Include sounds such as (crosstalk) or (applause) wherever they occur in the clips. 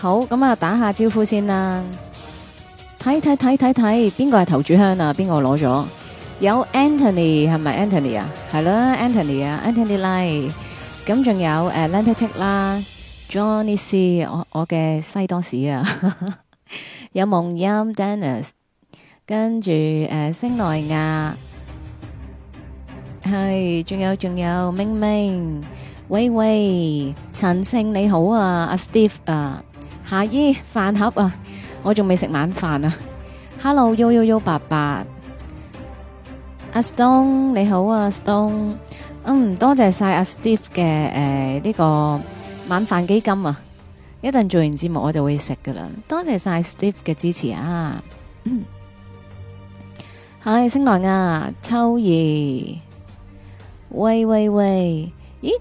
好咁啊！打下招呼先啦，睇睇睇睇睇，邊個係頭柱香啊？邊個攞咗？有 Anthony 係咪 Anthony 啊？係咯，Anthony 啊，Anthony Lai。咁仲有誒，Lampetek 啦，Johnny C，我我嘅西多士啊，有夢音 Dennis，跟住誒，星奈亞，係，仲有仲有明明，喂喂，陳勝你好啊，阿 Steve 啊。夏姨，飯盒啊，我仲未食晚飯啊。Hello，Yo Yo Yo，爸爸，阿東你好啊，阿東，嗯，多謝晒阿、啊、Steve 嘅、誒呢個晚飯基金啊，一陣做完節目我就會食噶啦。多謝晒 Steve 嘅支持啊。Hi、嗯、星來啊，秋怡，喂喂喂，咦，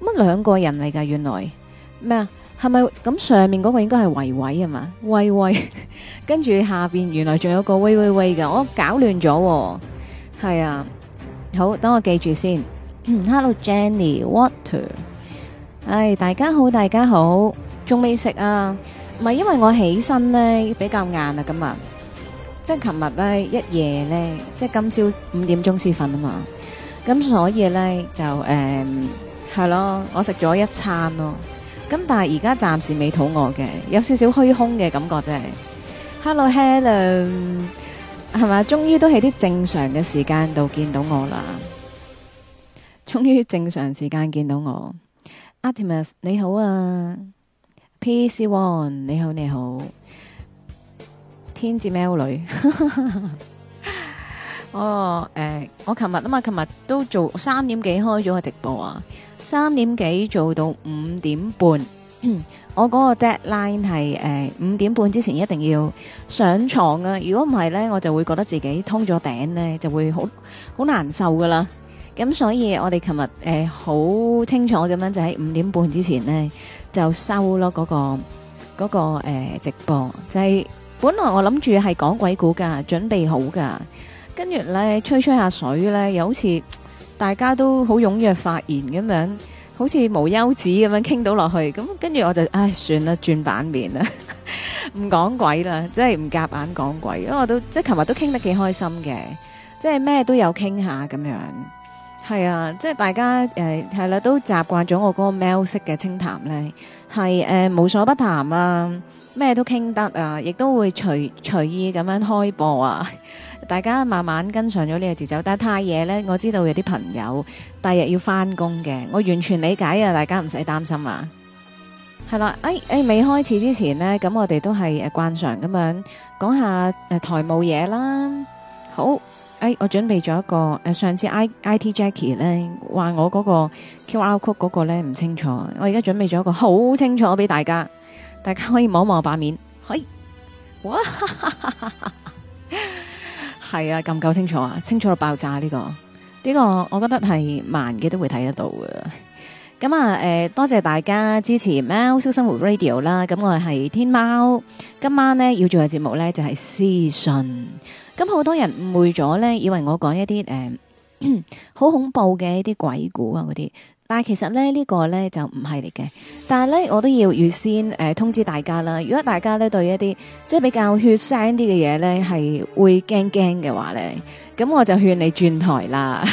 乜兩個人嚟噶？原來咩啊？係咪咁上面，嗰個應該係維維啊嘛，維維，跟住下邊原來仲有個維維維嘅，我搞亂咗，係啊，好，等我記住先。Hello Jenny Water，唉，大家好，大家好，仲未食啊？唔係，因為我起身咧比較晏啊，今日，即係琴日咧一夜咧，即係今朝五點鐘先瞓啊嘛，咁所以咧就誒係咯，我食咗一餐咯。咁但係而家暫時未肚餓嘅，有少少虛空嘅感覺啫。Hello Helen，係咪終於都喺啲正常嘅時間度見到我啦？終於正常時間見到我。Artemis 你好啊，PC One 你好你好，天字 mail 女。 (laughs) 我誒、欸，我琴日啊嘛，琴日都做三點幾開咗個直播啊。三點幾做到五點半，我嗰個 deadline 係誒、呃、五點半之前一定要上床啊！如果唔係呢，我就會覺得自己通咗頂呢，就會好好難受噶啦。咁所以我哋琴日誒好清楚咁樣，就喺五點半之前呢，就收咯嗰、個嗰、個呃、直播。就係、係、本來我諗住係講鬼故噶，準備好噶，跟住呢，吹吹下水呢，又好似～大家都好踴躍發言咁樣，好似無休止咁樣傾到落去。咁跟住我就唉，算啦，轉版面啦，唔講鬼啦，即係唔夾硬講鬼。因為我都即係琴日都傾得幾開心嘅，即係咩都有傾下咁樣。係啊，即係大家誒係啦，都習慣咗我嗰個 mail 式嘅清談咧，係誒、呃、無所不談啊，咩都傾得啊，亦都會隨隨意咁樣開播啊。大家慢慢跟上咗呢個節奏，但太夜呢。我知道有啲朋友第日要翻工嘅，我完全理解啊。大家唔使擔心啊，係啦。誒、哎、誒，未、哎、開始之前呢，咁我哋都係誒慣常咁樣講下誒、呃、台務嘢啦。好，誒、哎，我準備咗一個誒，上次 IT Jackie 呢話我嗰個 QR Code 嗰個呢唔清楚，我而家準備咗一個好清楚俾大家，大家可以望望版面，可、哎、以哇。哈哈哈哈。係啊，咁夠清楚啊，清楚到爆炸呢個呢個，這個、我覺得係盲嘅都會睇得到嘅。咁啊，誒、呃，多謝大家支持《喵式生活 Radio》啦。咁我係天喵，今晚呢要做嘅節目呢就係屍訊。咁好多人誤會咗呢，以為我講一啲誒好恐怖嘅一啲鬼故啊嗰啲。但係其實咧呢，呢個咧就唔係嚟嘅，但係咧我都要預先誒、呃、通知大家啦。如果大家咧對一啲即係比較血腥啲嘅嘢咧係會驚驚嘅話咧，咁我就勸你轉台 (laughs) 啦。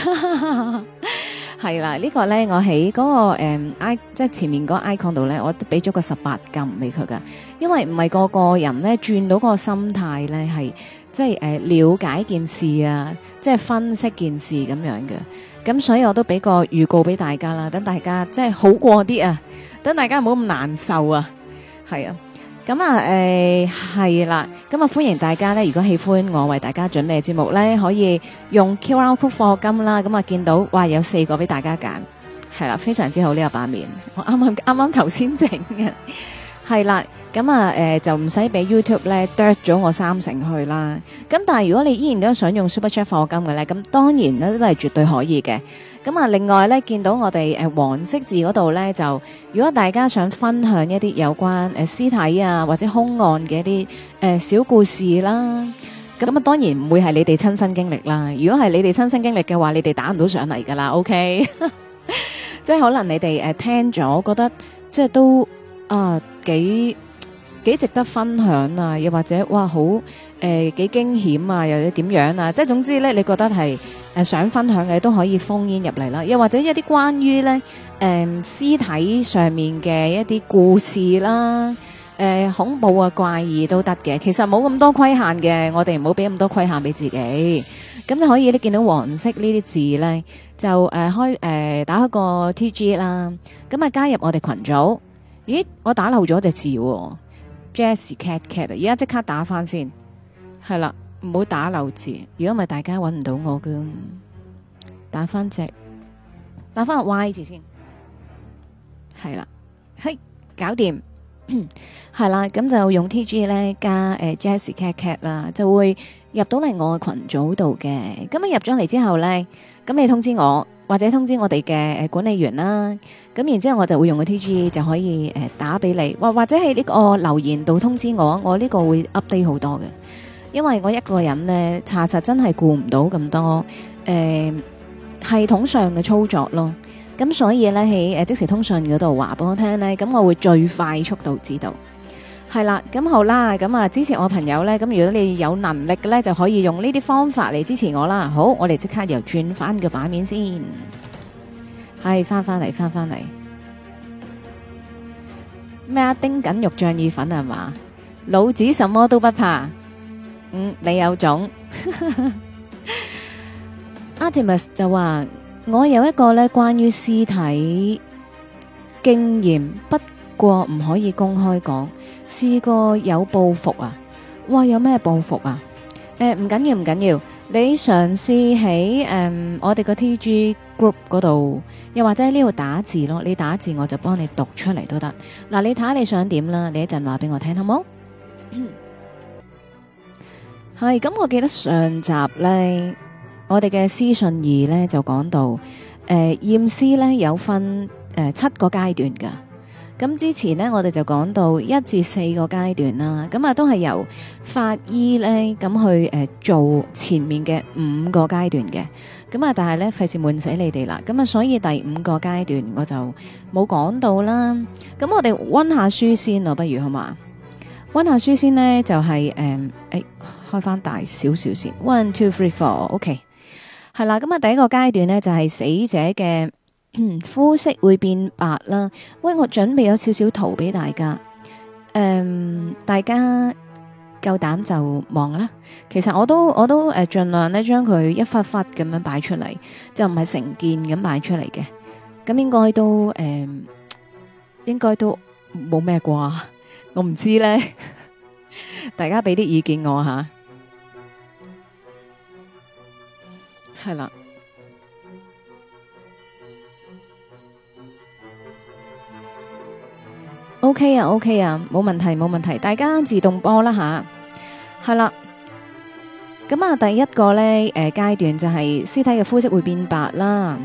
係啦，呢個咧我喺嗰個誒 i 即係前面嗰個 icon 度咧，我都俾咗個十八禁俾佢噶。因為唔係個個人咧轉到個心態咧係即係誒、呃、了解件事啊，即係分析件事咁樣嘅。咁所以我都俾個預告俾大家啦，等大家即係好過啲啊，等大家唔好咁難受啊，係啊，咁啊誒係啦，咁啊歡迎大家咧，如果喜歡我為大家準備節目咧，可以用 QR Code 課金啦。咁啊見到哇有四個俾大家揀，係啦，非常之好呢個版面，我啱啱啱啱頭先整嘅，係啦。咁啊，誒就唔使俾 YouTube 咧剁咗我三成去啦。咁但係如果你依然都想用 Super Chat 放金嘅咧，咁當然咧都係絕對可以嘅。咁啊，另外咧見到我哋誒黃色字嗰度咧，就如果大家想分享一啲有關誒屍體啊或者兇案嘅一啲誒小故事啦，咁啊當然唔會係你哋親身經歷啦。如果係你哋親身經歷嘅話，你哋打唔到上嚟㗎啦。OK，即係可能你哋誒聽咗覺得即係都啊幾～幾值得分享啊！又或者哇，好誒，幾驚險啊！又或者點樣啊？即係總之咧，你覺得係誒、呃、想分享嘅都可以烽煙入嚟啦。又或者一啲關於咧誒屍體上面嘅一啲故事啦，誒、呃、恐怖啊怪異都得嘅。其實冇咁多規限嘅，我哋唔好俾咁多規限俾自己。咁你可以咧見到黃色呢啲字咧，就誒、呃、開誒、呃、打開個 T G 啦。咁啊加入我哋群組。咦，我打漏咗隻字，哦。Jazz cat cat，而家即刻打返先，係啦，唔好打漏字，如果唔係大家搵唔到我噶。打返隻，打返個 Y 字先，係啦，嘿，搞掂，係啦，咁 (coughs) 就用 T G 咧加誒、呃、Jazz cat cat 啦，就會入到嚟我嘅群組度嘅。咁一入咗嚟之後咧，咁你通知我。或者通知我哋嘅誒管理員啦，咁然之後我就會用個 T G 就可以誒打俾你，或或者係呢個留言度通知我，我呢個會 update 好多嘅，因為我一個人咧查實真係顧唔到咁多誒、呃、系統上嘅操作咯，咁所以咧喺誒即時通訊嗰度話俾我聽咧，咁我會最快速度知道。係啦，咁好啦，咁啊支持我朋友咧，咁如果你有能力嘅咧，就可以用呢啲方法嚟支持我啦。好，我哋即刻又轉翻個版面先，係翻翻嚟，翻翻嚟咩啊？叮緊肉醬意粉係嘛？老子什麼都不怕，嗯，你有種。Artemis 就話我有一個咧關於屍體經驗，不過唔可以公開講。試過有報復啊！哇，有咩報復啊？誒唔緊要唔緊要，你嘗試喺誒、呃、我哋個 T G Group 嗰度，又或者喺呢度打字咯。你打字我就幫你讀出嚟都得。嗱、呃，你睇下你想點啦，你一陣話俾我聽好冇？係咁， (coughs) 我記得上集呢，我哋嘅屍訊二呢就講到誒驗屍呢，有分、呃、七個階段㗎。咁之前呢，我哋就講到一至四個階段啦。咁啊，都係由法醫咧咁去誒做前面嘅五個階段嘅。咁啊，但係咧費事悶死你哋啦。咁啊，所以第五個階段我就冇講到啦。咁我哋溫下書先咯，不如好嘛？溫下書先呢，就係、是、誒，誒、嗯哎，開翻大少少先。One, two, three, four。OK，係啦。咁啊，第一個階段呢，就係、是、死者嘅。嗯，膚色會變白啦，喂，我準備咗少少圖俾大家，誒、um，大家夠膽就望啦。其實我都我都誒盡量呢將佢一忽忽咁樣擺出嚟，就唔係成件咁擺出嚟嘅，咁應該都誒，應該都冇咩啩，我唔知咧， (laughs) 大家俾啲意見我吓，係啦。O K 啊，O K 啊，冇問題，冇問題，大家自動播啦吓，係啦，咁啊，第一個咧，誒，階段就係屍體嘅膚色會變白啦，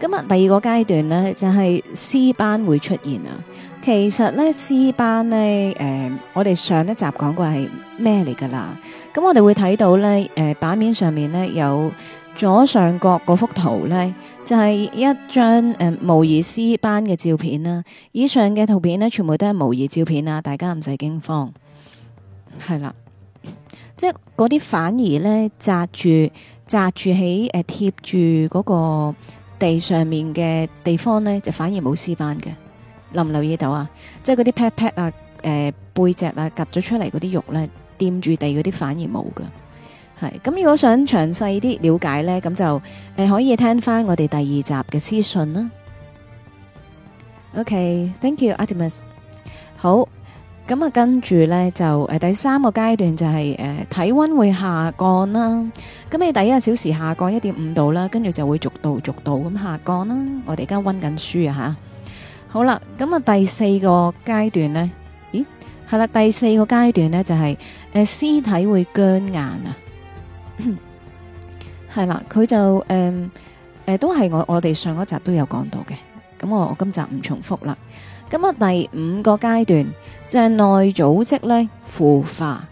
咁啊，第二個階段咧就係屍斑會出現啊，其實咧屍斑咧，誒、呃，我哋上一集講過係咩嚟噶啦，咁我哋會睇到咧，誒、呃，版面上面咧有。左上角嗰幅圖呢，就係、是、一張誒、呃、模擬屍斑嘅照片啦。以上嘅圖片呢，全部都係模擬照片啊，大家唔使驚慌。係啦，即係嗰啲反而呢，紮住紮住喺誒貼住嗰個地上面嘅地方呢，就反而冇屍斑嘅。留唔留意到、就是、啊？即係嗰啲 pat pat 啊，誒背脊啊，夾咗出嚟嗰啲肉呢，掂住地嗰啲反而冇噶。係咁，如果想詳細啲了解咧，咁就誒可以聽翻我哋第二集嘅屍訊啦。OK，thank、okay, you，Artemis。好，咁啊，跟住咧就誒、呃、第三個階段就係、是、誒、呃、體温會下降啦。咁你第一個小時下降一點五度啦，跟住就會逐度逐度咁下降啦。我哋而家温緊書啊吓。好啦，咁啊，第四個階段咧、就是，咦係啦，第四個階段咧就係誒屍體會僵硬啊。係啦，佢就誒誒，都係我我哋上一集都有講到嘅，咁我我今集唔重複啦。咁啊，第五個階段就係內組織咧腐化，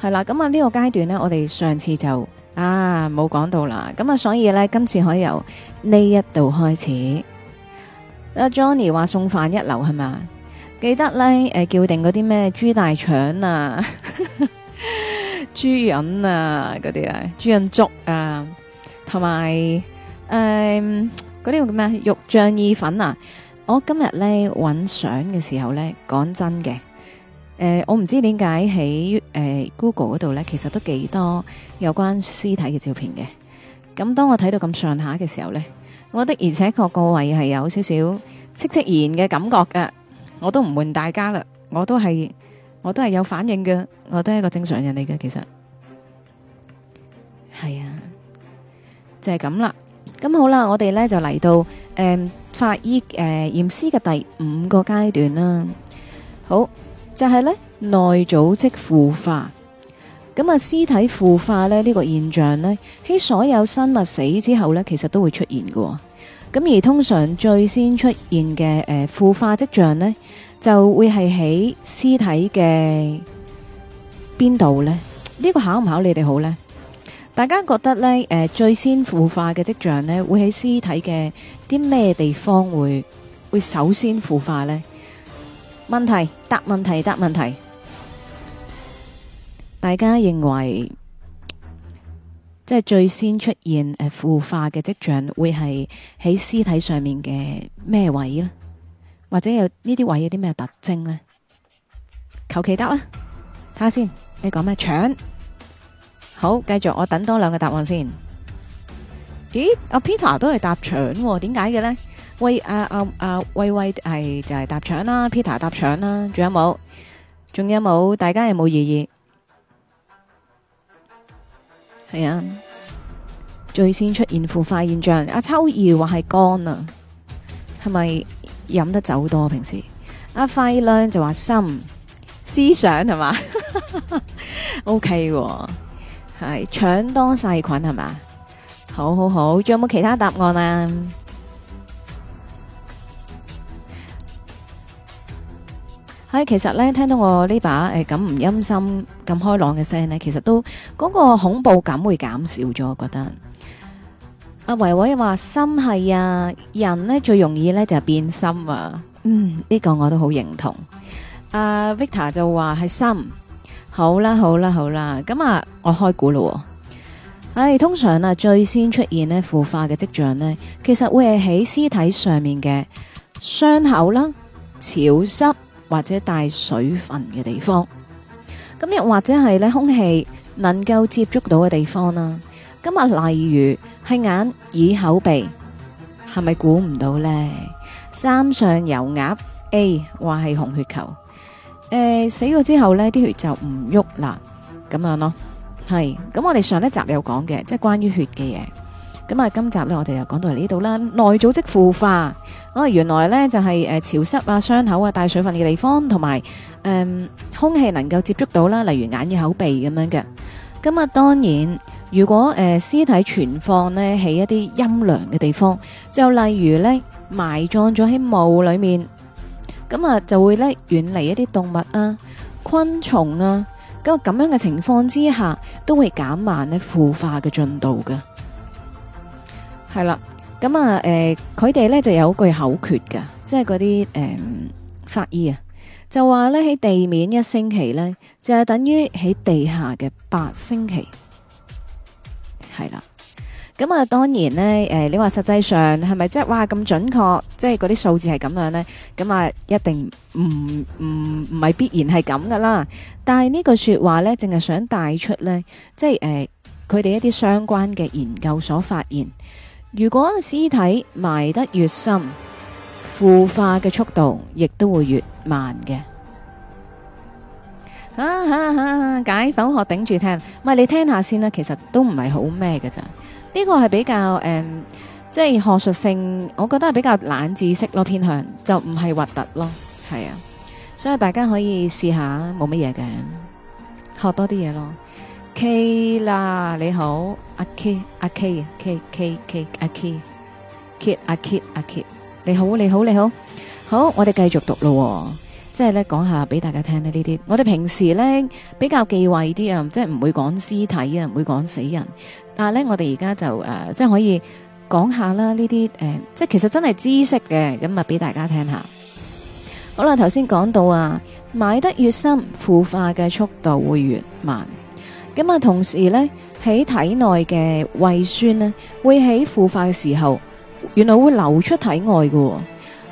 係啦。咁啊呢個階段咧，我哋上次就啊冇講到啦。咁啊所以咧，今次可以由呢一度開始。阿 Johnny 話送飯一流係嘛？記得咧誒叫定嗰啲咩豬大腸啊。豬膶啊，嗰啲啊，豬膶粥啊，同埋誒嗰啲叫咩肉醬意粉啊。我今日咧揾相嘅時候咧，講真嘅，誒、呃，我唔知點解喺誒 Google 嗰度咧，其實都幾多有關屍體嘅照片嘅。咁當我睇到咁上下嘅時候咧，我的而且確個位係有少少戚戚然嘅感覺㗎。我都唔瞞大家啦，我都係。我都係有反應嘅，我都係一個正常人嚟嘅，其實係啊，就係咁啦。咁好啦，我哋呢就嚟到誒、呃、法醫誒驗、呃、屍嘅第五個階段啦。好就係、是、呢，內組織腐化。咁啊，屍體腐化咧呢、呢個現象呢，喺所有生物死之後呢，其實都會出現嘅。咁而通常最先出現嘅誒、呃、腐化迹象呢，就會係喺屍體嘅邊度呢？呢個考唔考你哋好呢？大家覺得呢？誒，最先腐化嘅跡象呢，會喺屍體嘅啲咩地方會會首先腐化呢？問題答問題答問題，大家認為即係最先出現誒腐化嘅跡象，會係喺屍體上面嘅咩位呢？或者有呢啲位有啲咩特徵呢？求其得啊，睇下先。你講咩腸？好，繼續，我等多兩個答案先。咦，阿、啊、Peter 都係答腸，點解嘅呢？喂，阿阿阿威威係就係答腸啦，Peter 答腸啦，仲有冇？仲有冇？大家有冇異議？係啊，最先出現腐化現象。阿秋兒話係肝啊，係咪？飲得酒多，平時阿輝亮就話心思想係嘛，OK 喎，係搶多細菌係嘛，好好好，仲有冇其他答案啊？係其實咧，聽到我呢把誒咁唔陰森、咁開朗嘅聲呢，其實都嗰個恐怖感會減少咗，我覺得。阿維維話心係啊，人咧最容易咧就係、變心啊。嗯，呢、呢個我都好認同。阿、uh, Vita 就話係心。好啦好啦好啦，咁啊，我開估咯唉、哦哎，通常啊，最先出現呢腐化嘅跡象呢，其實會係喺屍體上面嘅傷口啦、潮濕或者帶水分嘅地方。咁又或者係咧空氣能夠接觸到嘅地方啦。今日例如係眼、耳、口、鼻，係咪估唔到咧？三上有鴨，A 話係紅血球，誒死咗之後咧，啲血就唔喐啦，咁樣咯。係咁，我哋上一集有講嘅，即係關於血嘅嘢。咁啊，今集咧我哋又講到嚟呢度啦。內組織腐化，哦，原來咧就係誒潮濕啊、傷口啊、帶水分嘅地方，同埋誒空氣能夠接觸到啦，例如眼、耳、口、鼻咁樣嘅。咁啊，當然。如果誒屍體存放咧喺一啲陰涼嘅地方，就例如咧埋葬咗喺墓裏面，咁啊就會咧遠離一啲動物啊、昆蟲啊。咁啊咁樣嘅情況之下，都會減慢咧腐化嘅進度噶。係啦，咁啊，誒、呃，佢哋咧就有句口訣噶，即係嗰啲誒法醫啊，就話咧喺地面一星期咧，就係等於喺地下嘅八星期。係啦，咁啊，當然呢，誒、哎，你說實際是是話實際上係咪即係哇咁準確，即係嗰啲數字係咁樣呢？咁啊，一定唔唔唔係必然係咁噶啦。但係呢句說話呢，淨係想帶出呢，即係誒，佢、啊、哋一啲相關嘅研究所發現，如果屍體埋得越深，腐化嘅速度亦都會越慢嘅。啊哈哈，解剖學頂住聽，唔係，你聽下先啦。其實都唔係好咩嘅咋？呢個係比較誒，即係學術性，我覺得係比較冷知識咯，偏向就唔係核突咯，係啊。所以大家可以試下，冇乜嘢嘅，學多啲嘢咯。K 啦，你好，阿 K，阿 K，K K K，阿 K，Kit，阿 Kit，阿 Kit，你好，你好，你好，好，我哋繼續讀咯。即係咧，講下俾大家聽呢呢啲。我哋平時咧，比較忌諱啲啊，即係唔會講屍體啊，唔會講死人。但係咧，我哋而家就誒、呃，即係可以講下啦呢啲誒，即係其實真係知識嘅咁啊，俾大家聽下。好啦，頭先講到啊，埋得越深，腐化嘅速度會越慢。咁啊，同時咧，喺體內嘅胃酸咧，會喺腐化嘅時候，原來會流出體外噶、哦。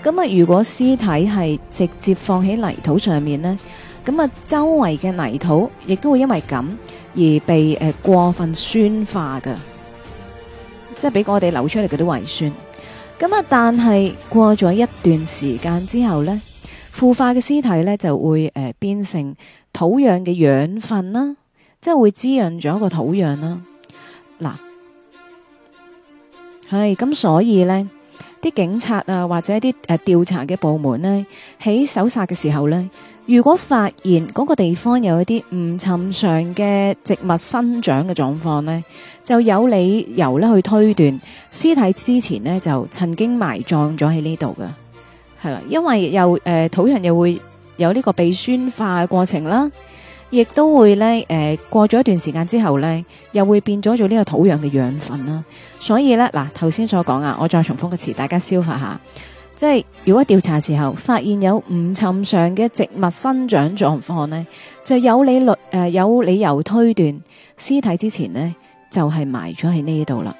咁啊！如果屍體係直接放喺泥土上面呢？咁啊周圍嘅泥土亦都會因為咁而被誒過分酸化嘅，即係俾我哋流出嚟嗰啲胃酸。咁啊，但係過咗一段時間之後呢，腐化嘅屍體呢就會誒變成土壤嘅養分啦，即係會滋潤咗一個土壤啦。嗱，係咁，所以呢。啲警察啊，或者一啲誒、呃、調查嘅部門呢，喺搜查嘅時候呢，如果發現嗰個地方有一啲唔尋常嘅植物生長嘅狀況呢，就有理由咧去推斷屍體之前呢就曾經埋葬咗喺呢度㗎。係啦，因為又誒、呃、土壤又會有呢個被酸化嘅過程啦。亦都會咧，誒，過咗一段時間之後咧，又會變咗做呢個土壤嘅養分啦。所以咧，嗱，頭先所講啊，我再重複個詞，大家消化下。即係如果調查時候發現有唔尋常嘅植物生長狀況呢，就有理論誒、呃，有理由推斷屍體之前呢就係、是、埋咗喺呢度啦。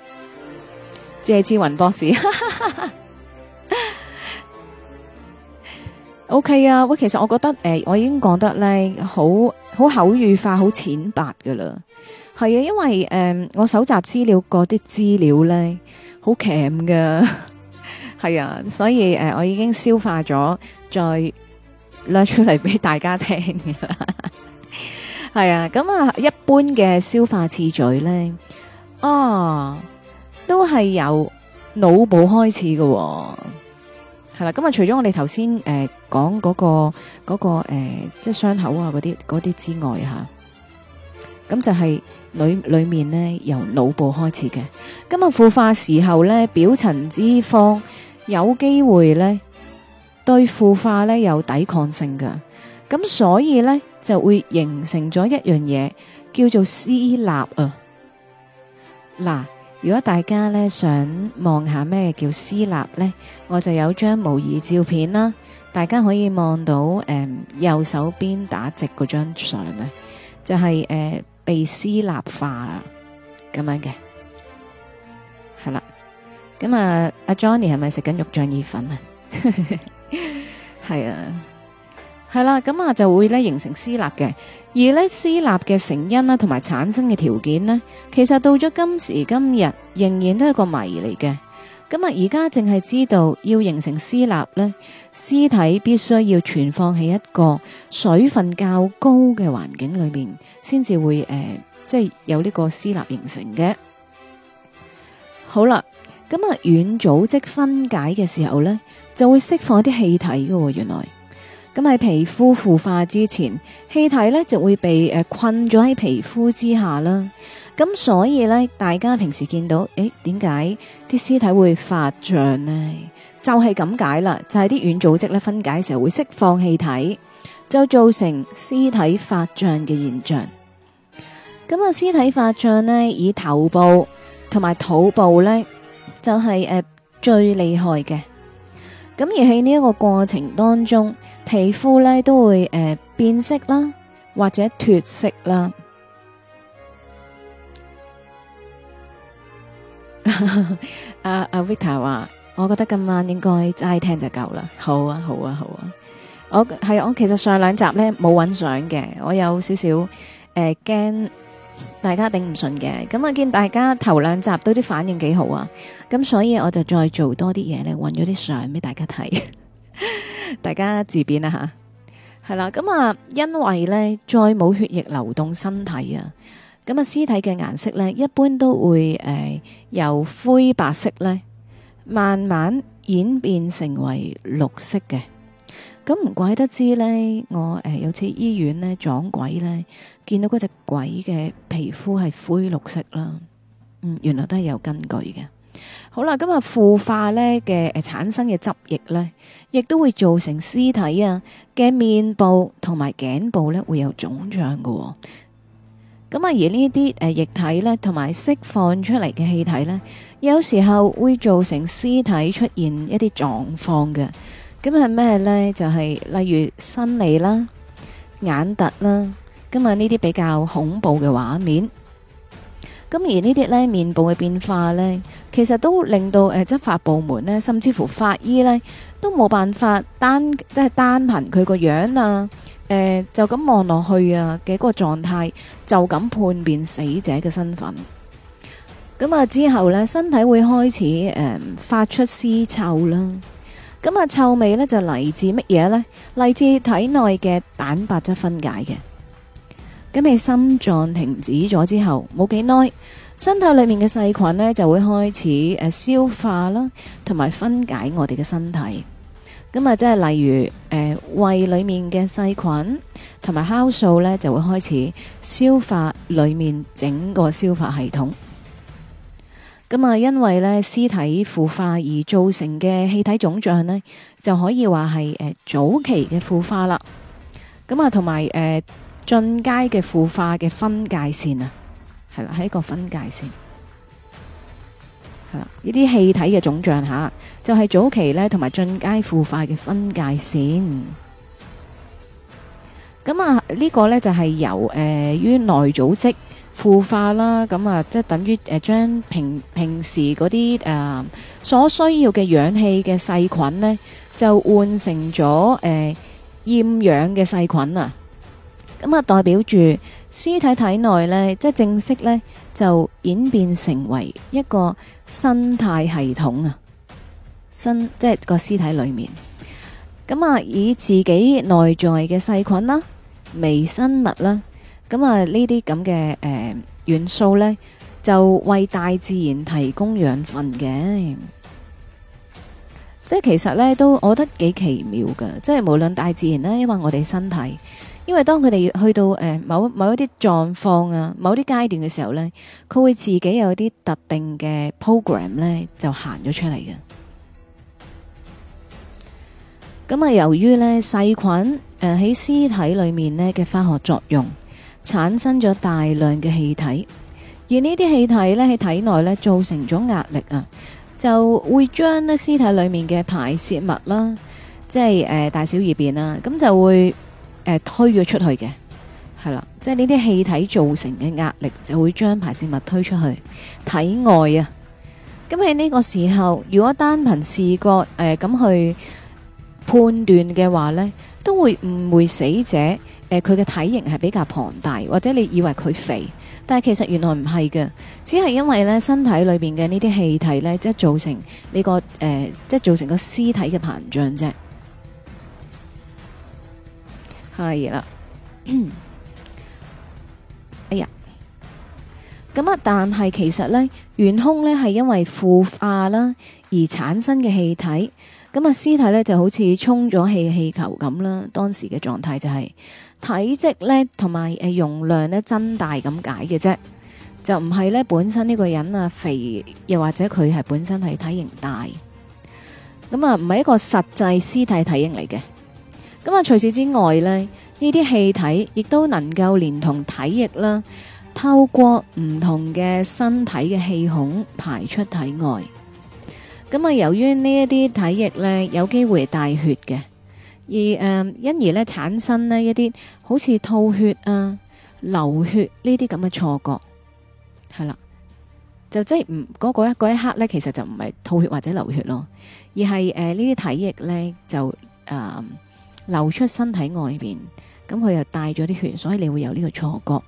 謝志雲博士。 (laughs) O、okay、K 啊，喂，其實我覺得誒、呃，我已經講得咧好好口語化，好淺白噶啦，係啊，因為誒、呃、我搜集資料嗰啲資料咧好 cam 噶，係啊，所以誒、呃、我已經消化咗，再攞出嚟俾大家聽噶啦，係 (laughs) 啊，咁啊一般嘅消化次序咧，啊都係由腦部開始噶、哦。係啦，咁啊，除咗我哋頭先誒講嗰、那個嗰、那個誒、呃，即係傷口啊，嗰啲嗰啲之外吓，咁、啊、就係裏裏面咧由腦部開始嘅，咁啊，腐化時候咧表層脂肪有機會咧對腐化咧有抵抗性嘅，咁所以咧就會形成咗一樣嘢叫做屍蠟啊，嗱。U 如果大家咧想望下咩叫屍蠟咧，我就有張模擬照片啦，大家可以望到誒、呃、右手邊打直嗰張相咧，就係、是、誒、呃、被屍蠟化咁樣嘅，係啦。咁啊，阿 Johnny 係咪食緊肉醬意粉 (laughs) (laughs) 啊？係啊，係啦，咁啊就會咧形成屍蠟嘅。而咧，屍蠟嘅成因啦，同埋產生嘅條件呢，其實到咗今時今日，仍然都係個謎嚟嘅。咁啊，而家淨係知道要形成屍蠟咧，屍體必須要存放喺一個水分較高嘅環境裏面，先至會誒、呃，即係有呢個屍蠟形成嘅。好啦，咁啊，軟組織分解嘅時候呢，就會釋放啲氣體㗎喎，原來。咁喺皮膚腐化之前，氣體呢就會被誒困咗喺皮膚之下啦。咁所以呢，大家平時見到誒，點解啲屍體會發脹呢？就係咁解啦，就係啲軟組織咧分解嘅時候會釋放氣體，就造成屍體發脹嘅現象。咁啊，屍體發脹呢以頭部同埋肚部呢就係、是、誒、呃、最厲害嘅。咁而喺呢一個過程當中，皮膚咧都會誒、呃、變色啦，或者脱色啦。阿阿 Vita 話，我覺得今晚應該齋聽就夠啦。好啊，好啊，好啊。我係我其實上兩集咧冇揾相嘅，我有少少誒驚、呃、大家頂唔順嘅。咁啊見大家頭兩集都啲反應幾好啊，咁所以我就再做多啲嘢咧，揾咗啲相俾大家睇。大家自便啦吓，係啦咁啊，因為咧再冇血液流動，身體啊，咁啊屍體嘅顏色咧，一般都會誒由灰白色咧，慢慢演變成為綠色嘅。咁唔怪得知咧，我誒有次醫院咧撞鬼咧，見到嗰隻鬼嘅皮膚係灰綠色啦。嗯，原來都係有根據嘅。好啦，今日腐化呢嘅誒產生嘅汁液呢，亦都會造成屍體啊嘅面部同埋頸部呢會有腫脹噶。咁啊而呢啲誒液體呢，同埋釋放出嚟嘅氣體呢，有時候會造成屍體出現一啲狀況嘅。咁係咩呢？就係、是、例如伸脷啦、眼凸啦，咁啊呢啲比較恐怖嘅畫面。咁而呢啲咧面部嘅變化咧，其實都令到誒執法部門咧，甚至乎法醫咧，都冇辦法單即係單憑佢個樣啊，誒就咁望落去啊嘅個狀態，就咁判別死者嘅身份。咁啊之後咧，身體會開始誒發出屍臭啦。咁啊臭味咧就嚟自乜嘢咧？嚟自體內嘅蛋白質分解嘅。咁你心臟停止咗之後，冇幾耐，身體裏面嘅細菌呢就會開始誒消化啦，同埋分解我哋嘅身體。咁啊，即係例如誒胃裏面嘅細菌同埋酵素呢就會開始消化裏面整個消化系統。咁啊，因為呢屍體腐化而造成嘅氣體腫脹呢，就可以話係誒早期嘅腐化啦。咁啊，同埋誒。進階嘅腐化嘅分界線啊，係啦，係一個分界線，係啦，呢啲氣體嘅腫脹吓，就係、是、早期呢同埋進階腐化嘅分界線。咁啊，呢、這個呢就係、是、由誒、呃、於內組織腐化啦，咁啊，即係等於誒、呃、將平平時嗰啲誒所需要嘅氧氣嘅細菌呢，就換成咗誒厭氧嘅細菌啊。咁啊，代表住屍體體內呢，即係正式呢，就演變成為一個生態系統啊，身，即係個屍體裏面。咁啊，以自己內在嘅細菌啦、微生物啦，咁啊呢啲咁嘅誒元素呢，就為大自然提供養分嘅。即係其實呢，都我覺得幾奇妙嘅。即係無論大自然咧，因為我哋身體。因為當佢哋去到誒、呃、某某一啲狀況啊，某啲階段嘅時候呢，佢會自己有啲特定嘅 program 呢，就行咗出嚟嘅。咁、嗯、啊，由於呢細菌誒喺屍體裏面呢嘅化學作用，產生咗大量嘅氣體，而呢啲氣體呢喺體內呢，造成咗壓力啊，就會將呢屍體裏面嘅排泄物啦，即係誒、呃、大小二便啦，咁就會。誒、呃，推咗出去嘅，係啦，即係呢啲氣體造成嘅壓力就會將排泄物推出去體外啊。咁喺呢個時候，如果單憑視覺誒咁去判斷嘅話呢，都會誤會死者誒佢嘅體型係比較龐大，或者你以為佢肥，但係其實原來唔係嘅，只係因為呢身體裏邊嘅呢啲氣體呢，即係造成呢、這個誒、呃，即係造成個屍體嘅膨脹啫。係啦， (laughs) 哎呀，咁啊，但係其實呢，元空呢係因為腐化啦而產生嘅氣體，咁啊屍體呢就好似充咗氣嘅氣球咁啦，當時嘅狀態就係體積呢同埋誒容量呢增大咁解嘅啫，就唔係呢本身呢個人啊肥，又或者佢係本身係體型大，咁啊唔係一個實際屍體體型嚟嘅。咁啊！除此之外咧，呢啲氣體亦都能夠連同體液啦，透過唔同嘅身體嘅氣孔排出體外。咁啊，由於呢一啲體液呢，有機會係帶血嘅，而誒、呃、因而咧產生呢一啲好似吐血啊、流血呢啲咁嘅錯覺，係啦，就即係唔嗰一一刻呢，其實就唔係吐血或者流血咯，而係誒呢啲體液呢，就誒。呃流出身體外面，咁佢又帶咗啲血，所以你會有呢個錯覺。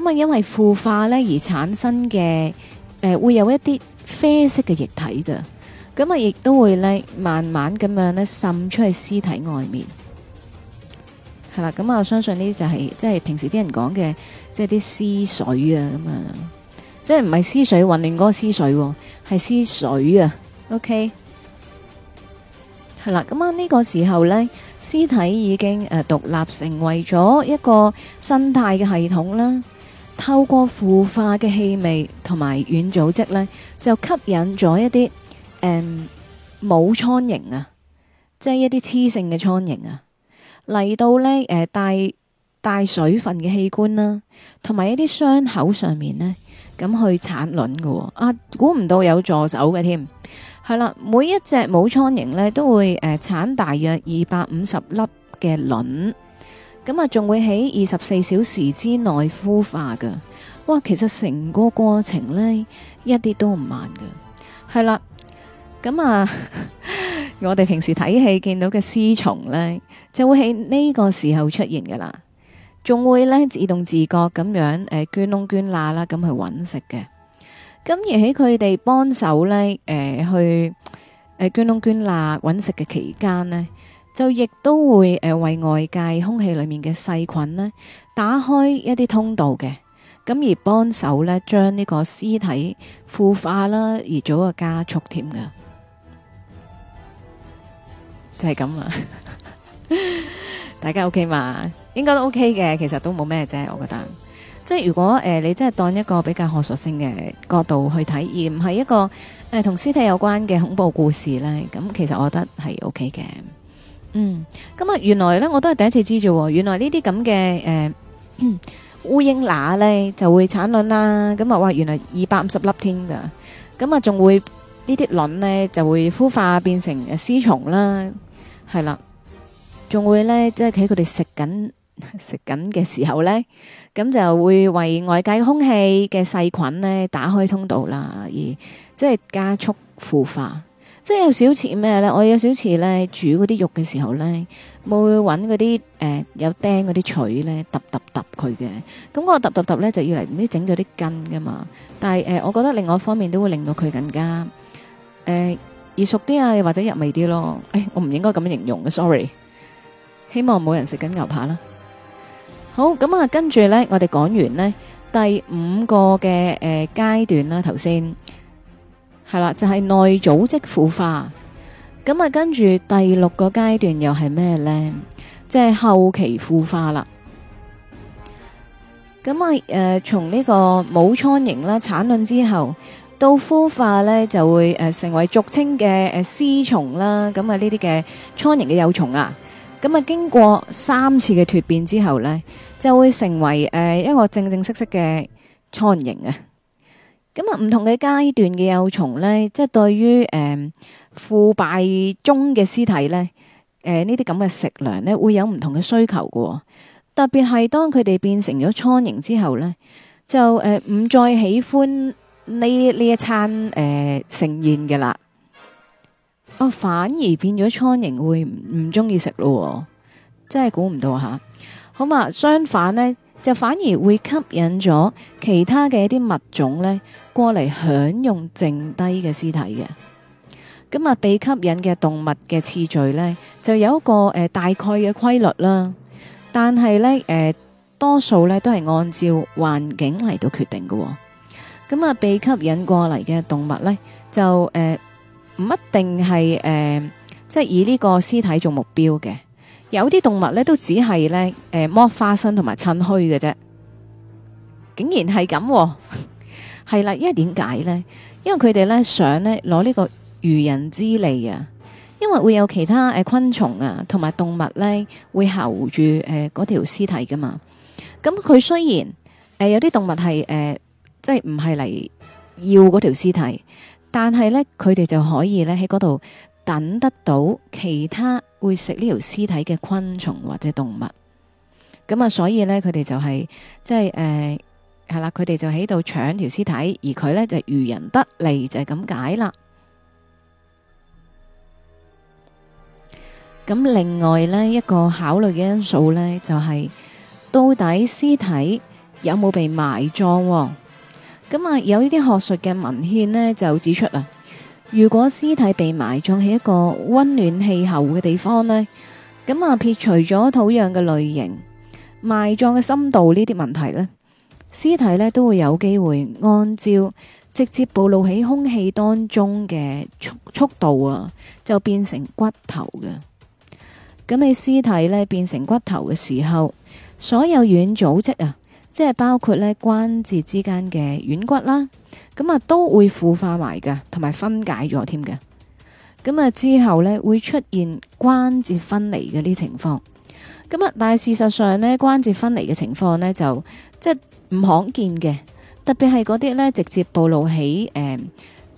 咁啊，因為腐化咧而產生嘅，誒、呃、會有一啲啡色嘅液體嘅，咁啊亦都會咧慢慢咁樣咧滲出去屍體外面，係啦。咁啊，我相信呢啲就係即係平時啲人講嘅，即係啲屍水啊咁、就是、啊，即係唔係屍水混亂嗰個屍水，係屍水啊。OK，係啦。咁啊，呢個時候咧。屍體已經誒獨立成為咗一個生態嘅系統啦。透過腐化嘅氣味同埋軟組織呢，就吸引咗一啲誒母蒼蠅啊，即係一啲雌性嘅蒼蠅啊，嚟到呢誒帶帶水分嘅器官啦，同埋一啲傷口上面呢。咁去產卵㗎、哦、啊，估唔到有助手嘅添，係啦，每一隻母蒼蠅呢都會誒產、呃、大約二百五十粒嘅卵，咁啊仲會喺二十四小時之內孵化㗎？哇，其實成個過程呢，一啲都唔慢㗎。係啦，咁、嗯嗯、啊， (laughs) 我哋平時睇戲見到嘅屍蟲呢，就會喺呢個時候出現噶啦。仲會咧自動自覺咁樣誒，捐窿捐罅咁去揾食嘅，咁而喺佢哋幫手咧誒，去誒捐窿捐罅揾食嘅期間呢，就亦都會誒、呃、為外界空氣裏面嘅細菌呢打開一啲通道嘅，咁而幫手咧將呢個屍體腐化啦而做一個加速添噶，就係咁啊！ (laughs) 大家 OK 嘛？應該都 OK 嘅，其實都冇咩啫，我覺得。即係如果誒，你真係當一個比較學術性嘅角度去體驗，唔係一個誒同屍體有關嘅恐怖故事咧，咁其實我覺得係 OK 嘅。嗯，咁啊，原來咧我都係第一次知道，原來呢啲咁嘅誒烏蠅乸咧就會產卵啦。咁啊，哇，原來二百五十粒天噶，咁啊仲會呢啲卵咧就會孵化變成誒絲蟲啦，係啦，仲會咧即係喺佢哋食緊。食緊嘅時候呢，咁就會為外界空氣嘅細菌呢打開通道啦，而即係加速腐化。即係有少似咩呢？我有少似呢煮嗰啲肉嘅時候呢，會揾嗰啲誒有釘嗰啲錘呢揼揼揼佢嘅。咁我揼揼揼呢，就要嚟整咗啲筋㗎嘛。但係誒，我覺得另外一方面都會令到佢更加誒易熟啲啊，或者入味啲咯。誒，我唔應該咁樣形容嘅，sorry。希望冇人食緊牛扒啦。好咁啊，跟住呢，我哋講完呢第五個嘅誒、呃、階段啦，頭先係啦，就係、是、內組織腐化。咁啊，跟住第六個階段又係咩呢？即係後期腐化啦。咁啊，誒、呃，從呢個母蒼蠅啦產卵之後，到孵化呢，就會誒、呃、成為俗稱嘅誒屍蟲啦。咁啊，呢啲嘅蒼蠅嘅幼蟲啊，咁啊，經過三次嘅蛻變之後呢。就會成為誒、呃、一個正正式式嘅蒼蠅啊！咁、嗯、啊，唔同嘅階段嘅幼蟲呢，即係對於誒、呃、腐敗中嘅屍體呢，誒呢啲咁嘅食糧呢，會有唔同嘅需求嘅、哦。特別係當佢哋變成咗蒼蠅之後呢，就誒唔、呃、再喜歡呢呢一餐誒盛、呃、宴嘅啦。哦，反而變咗蒼蠅會唔中意食咯，真係估唔到吓。咁啊，相反呢，就反而會吸引咗其他嘅一啲物種呢，過嚟享用剩低嘅屍體嘅。咁啊，被吸引嘅動物嘅次序呢，就有一個誒、呃、大概嘅規律啦。但係呢，誒、呃，多數呢都係按照環境嚟到決定嘅、哦。咁啊，被吸引過嚟嘅動物呢，就誒唔、呃、一定係誒，即、呃、係、就是、以呢個屍體做目標嘅。有啲動物咧都只係咧誒剝花生同埋趁墟嘅啫，竟然係咁，哦，係 (laughs) 啦，因為點解咧？因為佢哋咧想咧攞呢個漁人之利啊，因為會有其他誒、呃、昆蟲啊同埋動物咧會喉住誒嗰條屍體噶嘛。咁、嗯、佢雖然誒、呃、有啲動物係誒即係唔係嚟要嗰條屍體，但係咧佢哋就可以咧喺嗰度。等得到其他會食呢條屍體嘅昆蟲或者動物，咁啊，所以呢，佢哋就係即係誒係啦，佢哋就喺度搶條屍體，而佢呢，就漁人得利，就係、是、咁解啦。咁另外呢，一個考慮嘅因素呢，就係、是、到底屍體有冇被埋葬？哦？咁啊，有呢啲學術嘅文獻呢，就指出啦。如果屍體被埋葬喺一個溫暖氣候嘅地方呢，咁啊撇除咗土壤嘅類型，埋葬嘅深度呢啲問題呢，屍體呢都會有機會按照直接暴露喺空氣當中嘅速速度啊，就變成骨頭嘅。咁你屍體呢變成骨頭嘅時候，所有軟組織啊。即係包括咧關節之間嘅軟骨啦，咁啊都會腐化埋㗎，同埋分解咗添嘅。咁啊之後咧會出現關節分離嘅呢情況。咁啊，但係事實上咧關節分離嘅情況咧就即係唔罕見嘅，特別係嗰啲咧直接暴露喺誒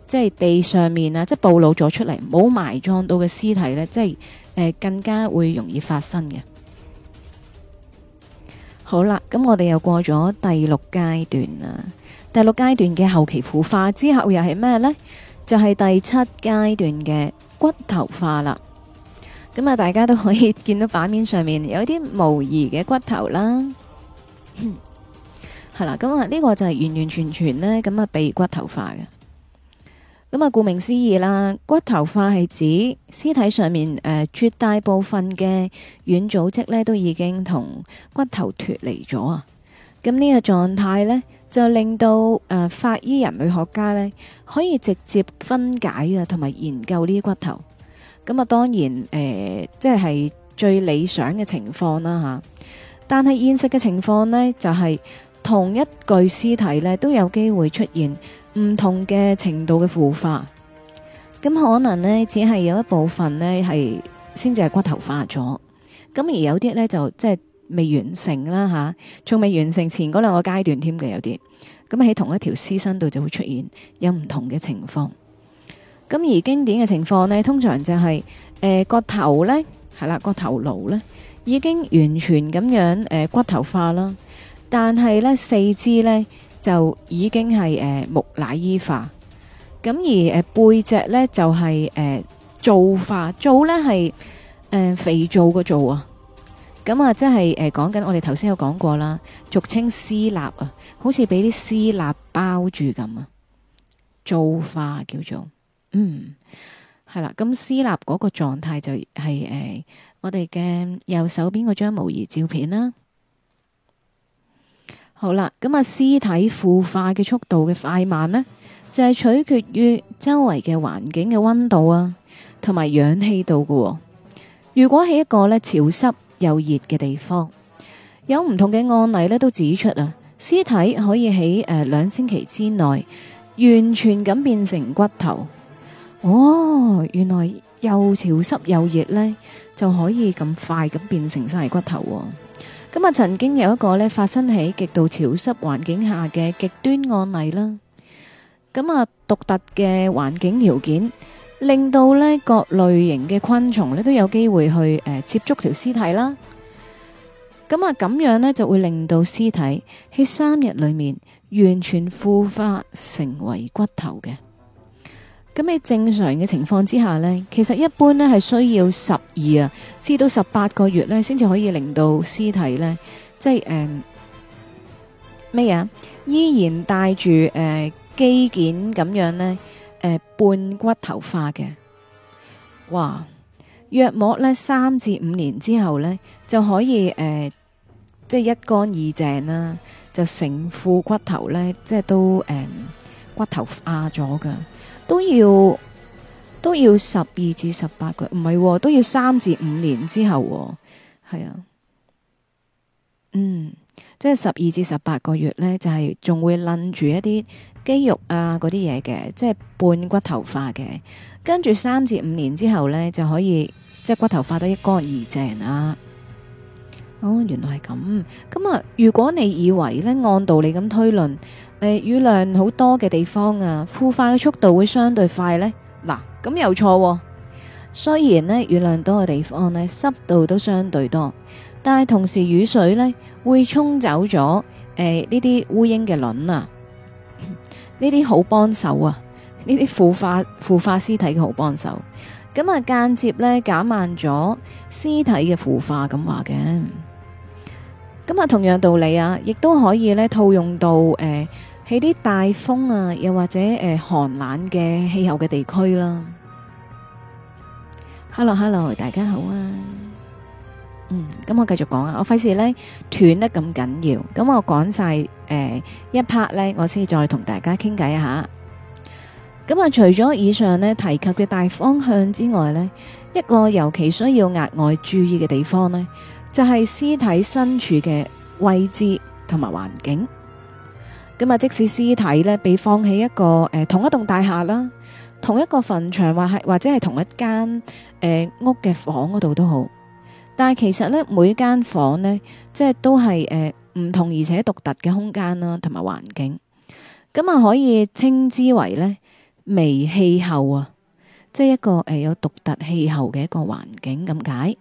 即係地上面啊，即係暴露咗出嚟冇埋葬到嘅屍體咧，即係誒更加會容易發生嘅。好啦，咁我哋又過咗第六階段啦。第六階段嘅後期腐化之後，又係咩呢？就係、是、第七階段嘅骨頭化啦。咁啊，大家都可以見到版面上面有啲模擬嘅骨頭啦。係啦，咁 (coughs) 啊，呢個就係完完全全呢，咁啊，被骨頭化嘅。咁啊，顧名思義啦，骨頭化係指屍體上面誒、呃、絕大部分嘅軟組織咧都已經同骨頭脫離咗啊！咁呢個狀態呢，就令到誒、呃、法醫人類學家呢，可以直接分解啊，同埋研究呢啲骨頭。咁啊，當然誒，即、呃、係、就是、最理想嘅情況啦吓。但係現實嘅情況呢，就係、是、同一具屍體呢，都有機會出現。唔同嘅程度嘅腐化，咁可能咧只係有一部分咧係先至係骨頭化咗，咁而有啲咧就即係未完成啦吓，仲未完成前嗰兩個階段添嘅有啲，咁喺同一條屍身度就會出現有唔同嘅情況，咁而經典嘅情況咧，通常就係誒個頭咧係啦個頭顱咧已經完全咁樣誒骨頭化啦，但係咧四肢咧。就已經係誒、呃、木乃伊化，咁而誒、呃、背脊呢就係、是、誒、呃、皂化皂呢係誒、呃、肥皂個皂啊，咁啊即係誒、呃、講緊我哋頭先有講過啦，俗稱「屍蠟」啊，好似俾啲屍蠟包住咁啊，皂化叫做嗯係啦，咁「屍蠟」嗰個狀態就係、是、誒、呃、我哋嘅右手邊嗰張模擬照片啦。好啦，咁啊，屍體腐化嘅速度嘅快慢呢，就係、是、取決於周圍嘅環境嘅温度啊，同埋氧氣度嘅、哦。如果喺一個呢潮濕又熱嘅地方，有唔同嘅案例呢都指出啊，屍體可以喺誒兩星期之內完全咁變成骨頭。哦，原來又潮濕又熱呢，就可以咁快咁變成晒骨頭、哦。咁啊，曾經有一個呢發生喺極度潮濕環境下嘅極端案例啦。咁啊，獨特嘅環境條件令到呢各類型嘅昆蟲呢都有機會去誒接觸條屍體啦。咁啊，咁樣呢就會令到屍體喺三日裏面完全腐化成為骨頭嘅。咁你正常嘅情況之下呢，其實一般咧係需要十二啊至到十八個月咧，先至可以令到屍體呢，即係誒咩嘢？依然帶住誒肌腱咁樣呢，誒、呃、半骨頭化嘅。哇！約莫呢，三至五年之後呢，就可以誒、呃、即係一乾二淨啦、啊，就成副骨頭呢，即係都誒、呃、骨頭化咗噶。都要都要十二至十八個月，唔係、哦、都要三至五年之後、哦，係啊，嗯，即係十二至十八個月呢，就係、是、仲會攦住一啲肌肉啊嗰啲嘢嘅，即係半骨頭化嘅，跟住三至五年之後呢，就可以，即係骨頭化得一乾二淨啦。哦，原來係咁，咁、嗯、啊，如果你以為呢，按道理咁推論。誒、呃，雨量好多嘅地方啊，腐化嘅速度會相對快呢？嗱、啊，咁又錯、哦？雖然呢雨量多嘅地方呢，濕度都相對多，但係同時雨水呢會沖走咗誒呢啲烏蠅嘅卵啊，呢啲好幫手啊，呢啲腐化腐化屍體嘅好幫手。咁、嗯、啊間接呢，減慢咗屍體嘅腐化咁話嘅。咁啊、嗯嗯、同樣道理啊，亦都可以呢套用到誒。呃喺啲大風啊，又或者誒、呃、寒冷嘅氣候嘅地區啦。Hello，Hello， (noise) Hello，大家好啊。嗯，咁我繼續講啊，我費事呢斷得咁緊要，咁我講晒誒一 part 呢，我先再同大家傾偈下。咁啊，除咗以上呢提及嘅大方向之外呢，一個尤其需要額外注意嘅地方呢，就係、是、屍體身處嘅位置同埋環境。咁啊，即使屍體呢被放喺一個誒、呃、同一棟大廈啦，同一個墳場或係或者係同一間誒、呃、屋嘅房嗰度都好，但係其實咧每間房間呢，即係都係誒唔同而且獨特嘅空間啦，同埋環境，咁啊可以稱之為咧微氣候啊，即係一個誒有獨特氣候嘅一個環境咁解。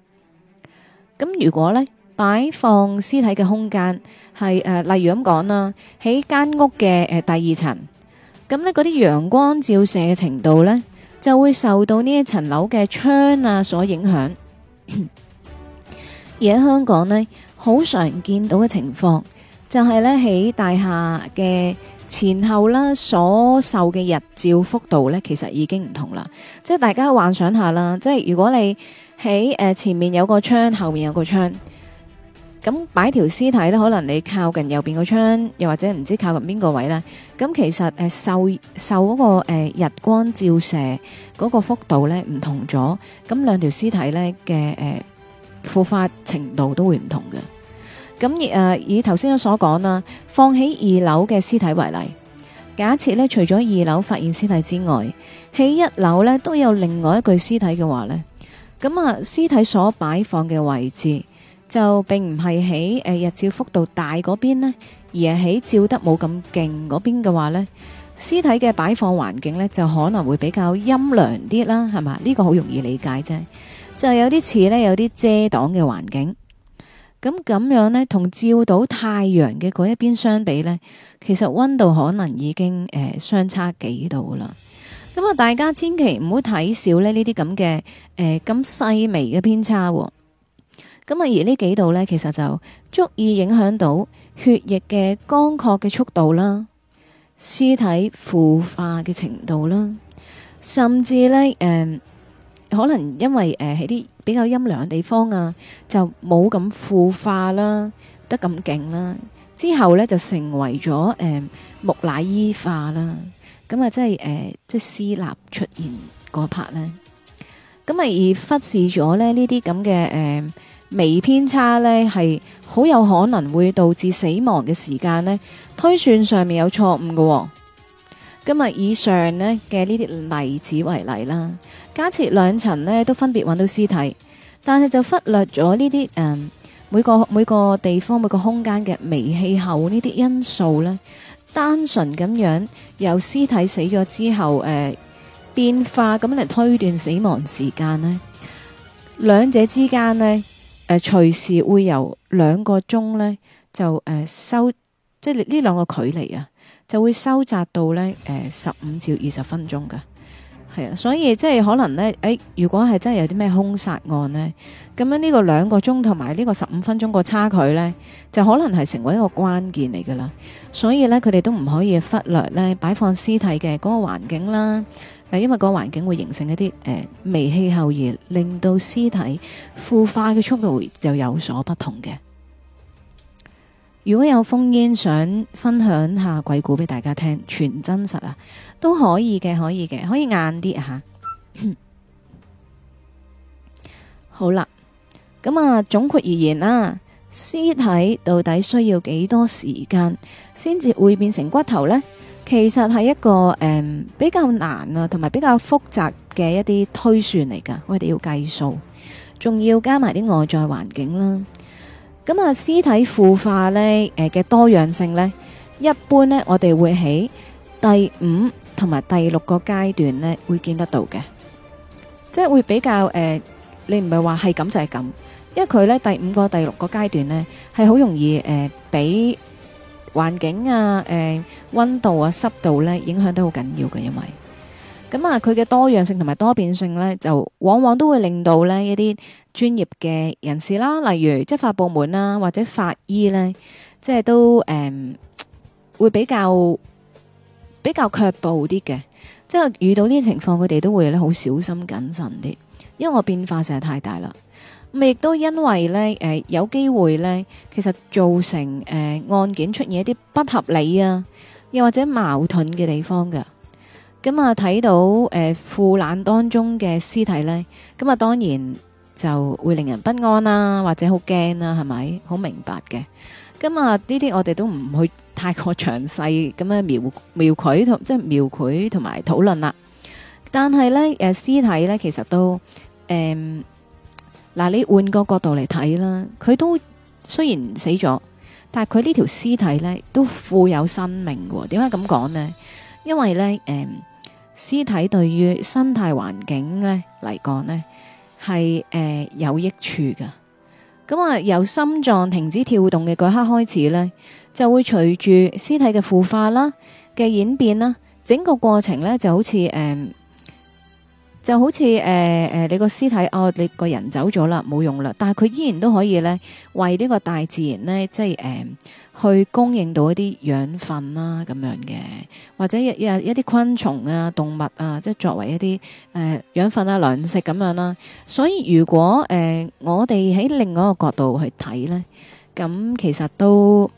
咁如果呢，擺放屍體嘅空間係誒，例如咁講啦，喺間屋嘅誒、呃、第二層咁呢，嗰啲陽光照射嘅程度呢，就會受到呢一層樓嘅窗，啊所影響。 (coughs) 而喺香港呢，好常見到嘅情況就係、是、呢，喺大廈嘅前後啦，所受嘅日照幅度呢，其實已經唔同啦。即係大家幻想下啦，即係如果你喺誒、呃、前面有個窗，後面有個窗。咁擺條屍體咧，可能你靠近右邊個窗，又或者唔知靠近邊個位咧。咁其實誒受受嗰個誒日光照射嗰個幅度咧唔同咗，咁兩條屍體咧嘅誒腐化程度都會唔同嘅。咁而誒以頭先所講啦，放喺二樓嘅屍體為例，假設咧除咗二樓發現屍體之外，喺一樓咧都有另外一具屍體嘅話咧，咁啊屍體所擺放嘅位置，就並唔係喺誒日照幅度大嗰邊呢，而係喺照得冇咁勁嗰邊嘅話呢，屍體嘅擺放環境呢，就可能會比較陰涼啲啦，係嘛？呢個好容易理解啫，就係有啲似呢，有啲遮擋嘅環境。咁咁樣呢，同照到太陽嘅嗰一邊相比呢，其實溫度可能已經誒相差幾度啦。咁啊，大家千祈唔好睇小呢呢啲咁嘅誒咁細微嘅偏差喎。咁啊，而呢幾度咧，其實就足以影響到血液嘅乾涸嘅速度啦，屍體腐化嘅程度啦，甚至咧，誒，可能因為誒喺啲比較陰涼嘅地方啊，就冇咁腐化啦，得咁勁啦，之後咧就成為咗誒木乃伊化啦。咁啊，即係誒即係屍蠟出現嗰一 part 咧，咁啊而忽視咗咧呢啲咁嘅誒。微偏差呢，係好有可能會導致死亡嘅時間呢，推算上面有錯誤嘅。今日以上呢嘅呢啲例子為例啦，假設兩層呢都分別揾到屍體，但係就忽略咗呢啲誒，每個每個地方每個空間嘅微氣候呢啲因素呢，單純咁樣由屍體死咗之後誒、呃、變化咁嚟，推斷死亡時間呢，兩者之間呢。誒，隨時會由兩個鐘咧，就誒、呃、收，即係呢兩個距離啊，就會收窄到咧誒十五至二十分鐘噶。係啊，所以即係可能呢，誒、哎，如果係真係有啲咩兇殺案呢，咁樣呢個兩個鐘同埋呢個十五分鐘個差距呢，就可能係成為一個關鍵嚟㗎啦。所以呢，佢哋都唔可以忽略呢擺放屍體嘅嗰個環境啦。誒，因為嗰個環境會形成一啲誒、呃、微氣候，而令到屍體腐化嘅速度就有所不同嘅。如果有風煙想分享下鬼故俾大家聽，全真實啊！都可以嘅，可以嘅，可以硬啲吓。 (coughs) 好啦，咁啊，總括而言啦，屍體到底需要幾多時間先至會變成骨頭呢？其實係一個誒、嗯、比較難啦、啊，同埋比較複雜嘅一啲推算嚟㗎。我哋要計數，仲要加埋啲外在環境啦。咁啊，屍體腐化呢誒嘅、呃、多樣性呢，一般呢，我哋會喺第五。同埋第六個階段呢，會見得到嘅。即係會比較誒、呃，你唔係話係咁就係咁，因為佢呢第五個、第六個階段呢，係好容易誒，俾、呃、環境啊、誒、呃、溫度啊、濕度呢影響得好緊要嘅，因為咁啊，佢嘅多樣性同埋多變性呢，就往往都會令到呢一啲專業嘅人士啦，例如執法部門啦，或者法醫呢，即係都誒、呃、會比較。比較卻步啲嘅，即係遇到呢啲情況，佢哋都會咧好小心謹慎啲，因為我變化實在太大啦，咁亦都因為呢，誒、呃、有機會呢，其實造成誒、呃、案件出現一啲不合理啊，又或者矛盾嘅地方㗎。咁啊睇到誒、呃、腐爛當中嘅屍體呢，咁、嗯、啊當然就會令人不安啦、啊，或者好驚啦，係咪？好明白嘅。咁啊呢啲我哋都唔去。太過詳細咁樣描描繪同即係描繪同埋討論啦，但係呢誒屍體呢其實都誒嗱、嗯、你換個角度嚟睇啦，佢都雖然死咗，但係佢呢條屍體呢都富有生命噶點解咁講呢？因為呢誒屍、嗯、體對於生態環境呢嚟講呢係誒、呃、有益處噶。咁、嗯、啊由心臟停止跳動嘅嗰刻開始呢。就會隨住屍體嘅腐化啦嘅演變啦，整個過程咧就好似誒、呃、就好似誒誒你個屍體哦，你個人走咗啦，冇用啦，但係佢依然都可以咧為呢個大自然咧，即係誒、呃、去供應到一啲養分啦，咁樣嘅或者一啲昆蟲啊、動物啊，即係作為一啲誒養分啊、糧食咁樣啦。所以如果誒、呃、我哋喺另外一個角度去睇咧，咁其實都。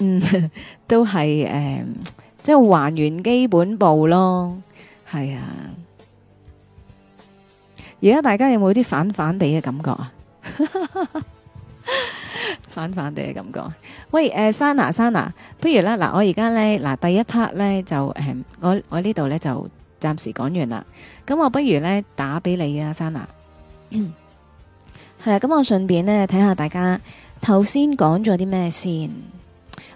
嗯，都係誒，即、呃、係、就是、還原基本步咯，係啊。而家大家有冇啲反反地嘅感覺啊？ (laughs) 反反地嘅感覺。喂，誒、呃、珊娜，珊娜，不如咧嗱，我而家咧嗱第一 part 咧就誒，我我這呢度咧就暫時講完啦。咁我不如咧打俾你啊，珊娜。n 係、嗯、啊，咁我順便咧睇下大家頭先講咗啲咩先。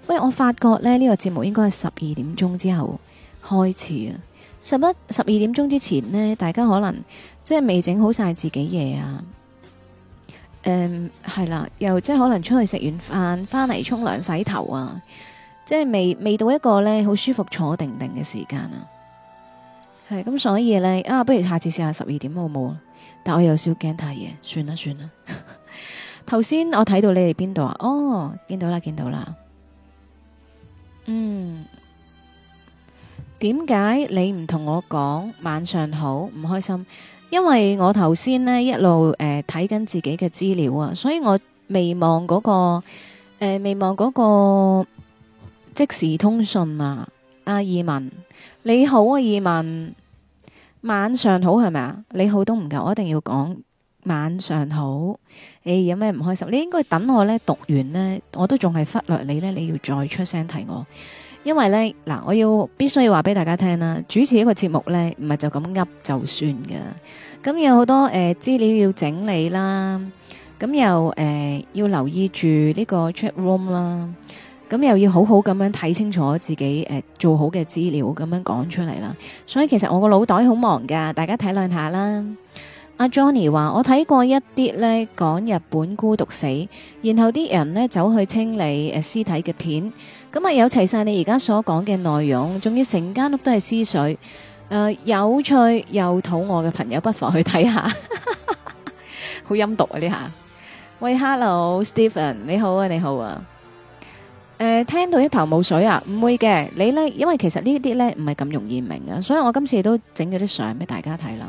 喂，我發覺呢呢，呢個節目應該係十二點鐘之後開始啊！十一、十二點鐘之前呢，大家可能即係未整好晒自己嘢啊。誒、嗯，係啦，又即係可能出去食完飯，翻嚟沖涼洗頭啊，即係未未到一個呢好舒服坐定定嘅時間啊。係咁，所以呢，啊，不如下次試下十二點好冇？但我又有少驚太夜，算啦算啦。頭 (laughs) 先我睇到你哋邊度啊？哦，見到啦，見到啦。嗯，點解你唔同我講晚上好唔開心？因為我頭先呢一路誒睇緊自己嘅資料啊，所以我未望嗰、那個誒未、呃、望嗰個即時通訊啊。阿二文，你好啊，二文，晚上好係咪啊？你好都唔夠，我一定要講。晚上好，誒、哎，有咩唔開心？你應該等我咧讀完呢我都仲係忽略你咧，你要再出聲提我，因為咧嗱，我要必須要話俾大家聽啦，主持一個節目咧，唔係就咁噏就算㗎。咁有好多誒、呃、資料要整理啦，咁又誒、呃、要留意住呢個 chat room 啦，咁又要好好咁樣睇清楚自己誒、呃、做好嘅資料咁樣講出嚟啦。所以其實我個腦袋好忙㗎，大家體諒下啦。阿 Johnny 話：我睇過一啲咧講日本孤獨死，然後啲人咧走去清理誒屍體嘅片，咁啊有齊晒你而家所講嘅內容，仲要成間屋都係屍水，誒有趣又肚餓嘅朋友不妨去睇下，好陰毒啊呢下。喂，Hello Stephen，你好啊，你好啊，誒聽到一頭霧水啊，唔會嘅，你咧，因為其實呢啲咧唔係咁容易明㗎，所以我今次都整咗啲相俾大家睇啦。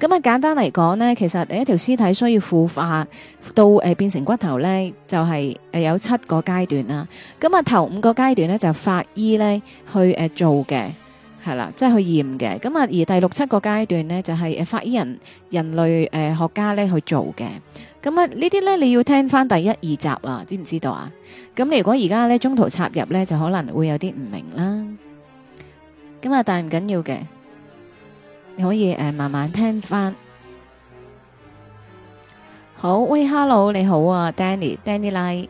咁啊，簡單嚟講呢，其實第一條屍體需要腐化到誒變成骨頭呢，就係誒有七個階段啦。咁啊頭五個階段呢，就法醫呢去誒做嘅，係啦，即係去驗嘅。咁啊而第六七個階段呢，就係誒法醫人人類誒學家呢去做嘅。咁啊呢啲呢，你要聽翻第一二集啊，知唔知道啊？咁你如果而家呢中途插入呢，就可能會有啲唔明啦。咁啊但係唔緊要嘅。你可以誒、呃、慢慢聽翻。好，喂，Hello，你好啊，Danny，Danny Lai，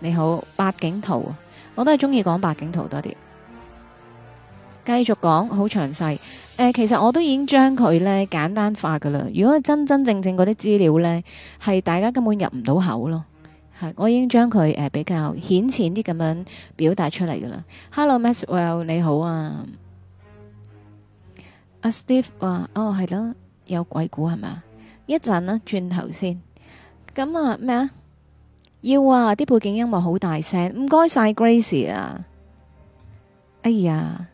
你好，八景圖，我都係中意講八景圖多啲。繼續講，好詳細。誒、呃，其實我都已經將佢咧簡單化噶啦。如果真真正正嗰啲資料咧，係大家根本入唔到口咯。係，我已經將佢誒比較顯淺啲咁樣表達出嚟噶啦。Hello，Maxwell，你好啊。阿 Steve 話，哦，係咯，有鬼故係嘛？一陣啦，轉頭先。咁啊咩啊？要啊！啲背景音樂好大聲，唔該晒 Gracie 啊！哎呀，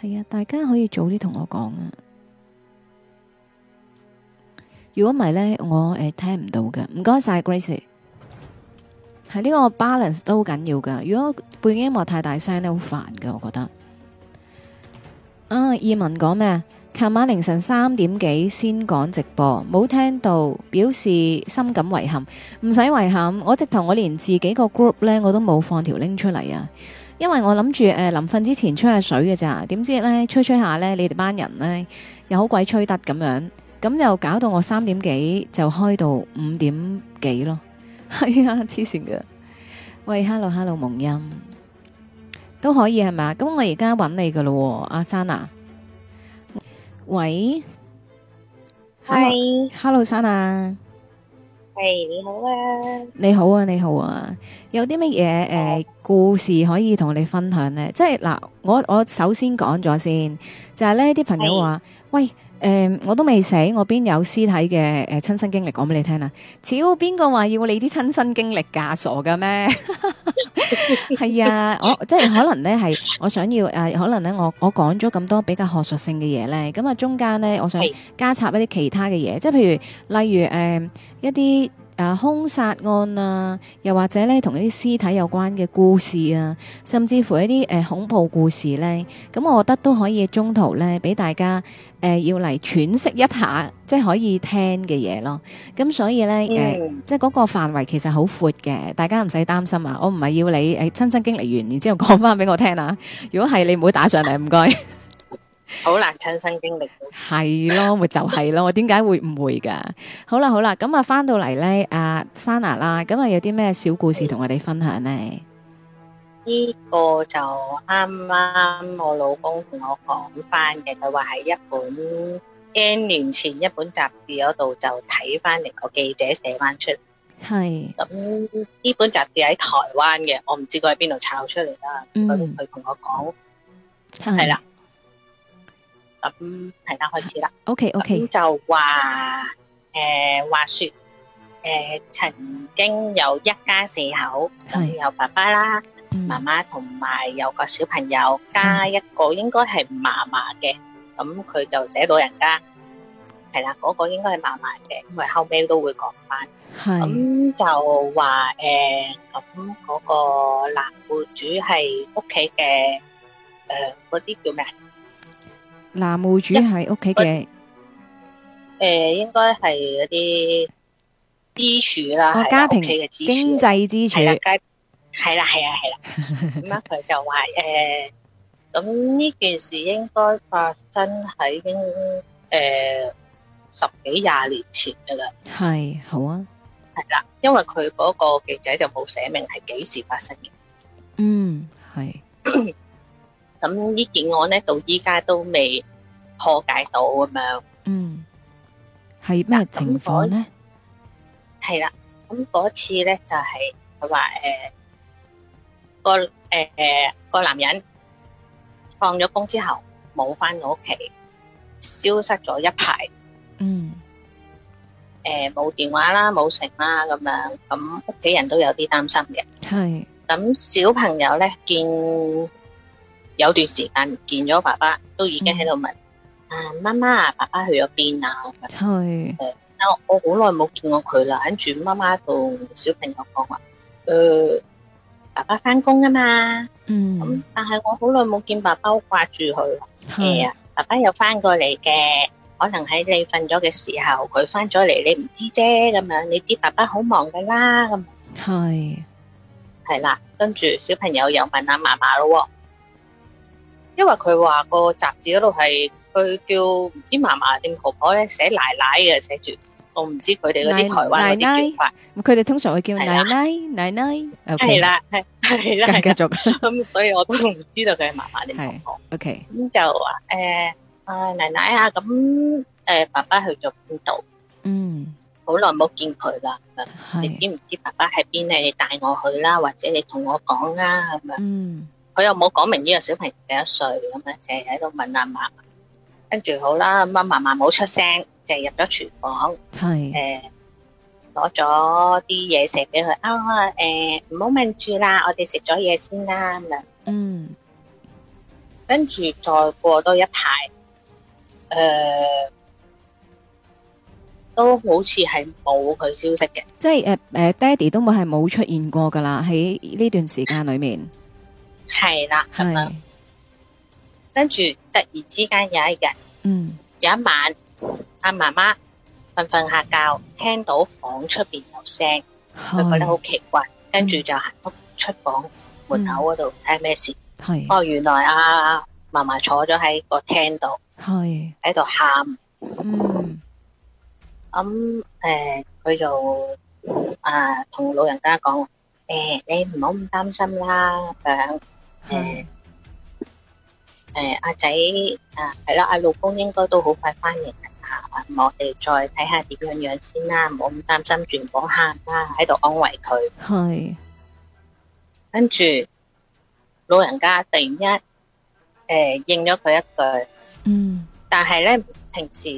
係啊，大家可以早啲同我講啊。如果唔係咧，我誒、呃、聽唔到㗎。唔該晒 Gracie。喺 Grac 呢個 balance 都好緊要噶。如果背景音樂太大聲咧，好煩噶，我覺得。啊！葉文講咩？琴晚凌晨三點幾先講直播，冇聽到，表示深感遺憾。唔使遺憾，我直頭我連自己個 group 呢，我都冇放條 link 出嚟啊！因為我諗住誒臨瞓之前吹下水嘅咋，點知呢？吹吹下呢，你哋班人呢，又好鬼吹得咁樣，咁又搞到我三點幾就開到五點幾咯。係啊，黐線㗎！喂，hello hello，蒙音。都可以係嘛？咁我而家揾你噶咯，阿珊啊，喂，係 Hi.，hello，珊 Sana 啊，係、hey，你好啊，你好啊，你好啊，有啲乜嘢誒故事可以同你分享呢？即係嗱，我我首先講咗先，就係、是、呢啲朋友話，Hey. 喂。誒、嗯，我都未死，我邊有屍體嘅誒親身經歷講俾你聽 (laughs) 啊？似邊個話要你啲親身經歷噶？傻噶咩？係啊，我即係可能咧係我想要誒、呃，可能咧我我講咗咁多比較學術性嘅嘢咧，咁、嗯、啊中間咧我想加插一啲其他嘅嘢，即係譬如例如誒、呃、一啲。啊，兇殺案啊，又或者咧同一啲屍體有關嘅故事啊，甚至乎一啲誒、呃、恐怖故事咧，咁我覺得都可以中途咧俾大家誒、呃、要嚟，喘息一下，即係可以聽嘅嘢咯。咁所以咧誒，呃 mm. 即係嗰個範圍其實好闊嘅，大家唔使擔心啊。我唔係要你誒親身經歷完，然之後講翻俾我聽啊。 (laughs) 如果係你唔好打上嚟，唔該。好難親身經歷，係咯，咪就係咯，我點解會唔會噶？好啦，好啦，咁啊，翻到嚟咧，阿莎娜啦，咁啊，有啲咩小故事同我哋分享咧？呢個就啱啱我老公同我講翻嘅，佢話喺一本 N 年前一本雜誌嗰度就睇翻嚟個記者寫翻出，係咁呢本雜誌喺台灣嘅，我唔知佢喺邊度抄出嚟啦。咁佢同我講真係啦。咁係啦，開始啦。OK，OK。咁就話誒，話說誒，曾經有一家四口，咁有爸爸啦、媽媽同埋有個小朋友，加一個應該係嫲嫲嘅。咁佢就姐老人家係啦，嗰個應該係嫲嫲嘅，因為後尾都會講翻。係咁就話誒，咁嗰個男戶主係屋企嘅誒，嗰啲叫咩？男戶主喺屋企嘅，誒，應該係一啲支柱啦，家庭經濟支柱係啦，係啊，係啦。咁啊，佢就話誒，咁呢件事應該發生喺，誒，十幾廿年前噶啦。係，好啊。係啦，因為佢嗰個記者就冇寫明係幾時發生嘅。嗯，係。咁呢件案咧，到依家都未破解到咁樣。嗯，係咩情況咧？係啦，咁嗰次咧就係佢話誒個誒個男人放咗工之後冇返到屋企，消失咗一排。嗯，誒冇電話啦，冇成啦，咁樣咁屋企人都有啲擔心嘅。係咁小朋友咧見。有段時間唔見咗爸爸，都已經喺度問：啊，媽媽，爸爸去咗邊啊？去。我我好耐冇見過佢啦，跟住媽媽同小朋友講話：，誒，爸爸翻工啊嘛。嗯。咁但係我好耐冇見爸爸，我掛住佢。係啊。爸爸又翻過嚟嘅，可能喺你瞓咗嘅時候，佢翻咗嚟，你唔知啫。咁樣你知爸爸好忙㗎啦。咁係係啦，跟住小朋友又問下媽媽咯。因為佢話個雜誌嗰度係佢叫唔知嫲嫲定婆婆咧寫奶奶嘅寫住，我唔知佢哋嗰啲台灣嗰啲叫法。咁佢哋通常會叫奶奶奶奶。係啦係係啦。咁所以我都唔知道佢係嫲嫲定婆婆。O K，咁就話誒啊奶奶啊，咁誒爸爸去咗邊度，嗯，好耐冇見佢啦。你知唔知爸爸喺邊咧？你帶我去啦，或者你同我講啊咁樣。嗯。佢又冇講明呢個小朋友幾多歲咁樣，淨係喺度問阿嫲。跟住好啦，咁阿嫲嫲冇出聲，淨係入咗廚房，誒，攞咗啲嘢食俾佢。啊，誒，唔好問住啦，我哋食咗嘢先啦咁樣。嗯。跟住再過多一排，誒，都好似係冇佢消息嘅。即係誒誒，爹哋都冇係冇出現過噶啦，喺呢段時間裏面。係啦，咁是樣，跟住突然之間有一日，嗯、有一晚阿媽媽瞓瞓下覺，聽到房出邊有聲，佢是覺得好奇怪，跟住、嗯、就行出出房門口嗰度睇咩事，哦是、喔、原來阿嫲嫲坐咗喺個廳度，喺度喊，咁誒佢就啊同、呃、老人家講，誒、欸、你唔好咁擔心啦，誒。誒誒，阿仔啊，係啦，阿老公應該都好快返嚟啊！我哋再睇下點樣樣先啦，唔好咁擔心，唔好喊啦，喺度安慰佢。係，跟住老人家突然間誒應咗佢一句，嗯。但係咧，平時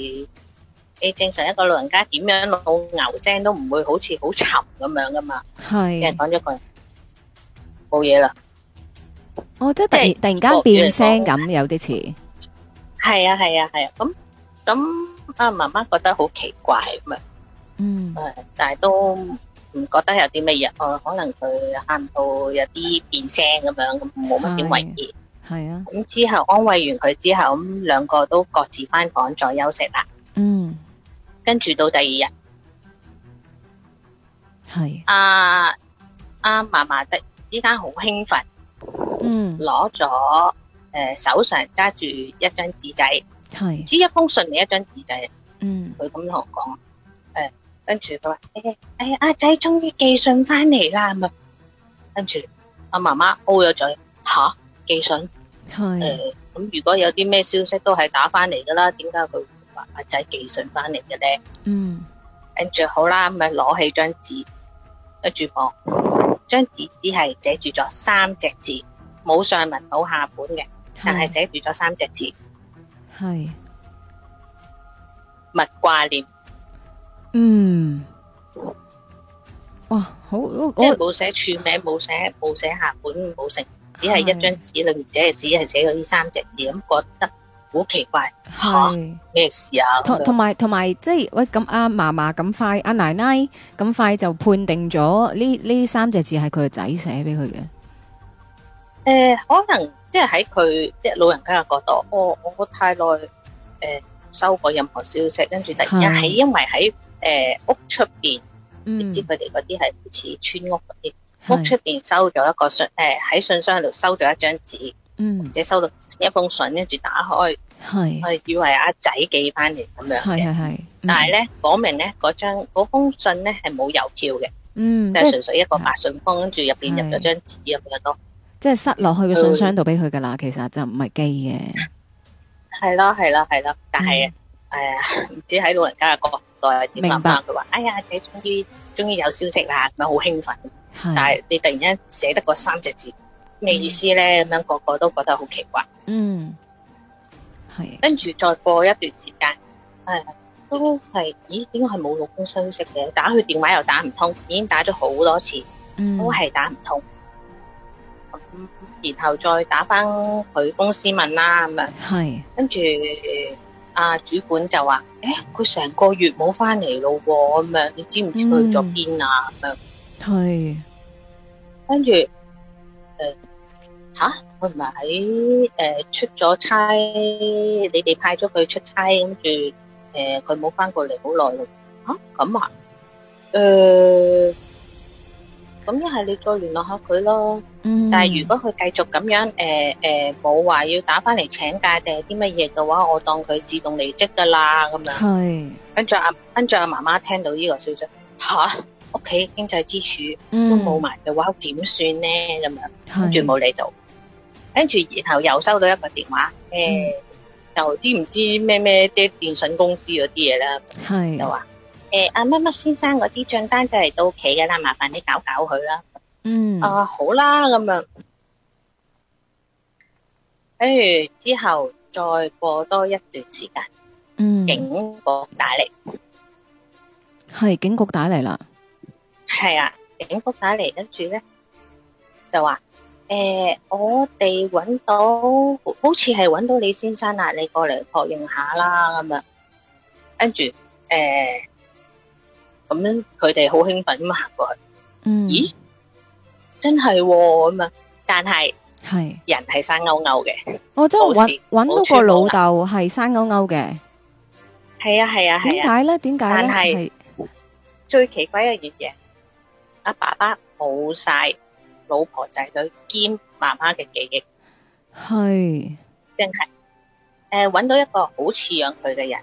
你正常一個老人家點樣老牛精都唔會好似好沉咁樣噶嘛。係跟住講咗句冇嘢啦。哦，即係突然突然間變聲咁，有啲似。係啊係啊係啊，咁咁阿媽媽覺得好奇怪咁樣，嗯，但係都唔覺得有啲乜嘢，哦，可能佢喊到有啲變聲咁樣，咁冇乜點為意。係啊，咁之後安慰完佢之後，咁兩個都各自翻房再休息啦。嗯，跟住到第二日，係阿阿媽媽突然之間好興奮。嗯，攞咗誒，手上揸住一張紙仔，係似是一封信嘅一張紙仔。嗯，佢咁同我講誒，跟住佢話：誒阿仔終於寄信翻嚟啦！咁啊，跟住阿媽媽 o 咗嘴吓，寄信係，咁如果有啲咩消息都係打翻嚟噶啦，點解佢話阿仔寄信翻嚟嘅咧？嗯，跟住好啦，咁咪攞起張紙，跟住我張紙只係寫住咗三隻字。冇上文冇下本嘅，但係寫住咗三隻字。係勿掛念。嗯，哇，好因為冇寫署名，冇寫冇寫下本，冇成，只係一張紙裏面寫嘅字，係寫咗呢三隻字，咁覺得好奇怪。係咩事啊？同同埋同埋，即係喂，咁阿嫲嫲咁快，阿奶奶咁快就判定咗呢呢三隻字係佢個仔寫俾佢嘅。誒，可能即係喺佢即係老人家嘅角度，我我太耐誒收過任何消息，跟住突然間係因為喺誒屋出邊，唔知佢哋嗰啲係好似村屋嗰啲屋出邊收咗一個信，誒喺信箱度收咗一張紙，嗯，或者收到一封信，跟住打開，係，我以為阿仔寄翻嚟咁樣嘅，係係係，但係咧講明咧嗰張嗰封信咧係冇郵票嘅，嗯，即係純粹一個白信封，跟住入邊入咗張紙咁樣多。即係塞落去個信箱度俾佢㗎喇，會其實就唔係機嘅。係囉，係囉，係囉，但係誒唔知喺老人家嘅年代點啊嘛？佢話白哎呀，你終於終於有消息啦，咁樣好興奮。是的但係你突然間寫得三個三隻字咩、嗯、意思咧？咁樣個個都覺得好奇怪。嗯，係。跟住再過一段時間，係、哎、都係，咦？點解係冇老公消息嘅？打佢電話又打唔通，已經打咗好多次，都係打唔通。嗯然後再打翻佢公司問啦咁樣，係跟住阿主管就話，誒，佢成個月冇翻嚟咯噃，咁樣你知唔知佢去咗邊啊？咁樣，係跟住誒，吓，佢唔係喺誒出咗差，你哋派咗佢出差，跟住誒佢冇翻過嚟好耐咯，啊咁啊，誒。咁一係你再聯絡下佢咯，但係如果佢繼續咁樣誒誒冇話要打翻嚟請假定係啲乜嘢嘅話，我當佢自動離職噶啦咁樣。係。跟住阿跟住阿媽媽聽到呢個消息，吓屋企經濟支柱都冇埋嘅話點算咧？咁樣跟住冇理到。跟住然後又收到一個電話，誒，就啲唔知咩咩啲電信公司嗰啲嘢啦，係又話，誒，阿乜乜先生嗰啲賬單就嚟到屋企㗎喇，麻煩你搞搞佢啦。嗯。啊，好啦，咁樣。跟住之後再過多一段時間。嗯，警。警局打嚟。係警局打嚟啦。係啊，警局打嚟，跟住咧就話，誒、欸，我哋搵到，好似係搵到你先生啦，你過嚟確認下啦，咁樣。跟住，誒、欸。咁樣，佢哋好興奮咁行過去，嗯，咦？真係咁啊！但係係人係生勾勾嘅，我真係搵搵到個老豆係生勾勾嘅，係啊係啊，點解咧？點解咧？但係最奇怪一樣嘢，阿爸爸冇晒老婆仔女兼媽媽嘅記憶，係淨係誒搵到一個好似養佢嘅人。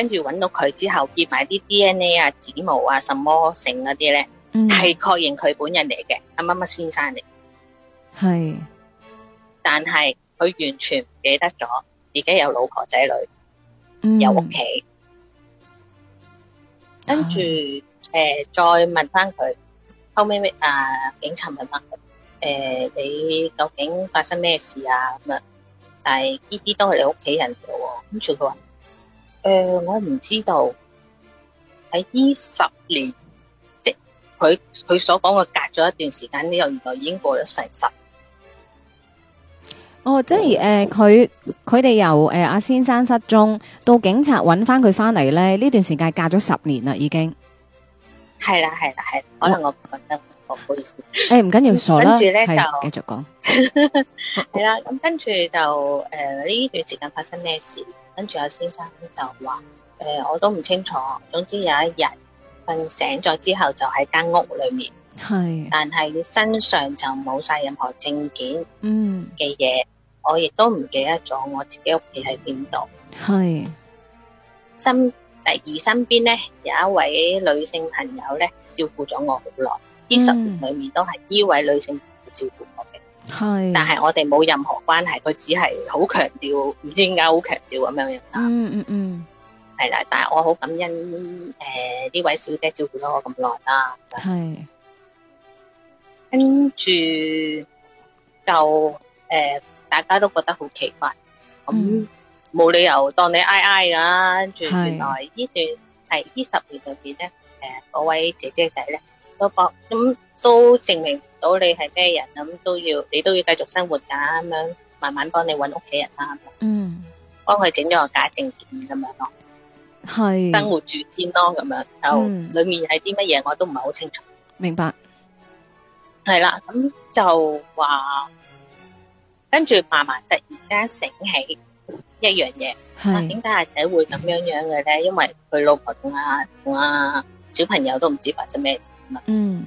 跟住揾到佢之後，結埋啲 DNA 啊、指模啊、什麼性嗰啲咧，係確認佢本人嚟嘅，阿乜乜先生嚟。係，但係佢完全唔記得咗，自己有老婆仔女，有屋企。跟住誒，再問翻佢，後尾咩啊？警察咪問誒，你究竟發生咩事啊？咁啊，但係呢啲都係你屋企人嘅喎，咁所以佢話。誒，我唔知道喺呢十年的，佢佢所講嘅，隔咗一段時間，呢又原來已經過咗成十。哦，即係誒，佢佢哋由誒阿先生失蹤到警察揾翻佢翻嚟咧，呢段時間隔咗十年啦，已經。係啦，係啦，係。可能我講得唔好，唔好意思。誒，唔緊要，傻啦。跟住咧就繼續講。係啦，咁跟住就誒呢段時間發生咩事？跟住阿先生就話，誒，我都唔清楚。總之有一日瞓醒咗之後，就喺間屋裏面。係。但係你身上就冇晒任何證件。嗯。嘅嘢，我亦都唔記得咗我自己屋企喺邊度。係。身第二身邊咧，有一位女性朋友咧，照顧咗我好耐。呢十年裏面都係依位女性朋友照顧。係，但係我哋冇任何關係，佢只係好強調，唔知點解好強調咁樣樣啦。嗯嗯嗯，係啦，但係我好感恩誒呢位小姐照顧咗我咁耐啦。係，跟住就誒，大家都覺得好奇怪，咁冇理由當你嗌嗌噶，跟住原來呢段係呢十年裏邊咧，誒嗰位姐姐仔咧都博咁都證明到你係咩人咁都要，你都要繼續生活噶咁樣，慢慢幫你揾屋企人啦。嗯，幫佢整咗個假證件咁樣咯。係生活住先咯咁樣，就裏面係啲乜嘢我都唔係好清楚。明白。係啦，咁就話，跟住慢慢突然間醒起一樣嘢，點解阿仔會咁樣樣嘅咧？因為佢老婆同阿同阿小朋友都唔知發生咩事啊嘛。嗯。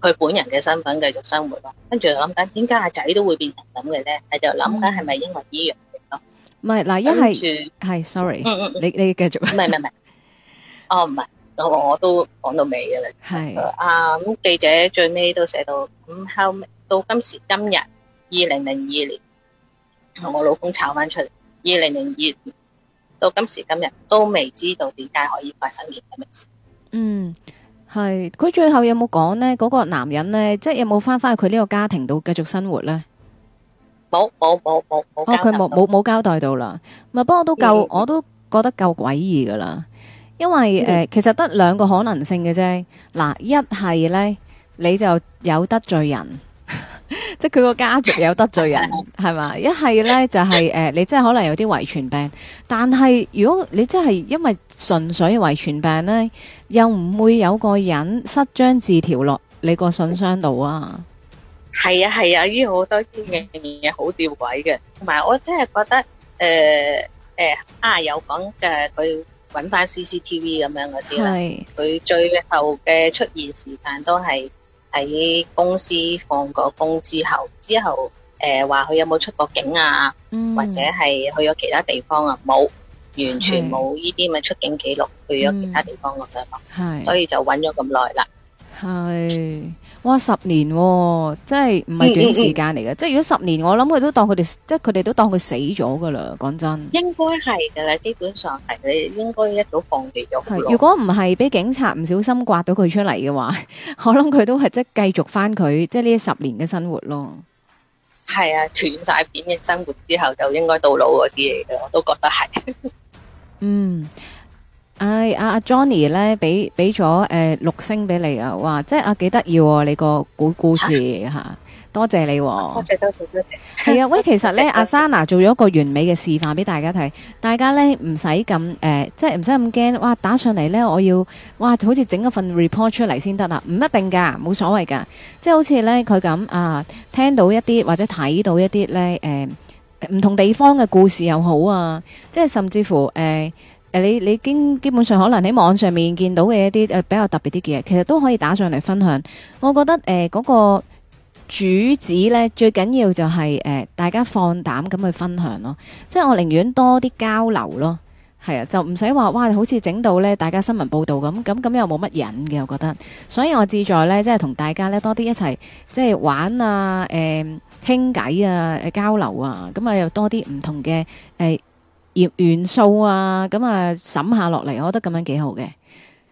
佢本人嘅身份繼續生活啦，跟住諗緊點解阿仔都會變成咁嘅咧？係就諗緊係咪因為呢樣嘢咯？唔係嗱，一係係 sorry，嗯嗯你你繼續。唔係唔係唔係，哦唔係，我我都講到尾嘅啦。係啊是，咁、嗯、記者最尾都寫到咁後尾，到今時今日，二零零二年同我老公炒翻出嚟，二零零二年，到今時今日都未知道點解可以發生呢啲咁嘅事。嗯。係佢最後有冇講呢？嗰、嗰個男人呢，即係有冇翻返去佢呢個家庭度繼續生活呢？冇冇冇冇冇，佢冇冇交代到啦。咪不過都夠，嗯、我都覺得夠詭異噶啦。因為誒、嗯呃，其實得兩個可能性嘅啫。嗱，一係呢，你就有得罪人。 (laughs) 即係佢個家族有得罪人係嘛？一係咧就係、是、誒、 (laughs) 呃，你真係可能有啲遺傳病，但係如果你真係因為純粹遺傳病咧，又唔會有個人塞張字條落你個信箱度啊？係啊係啊，依好、啊啊、多啲嘢好吊詭嘅，同埋我真係覺得誒誒、呃呃、啊有講嘅佢搵翻 C C T V 咁樣嗰啲啦，佢是最後嘅出現時間都係。喺公司放過工之後，之後誒話佢有冇出過境啊？嗯、或者係去咗其他地方啊？冇，完全冇呢啲咁嘅出境記錄，係、去咗其他地方嘅地方、嗯、所以就揾咗咁耐啦。係。哇！十年真係唔係短時間嚟嘅，即係如果十年，我諗佢都當佢哋，即係佢哋都當佢死咗噶啦。講真，應該係噶啦，基本上係你應該一早放棄咗。係，如果唔係俾警察唔小心刮到佢出嚟嘅話，我諗佢都係即係繼續翻佢，即係呢十年嘅生活咯。係啊，斷晒片嘅生活之後就應該到老嗰啲嚟嘅，我都覺得係。嗯。哎，阿阿 Johnny 咧，俾俾咗誒六星俾你啊！哇，即係啊，幾得意啊！你個古故，故事吓、啊啊，多謝你，多謝多謝多謝。係 (laughs) 啊，喂，其實咧，阿 (laughs) Sana 做咗一個完美嘅示範俾大家睇，大家咧唔使咁誒，即係唔使咁驚。哇，打上嚟咧，我要哇，好似整一份 report 出嚟先得啦，唔一定噶，冇所謂噶，即係好似咧佢咁啊，聽到一啲或者睇到一啲咧，誒、呃，唔同地方嘅故事又好啊，即係甚至乎誒。呃你你經基本上可能喺網上面見到嘅一啲誒比較特別啲嘅嘢，其實都可以打上嚟分享。我覺得誒嗰、呃那個主旨呢，最緊要就係、是、誒、呃、大家放膽咁去分享咯。即係我寧願多啲交流咯，係啊，就唔使話哇，好似整到呢大家新聞報道咁咁咁又冇乜癮嘅。我覺得，所以我志在呢，即係同大家呢多啲一齊即係玩啊，誒傾偈啊，誒交流啊，咁啊又多啲唔同嘅誒。呃葉元素啊，咁啊，審下落嚟，我覺得咁樣幾好嘅，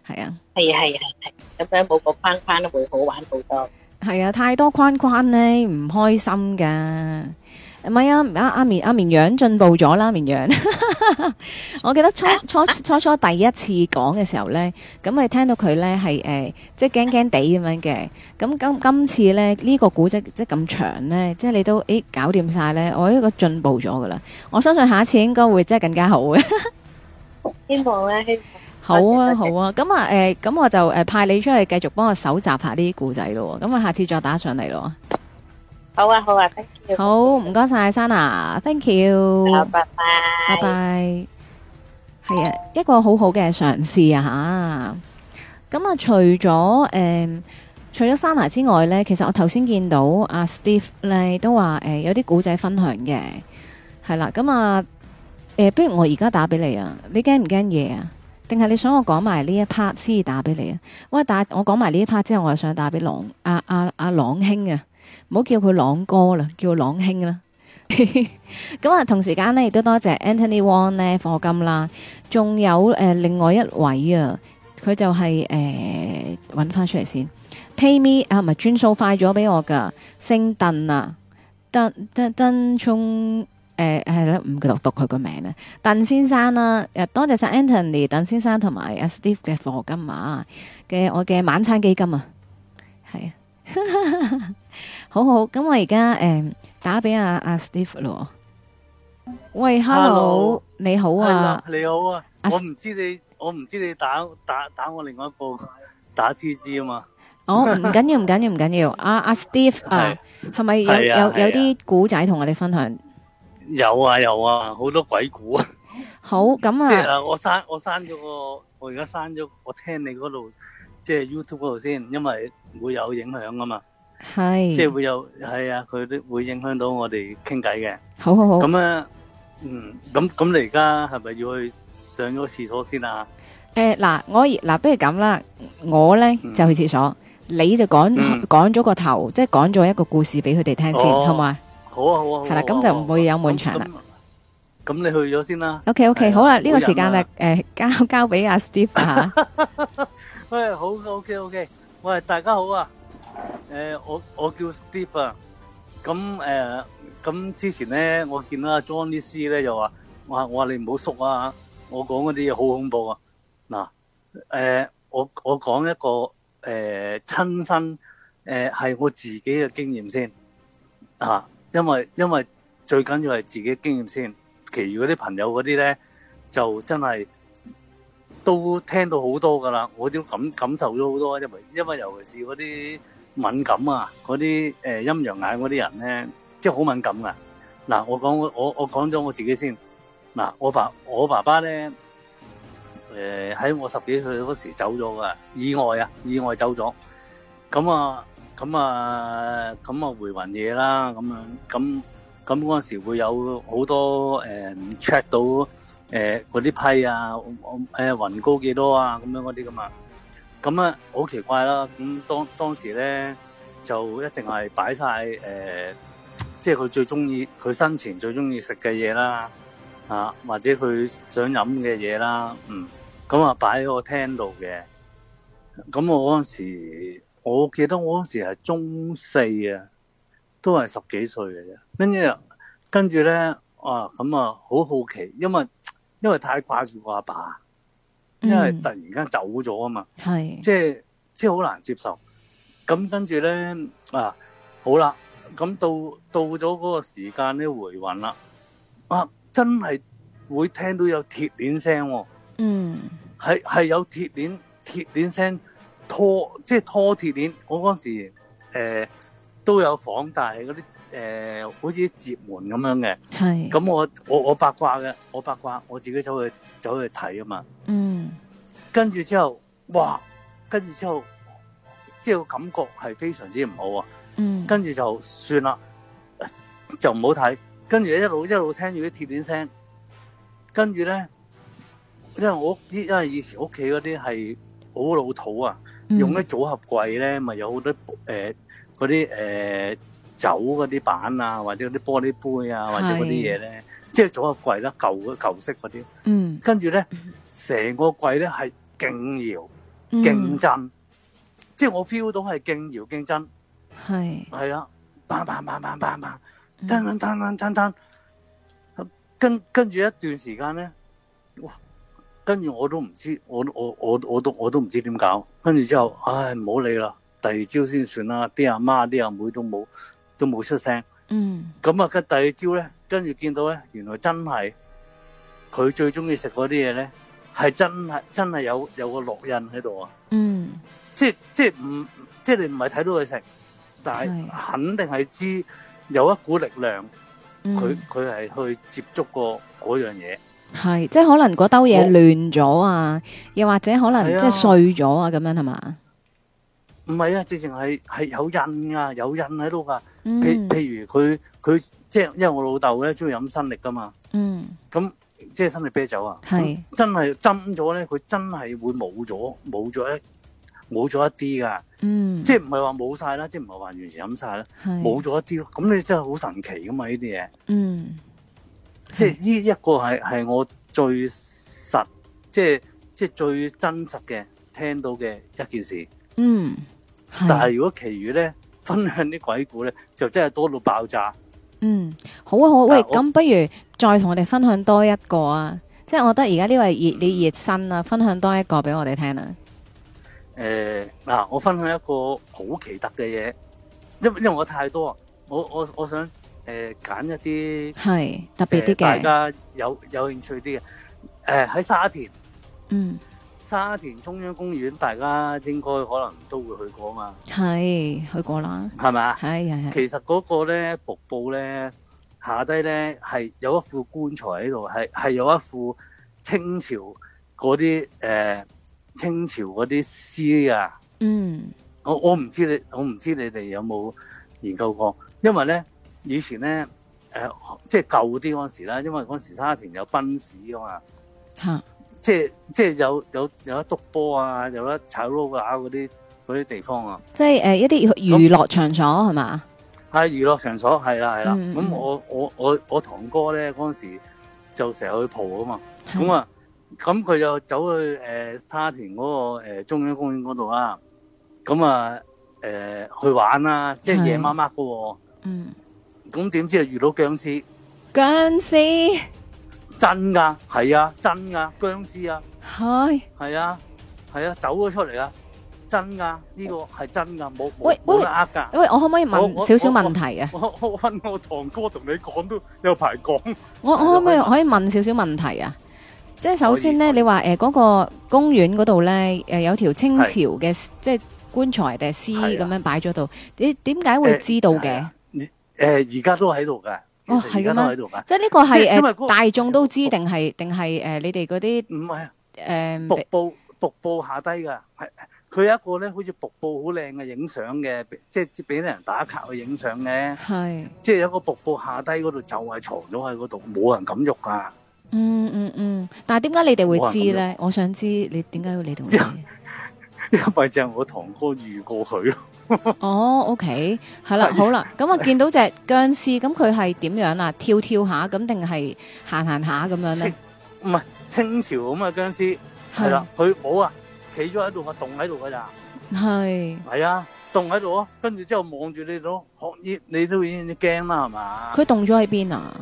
係啊，係啊係啊係，咁樣冇個框框都會好玩好多，係啊，太多框框咧，唔開心噶。唔係啊，阿阿綿阿綿羊進步咗啦，綿羊。 (laughs) 我記得初初初初第一次講嘅時候咧，咁你聽到佢咧係誒，即係驚驚地咁樣嘅。咁今今次咧呢、這個古仔即係咁長咧，即係你都誒、欸、搞掂晒咧，我呢個進步咗噶啦。我相信下一次應該會即係更加好嘅。希望咧，希好啊好啊，咁啊誒，咁、呃、我就誒派你出去繼續幫我蒐集一下啲古仔咯。咁我下次再打上嚟咯。好啊好啊，thank you。好，唔該晒，Sana，thank you、oh, bye bye. Bye bye。拜拜。拜拜。係啊，一個好好嘅嘗試啊吓。咁啊，除咗誒、呃，除咗 Sana 之外咧，其實我頭先見到阿、啊、Steve 咧都話誒、呃，有啲古仔分享嘅，係啦。咁啊，誒、啊呃，不如我而家打俾你啊？你驚唔驚嘢啊？定係你想我講埋呢一 part 先至打俾你啊？喂，打我講埋呢一 part 之後，我又想打俾朗啊阿阿朗兄啊。啊啊唔好叫佢朗哥啦，叫朗兄啦。咁啊，同時間呢亦都多謝 Anthony Wong 呢，課金啦。仲有誒，另外一位啊，佢就係、是、誒，搵、呃、翻出嚟先。Pay me 啊，唔係轉數快咗俾我噶。姓鄧啊，鄧鄧鄧聰誒，係咯，唔記得讀佢個名咧。鄧先生啦、啊，誒，多謝晒 Anthony 鄧先生同埋阿 Steve 嘅課金啊，嘅我嘅晚餐基金啊，係啊。 (laughs) 好好，咁我而家誒打俾阿阿 Steve 咯。喂，Hello，你好啊，你好啊。我唔知你，我唔知你打打打我另外一部打 TG 啊嘛。哦，唔緊要，唔緊要，唔緊要。阿阿 Steve 啊，係咪有有有啲古仔同我哋分享？有啊有啊，好多鬼故啊。好，咁啊，即係我刪我刪咗個，我而家刪咗我聽你嗰度，即係 YouTube 嗰度先，因為會有影響啊嘛。係，即係會有係啊，佢都會影響到我哋傾偈嘅。好好好，咁啊，嗯，咁咁，你而家係咪要去上咗廁所先啊？誒，嗱，我嗱，不如咁啦，我咧就去廁所，你就講講咗個頭，即係講咗一個故事俾佢哋聽先，好唔好啊？好啊，好啊，係啦，咁就唔會有悶場啦。咁你去咗先啦。OK，OK，好啦，呢個時間咧，誒，交交俾阿 Steve 吓。喂，好嘅，OK，OK，喂，大家好啊。誒、呃，我我叫 Steve 啊。咁、啊、誒，咁、啊啊、之前咧，我見到阿 John 啲師咧又話，我我話你唔好縮啊。我講嗰啲嘢好恐怖啊。嗱，誒，我我講一個誒親、啊、身誒係、啊、我自己嘅經驗先啊。因為因為最緊要係自己嘅經驗先，其餘嗰啲朋友嗰啲咧就真係都聽到好多㗎喇。我都感感受咗好多，因為因為尤其是嗰啲。敏感啊！嗰啲誒陰陽眼嗰啲人咧，即係好敏感啊。嗱，我講我我講咗我自己先。嗱，我爸我爸爸咧，誒、呃、喺我十幾歲嗰時走咗噶，意外啊，意外走咗。咁啊咁啊咁啊，啊回魂夜啦咁樣咁咁嗰陣時會有好多誒 check、呃、到誒嗰啲批啊，我誒雲高幾多啊咁樣嗰啲噶嘛。咁啊，好奇怪啦！咁當當時咧，就一定係擺晒，誒、呃，即係佢最中意佢生前最中意食嘅嘢啦，啊，或者佢想飲嘅嘢啦，嗯，咁啊擺喺個廳度嘅。咁我嗰陣時，我記得我嗰陣時係中四啊，都係十幾歲嘅啫。跟住，跟住咧，啊，咁啊，好好奇，因為因為太掛住我阿爸，爸。因為突然間走咗啊嘛，嗯、係即係即係好難接受。咁跟住咧啊，好啦，咁到到咗嗰個時間咧，回魂啦，啊真係會聽到有鐵鏈聲。嗯，係係有鐵鏈鐵鏈聲拖，即係拖鐵鏈。我嗰時、呃、都有放大嗰啲。誒、呃，好似接門咁樣嘅，係，咁我我我八卦嘅，我八卦，我自己走去走去睇啊嘛，嗯，跟住之後，哇，跟住之後，即係個感覺係非常之唔好啊，嗯，跟住就算啦，就唔好睇，跟住一路一路聽住啲貼片聲，跟住咧，因為我屋因為以前屋企嗰啲係好老土啊，嗯、用啲組合櫃咧，咪有好多誒嗰啲誒。呃酒嗰啲板啊，或者嗰啲玻璃杯啊，或者嗰啲嘢咧，是即係做個櫃咧舊嗰舊式嗰啲，嗯，跟住咧成個櫃咧係勁搖勁震，爭嗯、即係我 feel 到係勁搖勁震，係係是啊，砰砰砰砰砰砰，噔噔噔噔噔噔，跟跟住一段時間咧，哇，跟住我都唔知，我我我我都我都唔知點搞，跟住之後，唉，唔好理啦，第二朝先算啦。啲阿媽啲阿妹都冇。都冇出聲，咁啊、嗯！跟第二朝咧，跟住見到咧，原來真係佢最中意食嗰啲嘢咧，係真係真係有有個烙印喺度啊！嗯，即係即係唔即係你唔係睇到佢食，但係肯定係知有一股力量，佢佢係去接觸過嗰樣嘢。係即係可能嗰兜嘢亂咗啊，哦、又或者可能即係碎咗啊，咁樣係嘛？唔係啊，直情係係有印啊，有印喺度噶。譬、嗯、譬如佢佢即係因為我老豆咧中意飲新力噶嘛，咁、嗯、即係新力啤酒啊，是真係斟咗咧，佢真係會冇咗冇咗一冇咗一啲噶、嗯，即係唔係話冇晒啦，即係唔係話完全飲晒啦，冇咗是一啲咯，咁你真係好神奇噶嘛呢啲嘢，嗯、即係呢一個係係我最實即係即係最真實嘅聽到嘅一件事，嗯、但係如果其餘咧。分享啲鬼故咧，就真係多到爆炸。嗯，好啊，好啊。喂，咁我不如再同我哋分享多一個啊，即、就、係、是、我覺得而家呢位熱、嗯、你熱身啊，分享多一個俾我哋聽啊。誒、呃，嗱、呃，我分享一個好奇特嘅嘢，因為因為我太多，我我我想誒揀、呃、一啲係特別啲嘅、呃，大家有有興趣啲嘅。誒、呃，喺沙田。嗯。沙田中央公園，大家應該可能都會去過啊嘛，係去過啦，係咪？係係。其實嗰個咧瀑布咧下低咧係有一副棺材喺度，係係有一副清朝嗰啲誒清朝嗰啲屍啊。嗯，我我唔知你，我唔知你哋有冇研究過，因為咧以前咧誒、呃、即係舊啲嗰陣時啦，因為嗰陣時沙田有賓士啊嘛。嚇！即係即係有有有得督波啊，有得踩撈啊，嗰啲嗰啲地方啊，即係誒、呃、一啲娛樂場所係嘛？係娛樂場所，係啦係啦。咁我我我我堂哥咧嗰陣時就成日去蒲噶嘛，咁、嗯、啊咁佢就走去誒、呃、沙田嗰、那個誒、呃、中央公園嗰度啊，咁啊誒、呃、去玩啦、啊，即係夜媽媽㗎，嗯，咁點、啊嗯、知遇到僵屍？僵屍。真噶，係啊，真噶，僵屍啊，係，係啊，係啊，走咗出嚟啊，真噶，呢個係真噶，冇冇得呃噶。喂，我可唔可以問少少問題啊？我我問我堂哥同你講都有排講。我我可唔可以可以問少少問題啊？即係首先咧，你話誒嗰個公園嗰度咧，誒有條清朝嘅即係棺材定係屍咁樣擺咗度，你點解會知道嘅？誒，而家都喺度噶。在在的哦，係咁啊！即係呢個係誒，大眾都知定係定係誒，你哋嗰啲唔係誒瀑布瀑布下低噶，係佢有一個咧，好似瀑布好靚嘅影相嘅，即係俾啲人打卡去影相嘅，係是即係有個瀑布下低嗰度就係藏咗喺嗰度，冇人敢喐噶、嗯。嗯嗯嗯，但係點解你哋會知咧？我想知你點解你同佢， (laughs) 因為就我堂哥遇過佢咯。哦，OK，係啦，好啦，咁啊，見到隻僵屍，咁佢係點樣啊？跳跳下咁定係行行下咁樣咧？唔係清，清朝咁啊僵屍，係啦是，佢冇啊，企咗喺度啊，凍喺度噶咋？係係啊，凍喺度啊，跟住之後望住你都學你都已經驚啦係嘛？佢凍咗喺邊啊？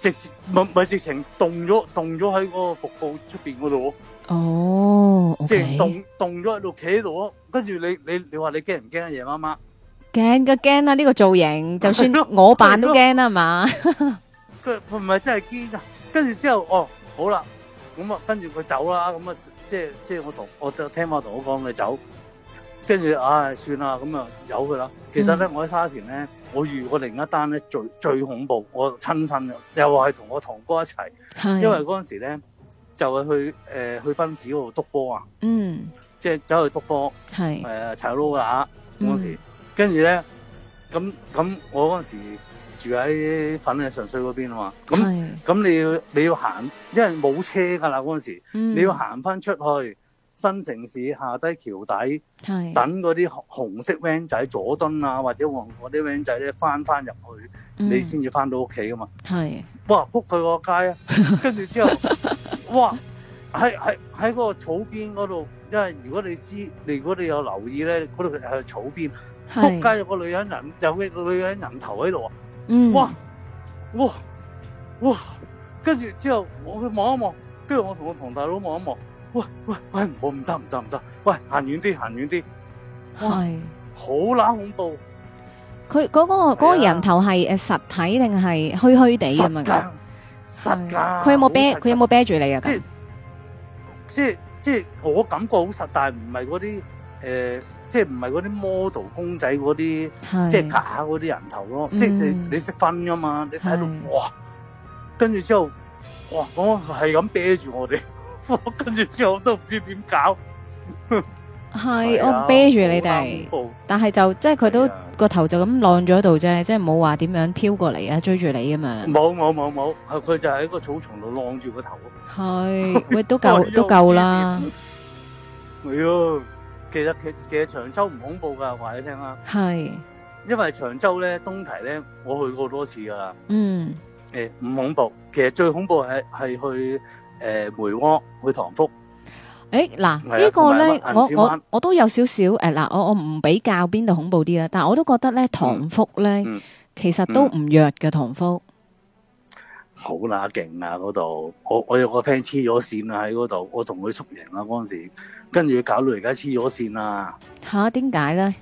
直接咪咪直情凍咗凍咗喺個瀑布出邊嗰度。哦，即係凍凍咗喺度，企喺度，跟住你你你話你驚唔驚啊？夜媽媽，驚嘅驚啦，呢、這個造型，就算我扮都驚啦 (laughs) 他，係嘛？佢唔係真係驚啊！跟住之後，哦，好啦，咁啊，跟住佢走啦，咁啊，即係即係我同我聽我同我講佢走，跟住唉，算啦，咁啊，由佢啦。其實咧，嗯、我喺沙田咧，我遇過另一單咧最最恐怖，我親身嘅，又話係同我堂哥一齊，因為嗰陣時咧。就係去誒去賓士嗰度篤波啊！嗯，即係走去篤波，係誒踩佬乸嗰陣時，跟住咧咁咁，我嗰陣時住喺粉嶺上水嗰邊啊嘛，咁咁你要你要行，因為冇車噶啦嗰陣時，你要行翻出去新城市下低橋底，係等嗰啲紅色 van 仔佐敦啊，或者黃啲 van 仔咧翻翻入去，你先至翻到屋企噶嘛，係哇，撲佢個街啊！跟住之後。哇！喺喺喺嗰個草邊嗰度，因為如果你知，你如果你有留意咧，嗰度係草邊，撲街是有個女人有入個女人人頭喺度啊！嗯、哇！哇！哇！跟住之後，我去望一望，跟住我同我同大佬望一望，哇哇！喂，我唔得唔得唔得！喂，行，行，行喂遠啲，行遠啲，係好乸恐怖！佢嗰個嗰個人頭係實體定係虛虛哋咁樣？實噶，佢有冇啤？佢有冇啤住你啊？即係即係即係，我感覺好實，但係唔係嗰啲誒，即係唔係嗰啲 model 公仔嗰啲，即係是假嗰啲人頭咯。即係你、嗯、你識分噶嘛？你睇到是哇，跟住之後哇，我係咁啤住我哋，跟 (laughs) 住之後都唔知點搞。呵呵係，我啤住你哋，但係就即係佢都個頭就咁晾咗度啫，即係冇話點樣飄過嚟，啊追住你啊嘛。冇冇冇冇，佢就喺個草叢度浪住個頭。係，喂，都夠都夠啦。係啊，其實其其實長洲唔恐怖噶，話你聽啦。係，因為長洲咧，東堤咧，我去過好多次噶啦。嗯。誒，唔恐怖，其實最恐怖係係去誒梅窩去塘福。誒，嗱呢個咧，我我我都有少少誒，嗱我我唔比較邊度恐怖啲啊，但係我都覺得咧，唐福咧，其實都唔弱嘅，唐福，好啦勁啊嗰度，我我有個 friend 黐咗線啊喺嗰度，我同佢宿營啦嗰陣時，跟住搞到而家黐咗線啊嚇，點解咧？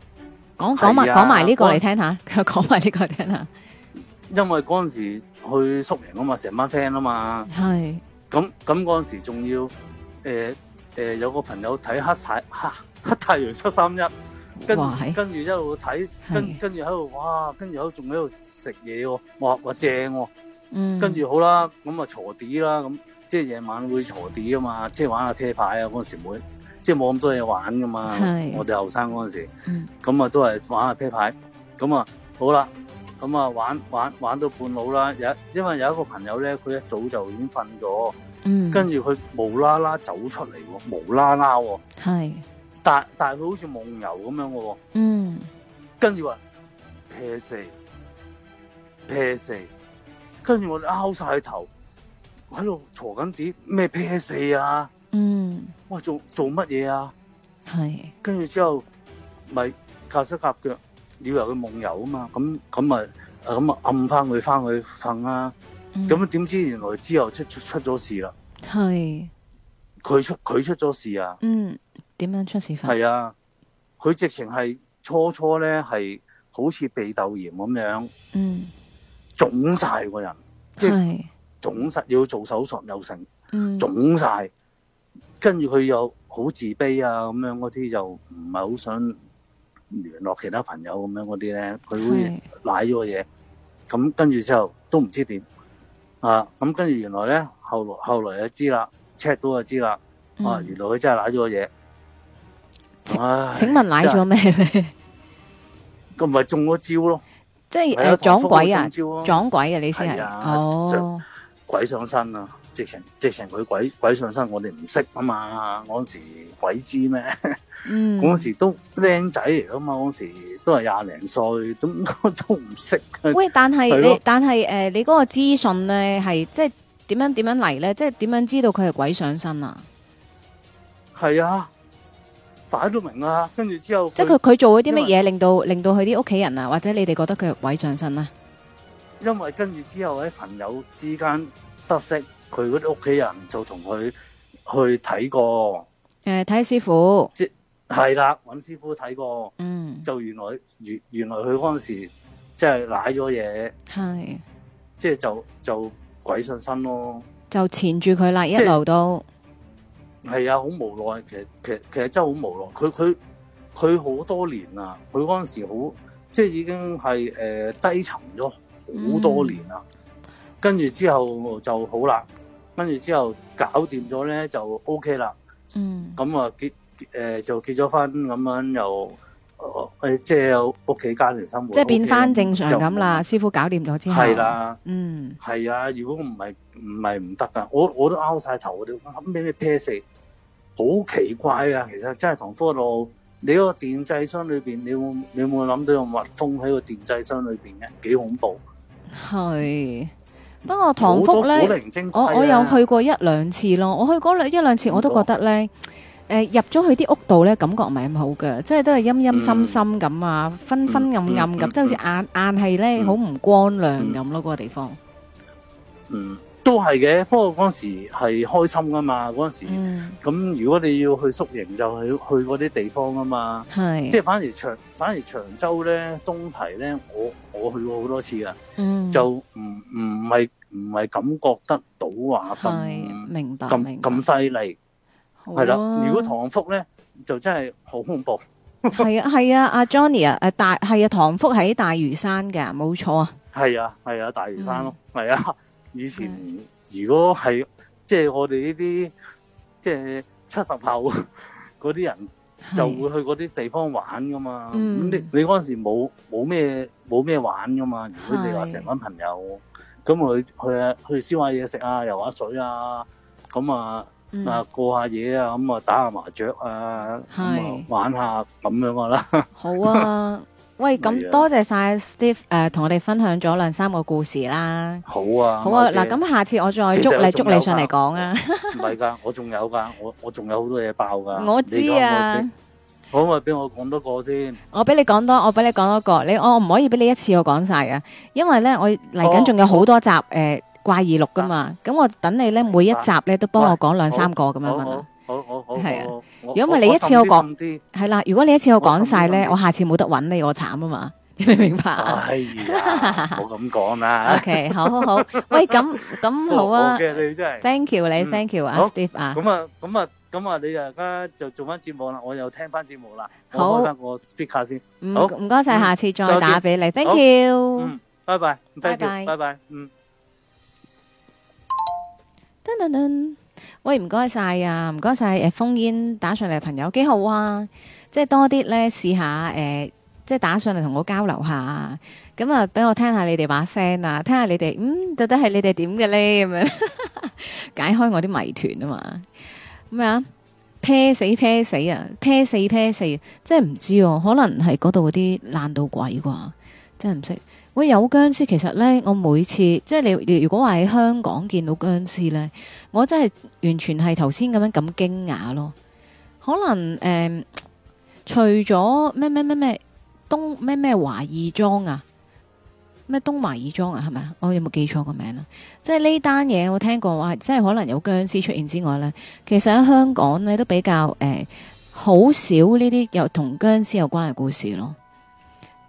講講埋講埋呢個嚟聽下，佢講埋呢個嚟聽下，因為嗰陣時去宿營啊嘛，成班 friend 啊嘛，係咁咁嗰陣時仲要誒，誒、呃，有個朋友睇黑太黑，黑太陽七三一是跟，跟跟住一路睇，跟跟住喺度哇，跟住喺度仲喺度食嘢喎，嘩，正喎、哦，嗯，跟住好啦，咁啊鋤地啦，咁即係夜晚會鋤地啊嘛，即係玩下、啊、啤牌啊，嗰陣時會即係冇咁多嘢玩噶嘛，是我哋後生嗰陣時，咁、嗯、啊都係玩下啤牌，咁啊好啦，咁啊玩玩玩，玩到半路啦，有因為有一個朋友咧，佢一早就已經瞓咗。嗯，跟住佢無啦啦走出嚟喎，無啦啦喎，係，但但係佢好似夢遊咁樣嘅喎，嗯，跟住話，撇四，撇四，跟住我哋拗晒頭，喺度坐緊啲咩撇四啊，嗯，哇做做乜嘢啊，係，跟住之後咪夾手夾腳，以為佢夢遊啊嘛，咁咁啊咁啊暗翻佢翻佢瞓啊。嗯、咁點知原來之後出出咗事啦？係佢是出佢出咗事啊？嗯，點樣出事法？係啊，佢直情係初初咧，係好似鼻竇炎咁樣，嗯，腫晒個人，即係腫晒要做手術又成，嗯，腫晒，跟住佢又好自卑啊，咁樣嗰啲就唔係好想聯絡其他朋友咁樣嗰啲咧，佢會舐咗個嘢，咁是跟住之後都唔知點。啊！咁跟住原來咧，後來後來就知啦，check 到就知啦。嗯、啊，原來佢真係奶咗個嘢。請，唉請問奶咗咩？咁佢唔係中咗招咯，即係誒撞鬼啊！撞鬼啊！你意思係、啊、哦，鬼上身啊！直情直情佢鬼鬼上身，我哋唔識啊嘛！嗰時鬼知咩？嗰、嗯、時都靚仔嚟噶嘛，嗰時都係廿零歲，都都唔識。喂，但係的你，但係誒、呃，你嗰個資訊咧，係即係點樣點樣嚟咧？即係點樣，樣，樣知道佢係鬼上身啊？係啊，擺到明啊，跟住之後即係佢佢做咗啲乜嘢，令到令到佢啲屋企人啊，或者你哋覺得佢係鬼上身咧？因為跟住之後喺朋友之間得識。佢嗰啲屋企人就同佢去睇過，誒睇、呃、師傅，即係啦，揾師傅睇過，嗯，就原來原原來佢嗰陣時即係舐咗嘢，係，即係的就就鬼上身咯，就纏住佢啦，一路都係啊，好無奈，其實其實其實真係好無奈，佢佢佢好多年啦，佢嗰陣時好即係已經係誒、呃、低沉咗好多年啦，跟住、嗯、之後就好啦。跟住之後搞掂咗咧就 OK 啦，嗯，咁啊結誒就結咗婚，咁、呃、樣又誒、呃、即係屋企家庭生活，即係變翻正常咁啦。師傅搞掂咗之後，係啦，嗯，係啊。如果唔係唔係唔得㗎，我我都拗晒頭，我諗邊啲嘢食，好奇怪啊！其實真係同科道，你嗰個電掣箱裏邊，你會你會諗到用蜜蜂喺個電掣箱裏邊嘅？幾恐怖。係。不過唐福呢，我我，有去過一兩次我去過一兩次咯，我去嗰兩一兩次我都覺得呢，誒入咗去啲屋度呢，感覺唔係咁好嘅，即係都係陰陰森森咁啊，嗯、昏昏暗暗咁，嗯、即係好似眼、嗯、眼係呢好唔、嗯、光亮咁咯，嗰個地方。嗯。嗯都係嘅，不過嗰陣時係開心噶嘛，嗰陣時咁、嗯、如果你要去宿營就係、去去嗰啲地方啊嘛，係即係反而長反而長洲咧，東堤咧，我我去過好多次嗯，就唔唔係唔係感覺得到啊咁明白咁咁犀利，係啦。如果唐福咧就真係好恐怖。係啊係啊，阿、啊、Johnny 啊，啊，大係啊，唐福喺大嶼山㗎，冇錯啊。係啊係啊，大嶼山咯，係、嗯、啊。以前如果係、mm. 即係我哋呢啲即係七十後嗰啲 (laughs) 人，就會去嗰啲地方玩㗎嘛。咁、mm. 你你嗰陣時冇冇咩冇咩玩㗎嘛？如果你話成班朋友，咁我、mm. 去去去燒下嘢食啊，遊下水啊，咁啊啊過下夜啊，咁、mm. 啊打下麻雀啊、mm. 啊，玩下咁樣㗎、啊、啦。 (laughs) 好啊。喂，咁多謝晒 Steve，誒、呃，同我哋分享咗兩三個故事啦。好啊，好啊，嗱姐，咁下次我再捉你捉你上嚟講啊。唔係噶，我仲有噶，我我仲有好多嘢爆噶。我，我知啊，你講我好唔好俾我講多個先？我俾你講多，我俾你講多個，你我唔可以俾你一次我講晒啊，因為咧我嚟緊仲有好多集誒、哦呃、怪異錄噶嘛，咁我等你咧的每一集咧都幫我講兩三個咁樣係啊，如果唔係你一次我講係啦，如果你一次我講晒咧，我下次冇得揾你，我慘啊嘛，你明唔明白？冇咁講啦。OK，好好好，喂，咁咁好啊。thank you 你，thank you 啊，Steve 啊。咁啊，咁啊，咁啊，你啊，而家就做翻節目啦，我又聽翻節目啦。好，我 speak 下先。好，唔該晒，下次再打俾你。Thank you，嗯，拜拜，拜拜，拜拜，嗯。噔噔噔。喂，唔該晒啊，唔該晒，誒、呃，烽煙打上嚟，朋友幾好啊，即係多啲咧試下，誒、呃，即係打上嚟同我交流下，咁啊，俾我聽下你哋把聲啊，聽下你哋，嗯，到底係你哋點嘅咧，咁樣解開我啲謎團啊嘛，咁啊，pair 死 pair 死啊，pair 四 pair 四，即係唔知喎、啊，可能係嗰度嗰啲爛到鬼啩，真係唔識。喂，有僵屍，其實呢，我每次即係你，你如果話喺香港見到僵屍呢，我真係完全係頭先咁樣咁驚訝咯。可能誒、呃，除咗咩咩咩咩東咩咩華義莊啊，咩東華義莊啊，係咪啊？我有冇記錯個名啊？即係呢單嘢我聽過話，即係可能有僵屍出現之外呢，其實喺香港呢都比較誒，好、呃、少呢啲有同僵屍有關嘅故事咯。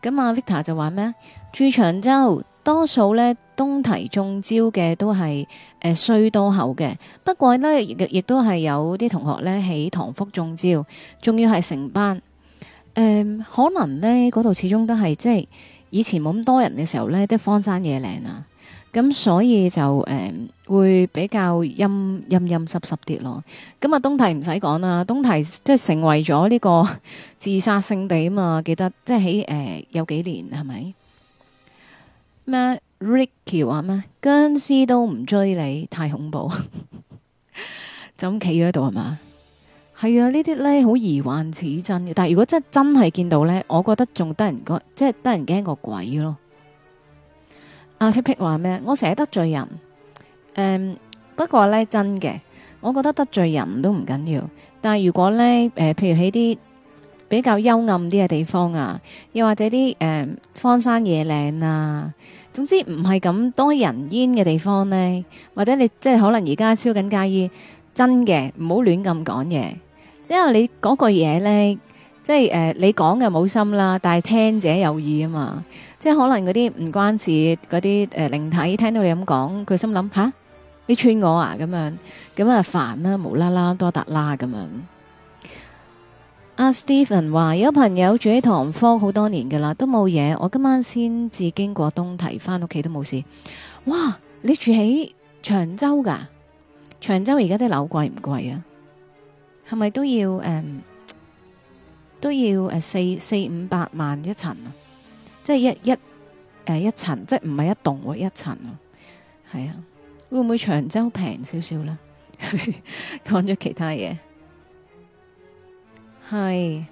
咁啊，Victor 就話，咩？住長洲，多數咧，東堤中招嘅都係誒、呃、衰多口嘅，不過咧，亦亦都係有啲同學咧喺塘福中招，仲要係成班。誒、呃，可能咧嗰度始終都係即係以前冇咁多人嘅時候咧，都係荒山野嶺啊。咁所以就誒、呃、會比較陰陰陰濕濕啲咯。今日東堤唔使講啦，東堤即係成為咗呢個自殺聖地啊嘛。記得即係喺誒有幾年係咪咩 Ricky 話咩，殭屍都唔追你，太恐怖， (laughs) 就咁企喺度係嘛？係啊，呢啲咧好疑幻似真嘅。但係如果真真係見到咧，我覺得仲得人個即係得人驚過鬼咯。阿皮皮話咩？我成日得罪人，誒，不過咧真嘅，我覺得得罪人都唔緊要。但係如果咧，誒，譬如喺啲比較幽暗啲嘅地方啊，又或者啲誒荒山野嶺啊，總之唔係咁多人煙嘅地方咧，或者你即係可能而家超緊介意，真嘅唔好亂咁講嘢，之後你嗰個嘢咧。即係誒，你講嘅冇心啦，但係聽者有意啊嘛。即係可能嗰啲唔關事嗰啲誒靈體聽到你咁講，佢心諗吓、啊，你串我啊咁樣，咁啊煩啦，無啦啦多噠啦咁樣。阿、啊、Stephen 話有朋友住喺唐坊好多年噶啦，都冇嘢。我今晚先至經過東堤返屋企都冇事。哇！你住喺長洲噶？長洲而家啲樓貴唔貴啊？係咪都要誒？嗯都要誒、呃、四四五百萬一層啊，即係一一誒、呃、一層，即係唔係一棟喎一層啊，係啊，會唔會長洲平少少呢？講咗 (laughs) 其他嘢，係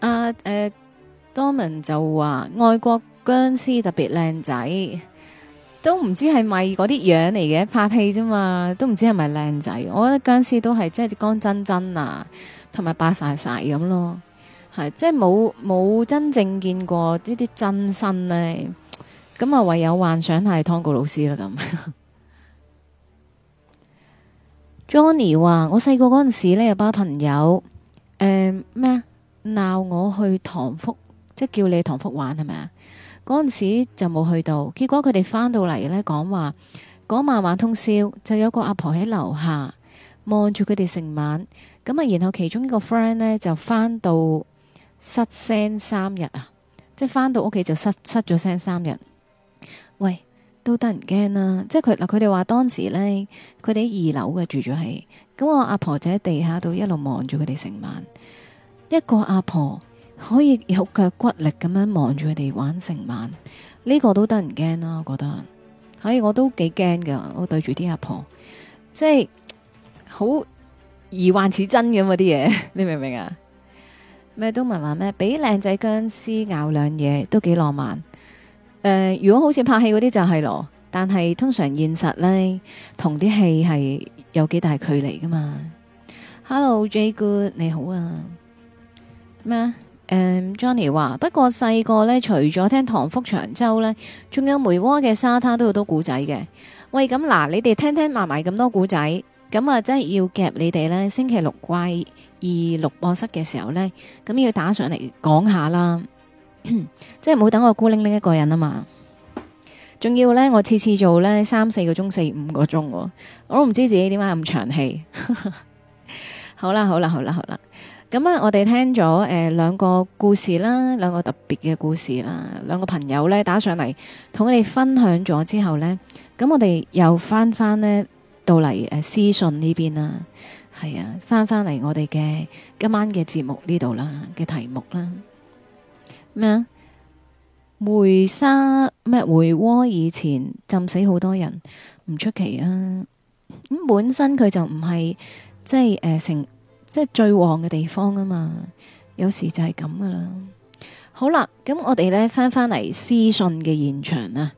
啊誒、呃、多文就話外國僵屍特別靚仔，都唔知係咪嗰啲樣嚟嘅拍戲啫嘛，都唔知係咪靚仔。我覺得僵屍都係即係乾真真啊，同埋白晒晒咁咯。係，即係冇冇真正見過呢啲真身呢，咁啊唯有幻想係湯告老師啦咁。 (laughs) Johnny 話：我細個嗰陣時咧，有班朋友，咩、呃、啊，鬧我去唐福，即係叫你去唐福玩係咪啊？嗰陣時就冇去到，結果佢哋返到嚟呢，講話，嗰晚晚通宵，就有個阿婆喺樓下望住佢哋成晚，咁啊，然後其中一個 friend 呢，就返到。失聲三日啊！即係翻到屋企就失失咗聲三日。喂，都得人驚啦！即係佢嗱，佢哋話當時咧，佢哋喺二樓嘅住咗喺，咁我阿婆就喺地下度一路望住佢哋成晚。一個阿婆可以有腳骨力咁樣望住佢哋玩成晚，呢個都得人驚啦。我覺得，可以我都幾驚嘅。我對住啲阿婆，即係好疑幻似真咁啊啲嘢，你明唔明啊？咩都文話咩，俾靚仔僵屍咬兩嘢都幾浪漫。誒、呃，如果好似拍戲嗰啲就係咯，但係通常現實呢，同啲戲係有幾大距離噶嘛。Hello, Jay Good，你好啊。咩？誒、呃，Johnny 話，不過細個呢，除咗聽唐福長洲呢，仲有梅窩嘅沙灘都有多古仔嘅。喂，咁嗱，你哋聽聽埋埋咁多古仔。咁啊，真係要夾你哋咧！星期六怪異錄播室嘅時候咧，咁要打上嚟講下啦， (coughs) 即係冇等我孤零零一個人啊嘛！仲要咧，我次次做咧三四個鐘、四五個鐘，哦，我都唔知自己點解咁長氣。 (laughs) 好啦，好啦，好啦，好啦，咁啊，我哋聽咗誒、呃、兩個故事啦，兩個特別嘅故事啦，兩個朋友咧打上嚟同你分享咗之後咧，咁我哋又翻翻呢。到嚟誒、呃、屍訊呢邊啊，係啊，翻翻嚟我哋嘅今晚嘅節目呢度啦嘅題目啦。咩？梅沙咩？梅窩以前浸死好多人，唔出奇啊。咁、嗯、本身佢就唔係即係誒、呃、成即係最旺嘅地方啊嘛，有時就係咁噶啦。好啦，咁我哋咧翻翻嚟屍訊嘅現場啦。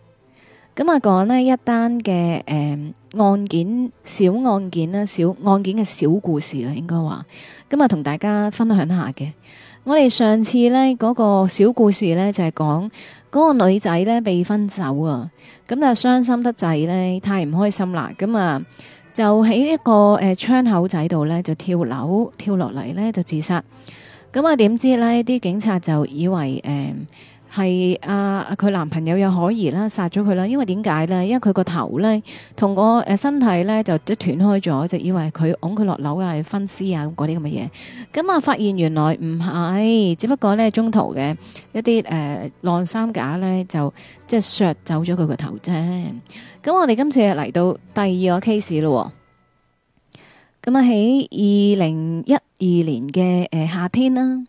咁啊，講呢一單嘅誒案件，小案件啦，小案件嘅小故事啦，應該話，咁啊，同大家分享下嘅。我哋上次呢嗰、那個小故事呢，就係講嗰個女仔呢被分手啊，咁就傷心得滯呢，太唔開心啦，咁、嗯、啊就喺一個誒窗口仔度呢，就跳樓跳落嚟呢，就自殺。咁、嗯、啊，點知呢啲警察就以為誒。呃係阿佢男朋友有可疑啦，殺咗佢啦。因為點解呢？因為佢個頭呢，同個誒身體呢，就都斷開咗，就以為佢㧬佢落樓啊，分屍啊嗰啲咁嘅嘢。咁啊，發現原來唔係，只不過呢中途嘅一啲誒、呃、晾衫架呢，就即係削走咗佢個頭啫。咁我哋今次嚟到第二個 case 咯。咁啊，喺二零一二年嘅誒夏天啦。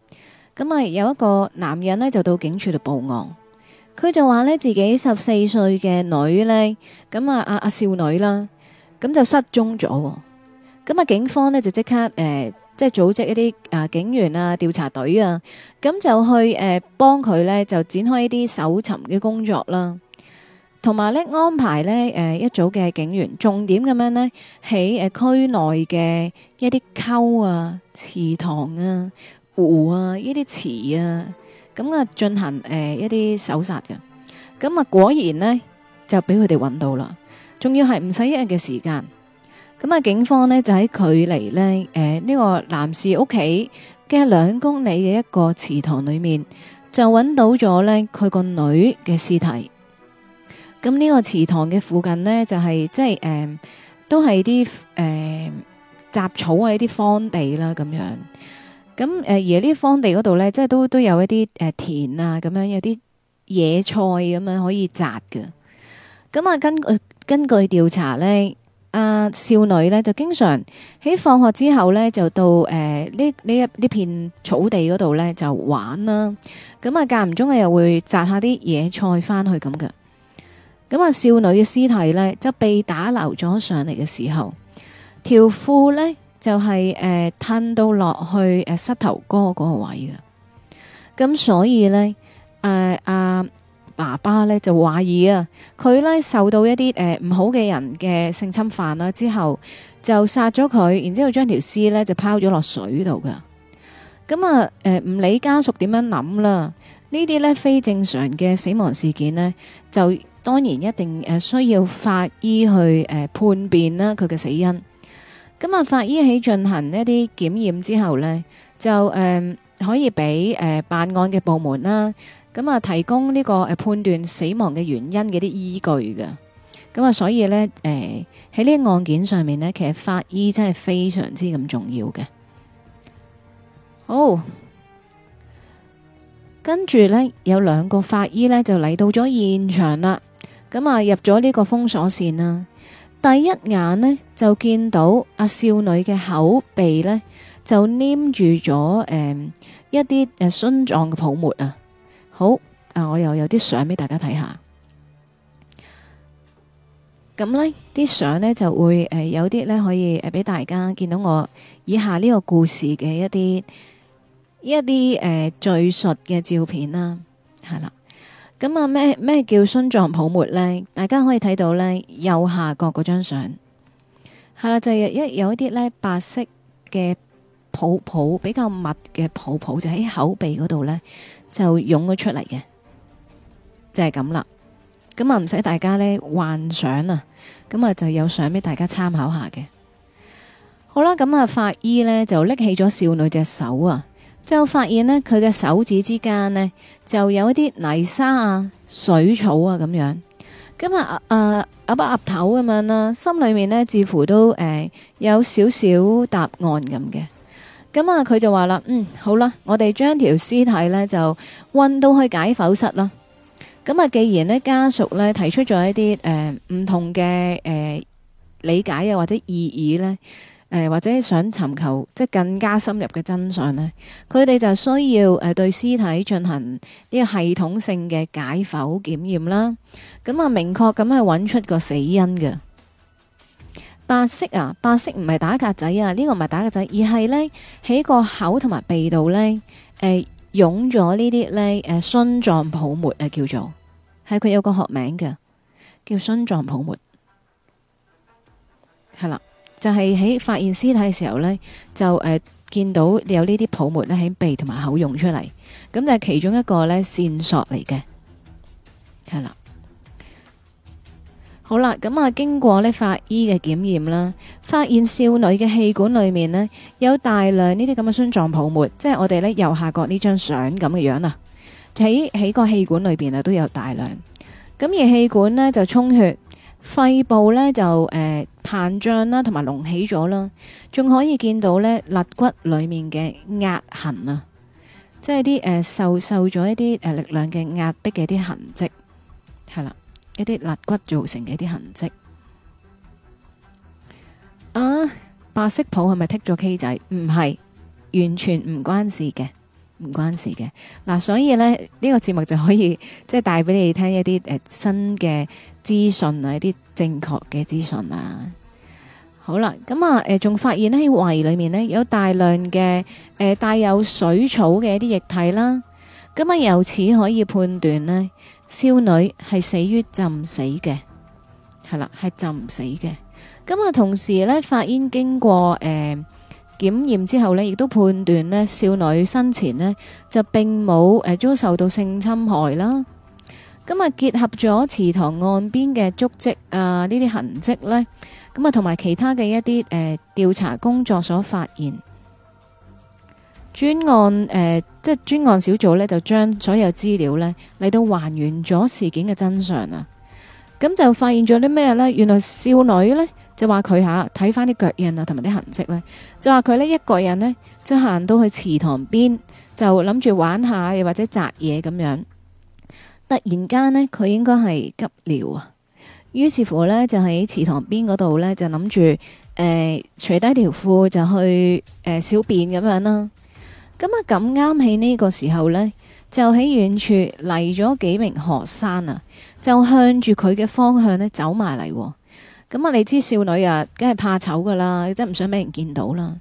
咁啊，有一個男人呢，就到警署度報案，佢就話呢，自己十四歲嘅女呢，咁啊啊啊少女啦，咁就失蹤咗。咁啊，警方呢，就即刻誒，即係組織一啲啊警員啊調查隊啊，咁就去誒幫佢呢，呃、他就展開一啲搜尋嘅工作啦，同埋呢，安排呢誒一組嘅警員重點咁樣呢，喺誒區內嘅一啲溝啊池塘啊。湖啊，呢啲池啊，咁啊進行誒、呃、一啲搜查嘅，咁啊果然呢，就俾佢哋揾到啦。仲要係唔使一日嘅時間，咁啊警方呢，就喺距離呢，誒、呃、呢、呢個男士屋企嘅兩公里嘅一個池塘裏面就揾到咗呢佢個女嘅屍體。咁呢個池塘嘅附近呢，就係、是、即係誒、呃、都係啲誒雜草啊一啲荒地啦咁樣。咁誒、呃、而呢啲荒地嗰度咧，即係都都有一啲誒、呃、田啊，咁樣有啲野菜咁樣可以摘嘅。咁啊，根、呃、根據調查咧，阿、啊、少女咧就經常喺放學之後咧，就到誒呢呢一呢片草地嗰度咧就玩啦。咁啊，間唔中啊又會摘下啲野菜翻去咁嘅。咁啊，少女嘅屍體咧，就被打撈咗上嚟嘅時候，條褲咧。就係、是、誒，吞、呃、到落去誒、呃，膝頭哥嗰個位嘅。咁所以呢，誒、呃、阿、啊、爸爸呢就懷疑啊，佢呢受到一啲誒唔好嘅人嘅性侵犯啦、啊，之後就殺咗佢，然之後將條屍咧就拋咗落水度噶。咁啊，誒、呃、唔理家屬點樣諗啦，這些呢啲呢非正常嘅死亡事件呢，就當然一定誒需要法醫去誒、呃、判辨啦，佢嘅死因。咁啊，法醫喺進行一啲檢驗之後呢，就誒、呃、可以俾誒、呃、辦案嘅部門啦。咁啊，提供呢個判斷死亡嘅原因嘅啲依據嘅。咁啊，所以呢，誒喺呢啲案件上面呢，其實法醫真係非常之咁重要嘅。好，跟住呢，有兩個法醫呢就嚟到咗現場啦。咁啊，入咗呢個封鎖線啦。第一眼呢，就見到阿少女嘅口鼻呢，就黏住咗誒、呃、一啲誒酸狀嘅泡沫啊！好啊，我又有啲相俾大家睇下。咁呢啲相呢，就會誒、呃、有啲呢，可以誒俾大家見到我以下呢個故事嘅一啲一啲誒敘述嘅照片啦，係啦。咁啊咩咩叫心臟泡沫呢？大家可以睇到呢，右下角嗰張相，係啦，就係一有啲呢，白色嘅泡泡比較密嘅泡泡就喺口鼻嗰度呢，就湧咗出嚟嘅，就係咁啦。咁啊唔使大家呢幻想啊，咁啊就有相俾大家參考下嘅。好啦，咁啊法醫呢，就拎起咗少女隻手啊。就發現呢，佢嘅手指之間呢，就有一啲泥沙啊、水草啊咁樣，咁啊誒，阿伯岌頭咁樣啦，心裏面呢，似乎都誒、呃、有少少答案咁嘅，咁啊佢就話啦，嗯，了嗯好啦，我哋將條屍體呢，就運到去解剖室啦，咁、嗯、啊既然呢，家屬呢，提出咗一啲誒唔同嘅誒、呃、理解啊或者意義呢。誒，或者想尋求即係更加深入嘅真相咧，佢哋就需要誒對屍體進行呢個系統性嘅解剖檢驗啦。咁啊，明確咁去揾出個死因嘅。白色啊，白色唔係打格仔啊，呢個唔係打格仔，而係呢喺個口同埋鼻度、呃、呢，誒、呃，湧咗呢啲呢。誒，蕈狀泡沫誒、啊、叫做，係佢有個學名嘅，叫蕈狀泡沫，係啦。就係喺發現屍體嘅時候呢，就誒、呃、見到有呢啲泡沫咧喺鼻同埋口湧出嚟，咁就係其中一個呢線索嚟嘅，係啦。好啦，咁啊，經過咧法醫嘅檢驗啦，發現少女嘅氣管裏面呢，有大量呢啲咁嘅心臟泡沫，即係我哋呢右下角呢張相咁嘅樣啊，喺喺個氣管裏邊啊都有大量，咁而氣管呢，就充血。肺部呢就誒、呃、膨脹啦，同埋隆起咗啦，仲可以見到呢肋骨裏面嘅壓痕啊，即係啲誒受受咗一啲、呃呃、力量嘅壓迫嘅一啲痕迹，係啦，一啲肋骨造成嘅一啲痕迹啊。白色譜係咪剔咗 K 仔？唔係，完全唔關事嘅。唔關事嘅，嗱、啊，所以呢，呢、這個節目就可以即係、就是、帶俾你聽一啲誒、呃、新嘅資訊啊，一啲正確嘅資訊啊，好啦，咁啊誒，仲發現喺胃裏面呢，有大量嘅誒、呃、帶有水草嘅一啲液體啦。咁、呃、啊，由此可以判斷呢，少女係死於浸死嘅，係啦，係浸死嘅。咁、呃、啊，同時呢，發現經過誒。呃檢驗之後呢，亦都判斷呢少女生前呢，就並冇誒、呃、遭受到性侵害啦。咁、嗯、啊，結合咗池塘岸邊嘅足跡啊呢啲痕跡呢，咁啊同埋其他嘅一啲誒調查工作所發現，專案誒、呃、即係專案小組呢，就將所有資料呢嚟，到還原咗事件嘅真相啊。咁、嗯嗯嗯、就發現咗啲咩呢？原來少女呢。就話佢吓睇翻啲腳印啊，同埋啲痕迹呢。就話佢呢一個人呢，就行到去池塘邊，就諗住玩下，又或者摘嘢咁樣。突然間呢，佢應該係急尿啊，於是乎呢，就喺池塘邊嗰度呢，就諗住誒，除低條褲就去誒、呃、小便咁樣啦。咁啊咁啱喺呢個時候呢，就喺遠處嚟咗幾名學生啊，就向住佢嘅方向呢走埋嚟。咁啊、嗯，你知少女啊，梗係怕醜噶啦，真係唔想俾人見到啦。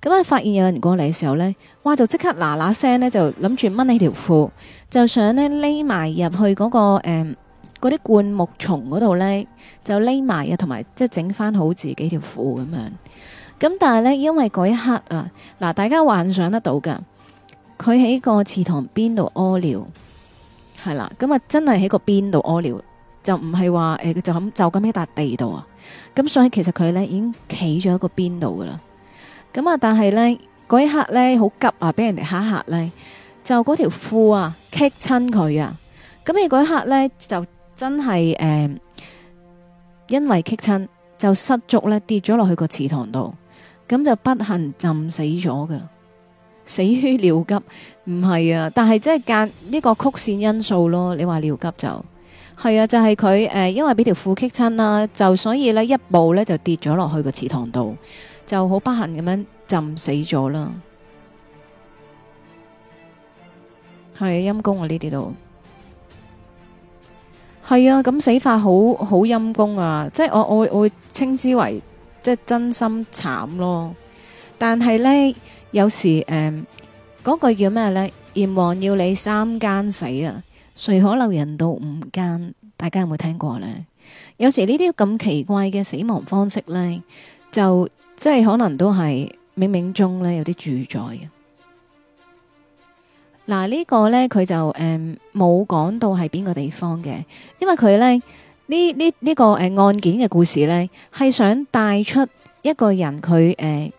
咁、嗯、啊，發現有人過嚟嘅時候呢，哇，就即刻嗱嗱聲呢，就諗住掹起條褲，就想呢匿埋入去嗰、那個誒嗰啲灌木叢嗰度呢，就匿埋啊，同埋即係整翻好自己條褲咁樣。咁、嗯、但係呢，因為嗰一刻啊，嗱，大家幻想得到噶，佢喺個祠堂邊度屙尿，係啦，咁啊，真係喺個邊度屙尿，就唔係話誒，就咁就咁喺笪地度啊。咁、嗯、所以其實佢咧已經企咗一個邊度噶啦，咁、嗯、啊但係咧嗰一刻咧好急啊，俾人哋吓吓咧，就嗰條褲啊，棘親佢啊，咁你嗰一刻咧就真係誒、呃，因為棘親就失足咧跌咗落去個池塘度，咁、嗯、就不幸浸死咗噶，死於尿急唔係啊，但係真係間呢個曲線因素咯，你話尿急就。係啊，就係佢誒，因為俾條褲棘親啦，就所以咧一步咧就跌咗落去個池塘度，就好不幸咁樣浸死咗啦。係陰公啊，呢啲都係啊，咁死法好好陰公啊，即係我我會稱之為即係真心慘咯。但係咧有時誒，嗰句叫咩咧？閻王要你三更死啊！誰可留人到午間？大家有冇聽過呢？有時呢啲咁奇怪嘅死亡方式呢，就即係可能都係冥冥中呢有啲主宰嘅。嗱，呢、呢個呢，佢就冇講、嗯、到係邊個地方嘅，因為佢呢呢呢、呢個案件嘅故事呢，係想帶出一個人佢、嗯、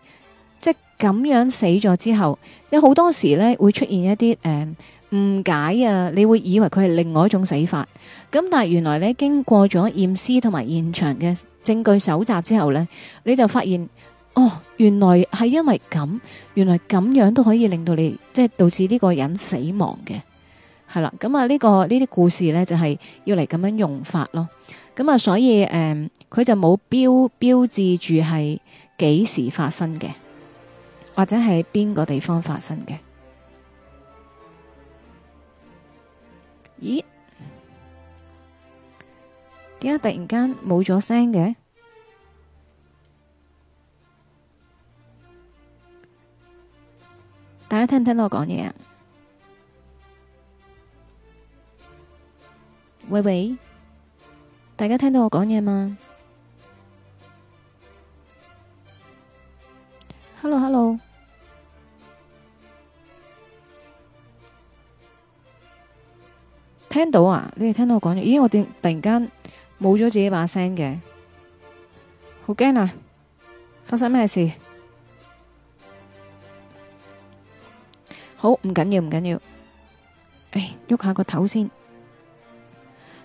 即係咁樣死咗之後，有好多時呢會出現一啲誒誤解啊！你會以為佢係另外一種死法，咁但係原來咧經過咗驗屍同埋現場嘅證據搜集之後咧，你就發現哦，原來係因為咁，原來咁樣都可以令到你即係導致呢個人死亡嘅，係啦。咁啊呢個呢啲故事咧就係要嚟咁樣用法咯。咁啊所以誒，佢就冇標標誌住係幾時發生嘅，或者係邊個地方發生嘅。咦？點解突然間冇咗聲嘅？大家聽唔聽到我講嘢啊？喂喂，大家聽到我講嘢嗎？Hello，hello。Hello, hello. 聽到啊，你哋聽到我講嘢？咦，我點突然間冇咗自己把聲嘅？好驚啊！發生咩事？好，唔緊要，唔緊要。誒，喐下個頭先，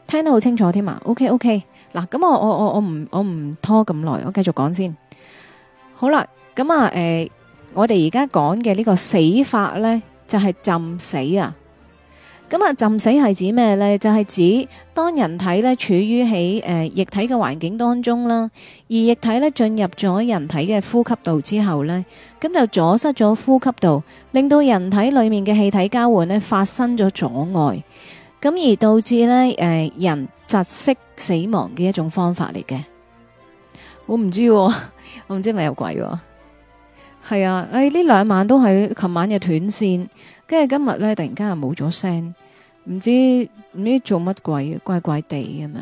聽得好清楚添啊。OK，OK。嗱，咁我我我我唔我唔拖咁耐，我繼續講先。好啦，咁啊，誒，我哋而家講嘅呢個死法咧，就係浸死啊。咁啊！浸死係指咩呢？就係、是、指當人體呢處於喺誒液體嘅環境當中啦，而液體呢進入咗人體嘅呼吸道之後呢，咁就阻塞咗呼吸道，令到人體裏面嘅氣體交換呢發生咗阻礙，咁而導致呢誒、呃、人窒息死亡嘅一種方法嚟嘅、啊。我唔知，我唔知係咪有鬼？係啊，誒呢、啊哎、兩晚都係，琴晚又斷線，跟住今日呢突然間又冇咗聲。唔知唔知做乜鬼，怪怪地咁樣。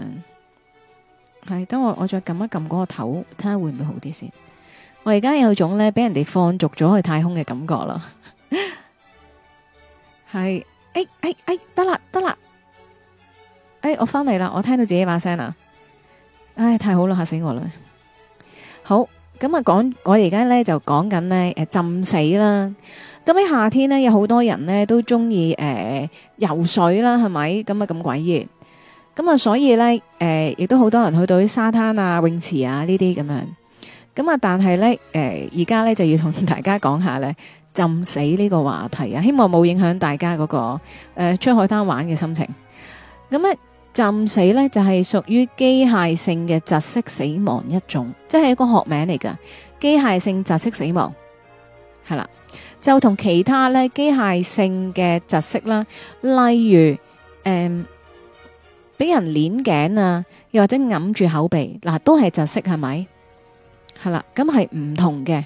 係，等我我再撳一撳嗰個頭，睇下會唔會好啲先。我而家有種呢，俾人哋放逐咗去太空嘅感覺啦。係，誒誒誒，得啦得啦，誒我翻嚟啦，我聽到自己把聲啦。唉，太好啦，嚇死我啦。好，咁啊講，我而家呢就講緊呢，誒浸死啦。咁喺夏天咧，有好多人咧都中意誒游水啦，係咪？咁啊咁鬼熱，咁啊所以咧誒、呃，亦都好多人去到啲沙灘啊、泳池啊呢啲咁樣。咁啊，但係咧誒，而家咧就要同大家講下咧、那個呃，浸死呢個話題啊，希望冇影響大家嗰個誒出海灘玩嘅心情。咁咧，浸死咧就係屬於機械性嘅窒息死亡一種，即係一個學名嚟噶，機械性窒息死亡係啦。就同其他咧機械性嘅窒息啦，例如誒俾、嗯、人捏頸啊，又或者揞住口鼻嗱，都係窒息，係咪？係啦，咁係唔同嘅，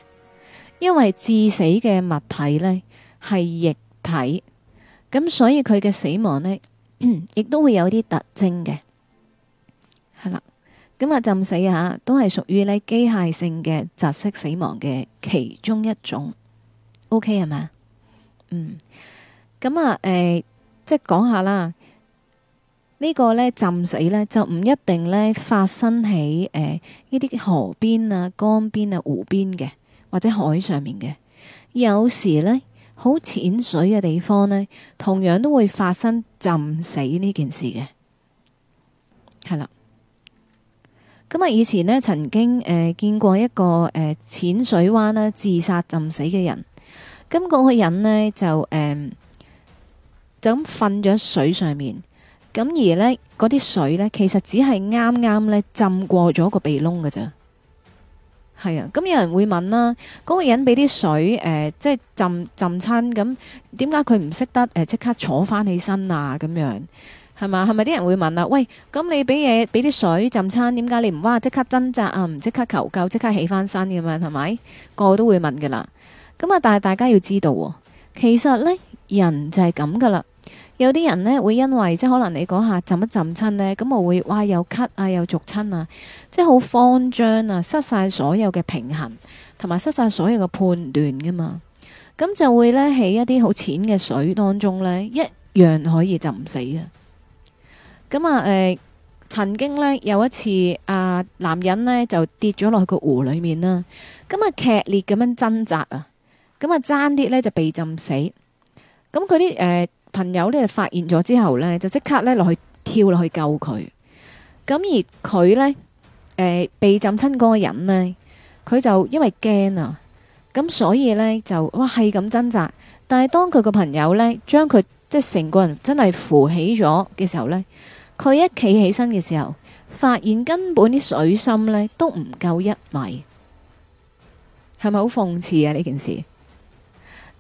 因為致死嘅物體咧係液體，咁所以佢嘅死亡咧亦、嗯、都會有啲特徵嘅，係啦。咁啊，浸死下，都係屬於呢機械性嘅窒息死亡嘅其中一種。O K 係嘛，嗯、okay, right? mm.，咁啊，誒，即係講下啦。這個，呢個咧，浸死咧就唔一定咧發生喺誒呢啲河邊啊、江邊啊、湖邊嘅，或者海上面嘅。有時呢，好淺水嘅地方呢，同樣都會發生浸死呢件事嘅。係啦，咁啊，以前呢曾經誒、呃、見過一個誒呃、淺水灣咧自殺浸死嘅人。咁嗰個人呢，就誒、嗯，就咁瞓咗喺水上面，咁而呢，嗰啲水呢，其實只係啱啱呢浸過咗個鼻窿嘅咋係啊。咁、嗯、有人會問啦，嗰、嗰個人俾啲水誒、呃，即係浸浸親，咁點解佢唔識得誒即、呃、刻坐翻起身啊？咁樣係嘛？係咪啲人會問啊？「喂，咁你俾嘢俾啲水浸親，點解你唔哇即刻掙扎啊？唔即刻求救，即刻起翻身咁樣係咪？個個都會問噶啦。咁啊！但係大家要知道，其實呢，人就係咁噶啦。有啲人呢，會因為即係可能你嗰下浸一浸親呢，咁我會話又咳啊，又俗親啊，即係好慌張啊，失晒所有嘅平衡，同埋失晒所有嘅判斷噶嘛。咁就會呢，喺一啲好淺嘅水當中呢，一樣可以浸死啊。咁啊，誒、呃，曾經呢，有一次啊、呃，男人呢就跌咗落去個湖裏面啦。咁啊，劇烈咁樣掙扎啊！咁啊，爭啲咧就被浸死。咁佢啲誒朋友咧發現咗之後咧，就即刻咧落去跳落去救佢。咁而佢咧誒被浸親嗰個人咧，佢就因為驚啊，咁所以咧就哇係咁掙扎。但係當佢個朋友咧將佢即係成個人真係扶起咗嘅時候咧，佢一企起身嘅時候，發現根本啲水深咧都唔夠一米，係咪好諷刺啊呢件事？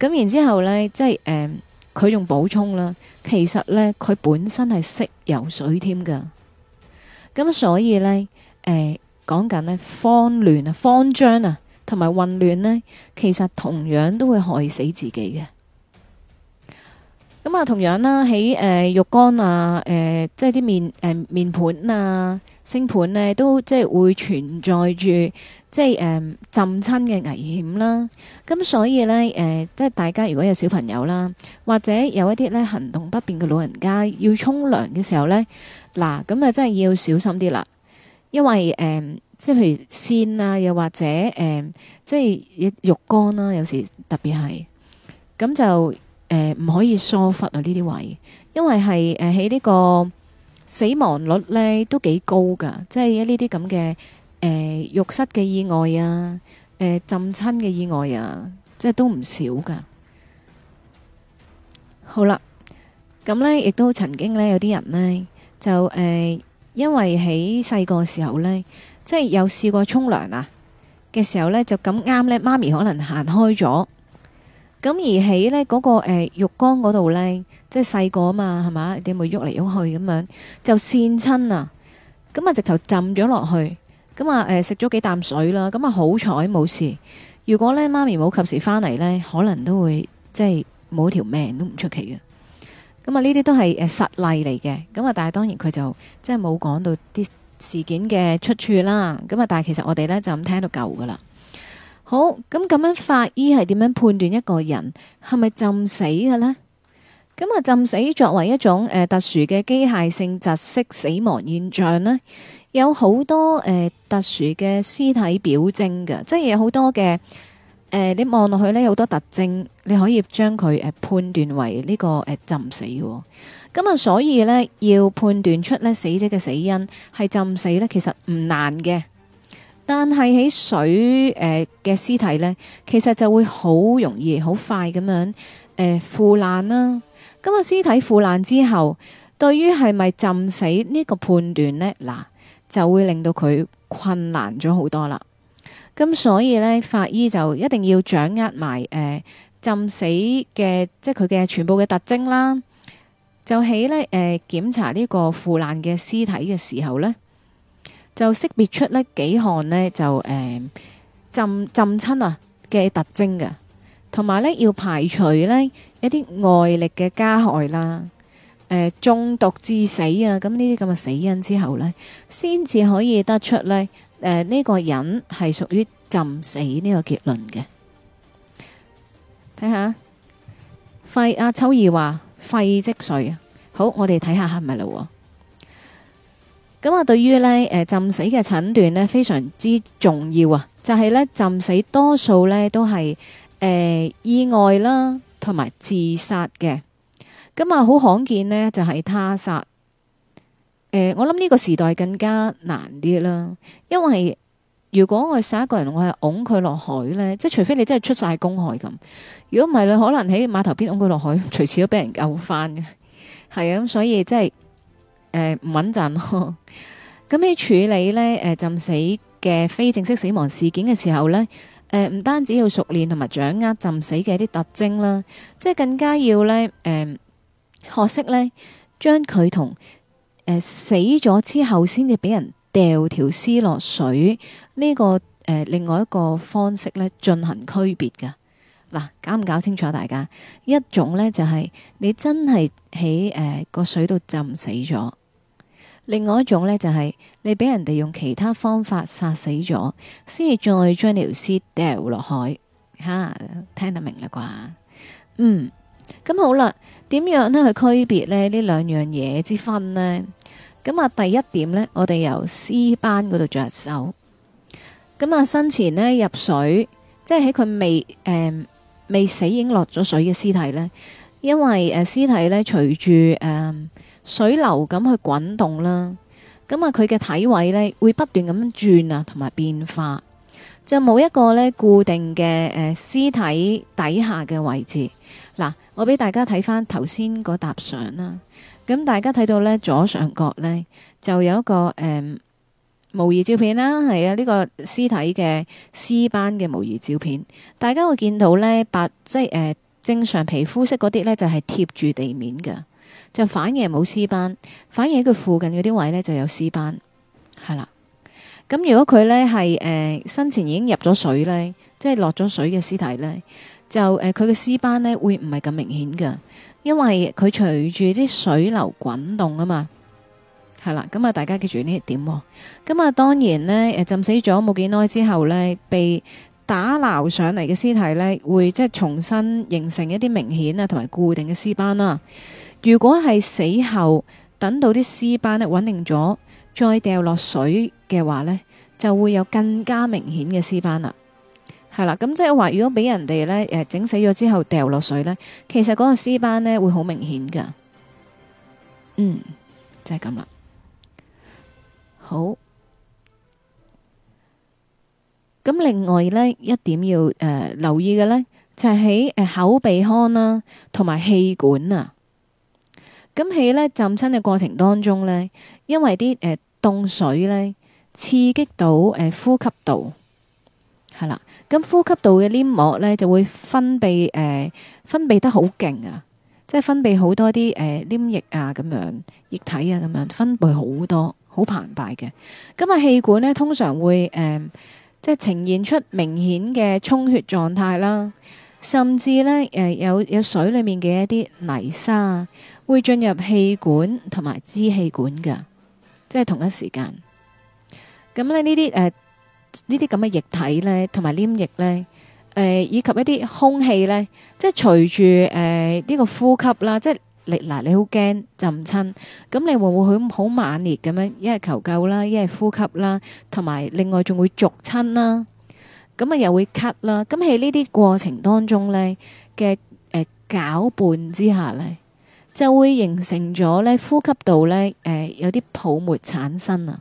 咁然之後咧，即係誒，佢、呃、仲補充啦，其實呢，佢本身係識游水添㗎，咁、嗯、所以呢，誒、呃，講緊咧慌亂啊、慌張啊，同埋混亂呢，其實同樣都會害死自己嘅。咁、嗯、啊，同樣啦，喺誒、呃、浴缸啊，誒、呃、即係啲面誒、呃、面盆啊、星盆呢，都即係會存在住。即係誒浸親嘅危險啦，咁所以咧誒，即係大家如果有小朋友啦，或者有一啲咧行動不便嘅老人家要沖涼嘅時候咧，嗱咁啊真係要小心啲啦，因為誒即係譬如線啊，又或者誒即係浴缸啦，有時特別係咁就誒唔可以疏忽啊呢啲位，因為係誒喺呢個死亡率咧都幾高㗎，即係一呢啲咁嘅。誒、呃，浴室嘅意外啊，誒、呃、浸親嘅意外啊，即係都唔少噶。好啦，咁呢亦都曾經呢，有啲人呢，就誒、呃，因為喺細個時候呢，即係有試過沖涼啊嘅時候呢，就咁啱呢，媽咪可能行開咗，咁而喺呢嗰、那個誒、呃、浴缸嗰度呢，即係細個啊嘛，係嘛，點會喐嚟喐去咁樣就跣親啊，咁啊直頭浸咗落去。咁啊，誒、嗯，食咗幾啖水啦，咁、嗯、啊，好彩冇事。如果呢媽咪冇及時翻嚟，呢，可能都會即係冇條命都唔出奇嘅。咁、嗯、啊，呢啲都係誒實例嚟嘅。咁、嗯、啊，但係當然佢就即係冇講到啲事件嘅出處啦。咁、嗯、啊，但係其實我哋呢，就咁聽到夠噶啦。好，咁、嗯、咁樣法醫係點樣判斷一個人係咪浸死嘅呢？咁、嗯、啊，浸死作為一種誒、呃、特殊嘅機械性窒息死亡現象呢，有好多誒、呃、特殊嘅屍體表徵嘅，即係有好多嘅誒、呃，你望落去咧，有好多特徵，你可以將佢誒判斷為呢、這個誒、呃、浸死喎、哦。咁、嗯、啊，所以咧要判斷出咧死者嘅死因係浸死咧，其實唔難嘅。但係喺水誒嘅屍體咧，其實就會好容易好快咁樣誒、呃、腐爛啦。咁、嗯、啊，屍體腐爛之後，對於係咪浸死呢個判斷咧嗱？就會令到佢困難咗好多啦，咁所以呢法醫就一定要掌握埋誒浸死嘅即係佢嘅全部嘅特徵啦，就喺呢誒檢查呢個腐爛嘅屍體嘅時候呢，就識別出呢幾項呢就誒浸浸親啊嘅特徵㗎，同埋呢要排除呢一啲外力嘅加害啦。誒，中毒致死啊！咁呢啲咁嘅死因之後咧，先至可以得出咧，誒呢個人係屬於浸死呢個結論嘅。睇下肺阿秋怡話肺積水，好，我哋睇下係咪啦。咁啊，對於咧，誒浸死嘅診斷咧，非常之重要啊！就係咧浸死多數咧都係誒意外啦，同埋自殺嘅。咁啊，好、嗯、罕見呢，就係、是、他殺。誒、呃，我諗呢個時代更加難啲啦，因為如果我殺一個人，我係㧬佢落海呢，即係除非你真係出晒公海咁。如果唔係，你可能喺碼頭邊㧬佢落海，隨時都俾人救翻嘅。係啊，咁所以即係誒唔穩陣咯。咁、呃、喺、 (laughs) 嗯、處理呢誒、呃、浸死嘅非正式死亡事件嘅時候呢，誒、呃、唔單止要熟練同埋掌握浸死嘅一啲特徵啦，即係更加要呢。誒、呃。學識呢，將佢同誒死咗之後，先至俾人掉條屍落水呢、這個誒、呃，另外一個方式呢，進行區別噶嗱，搞唔搞清楚，大家一種呢，就係、是、你真係喺誒個水度浸死咗，另外一種呢，就係、是、你俾人哋用其他方法殺死咗，先至再將條屍掉落海吓，聽得明啦啩？嗯，咁好啦。點樣呢去區別呢呢兩樣嘢之分呢？咁啊，第一點呢，我哋由屍斑嗰度着手。咁啊，生前呢，入水，即係喺佢未誒、呃、未死已經落咗水嘅屍體呢，因為誒呃、屍體呢隨住誒水流咁去滾動啦，咁啊佢嘅體位呢會不斷咁轉啊，同埋變化，就冇一個呢固定嘅誒屍體底下嘅位置。我俾大家睇翻頭先個搭相啦，咁大家睇到呢左上角呢，就有一個誒、嗯、模擬照片啦，係啊呢、呢個屍體嘅屍斑嘅模擬照片，大家會見到呢，白即係誒、呃、正常皮膚色嗰啲呢，就係貼住地面嘅，就反而冇屍斑，反而喺佢附近嗰啲位、啊、呢，就有屍斑，係、呃、啦。咁如果佢呢係誒生前已經入咗水呢，即係落咗水嘅屍體呢。就誒，佢嘅屍斑呢，會唔係咁明顯㗎，因為佢隨住啲水流滾動啊嘛，係啦。咁啊，大家記住呢一點、哦。咁、嗯、啊，當然呢，誒，浸死咗冇幾耐之後呢，被打撈上嚟嘅屍體呢，會即係重新形成一啲明顯啊，同埋固定嘅屍斑啦。如果係死後等到啲屍斑咧穩定咗，再掉落水嘅話呢，就會有更加明顯嘅屍斑啦。係啦，咁即係話，如果俾人哋呢誒整死咗之後掉落水呢，其實嗰個屍斑呢會好明顯噶。嗯，就係咁啦。好，咁另外呢一點要誒留意嘅呢，就係喺誒口鼻腔啦，同埋氣管啊。咁喺呢浸親嘅過程當中呢，因為啲誒凍水呢刺激到誒呼吸道。係啦，咁呼吸道嘅黏膜咧就會分泌誒、呃、分泌得好勁啊，即係分泌好多啲誒、呃、黏液啊，咁樣液體啊，咁樣分泌好多，好澎湃嘅。咁啊氣管咧通常會誒、呃、即係呈現出明顯嘅充血狀態啦，甚至咧誒、呃、有有水裏面嘅一啲泥沙會進入氣管同埋支氣管㗎，即係同一時間。咁咧呢啲誒。呢啲咁嘅液體咧，同埋黏液咧，誒，以及一啲空氣咧，即係隨住誒呢個呼吸啦，即係嗱，你好驚浸親，咁你會唔會好猛烈咁樣，一係求救啦，一係呼吸啦，同埋另外仲會濁親啦，咁啊又會咳啦，咁喺呢啲過程當中咧嘅誒攪拌之下咧，就會形成咗咧呼吸道咧誒有啲泡沫產生啊。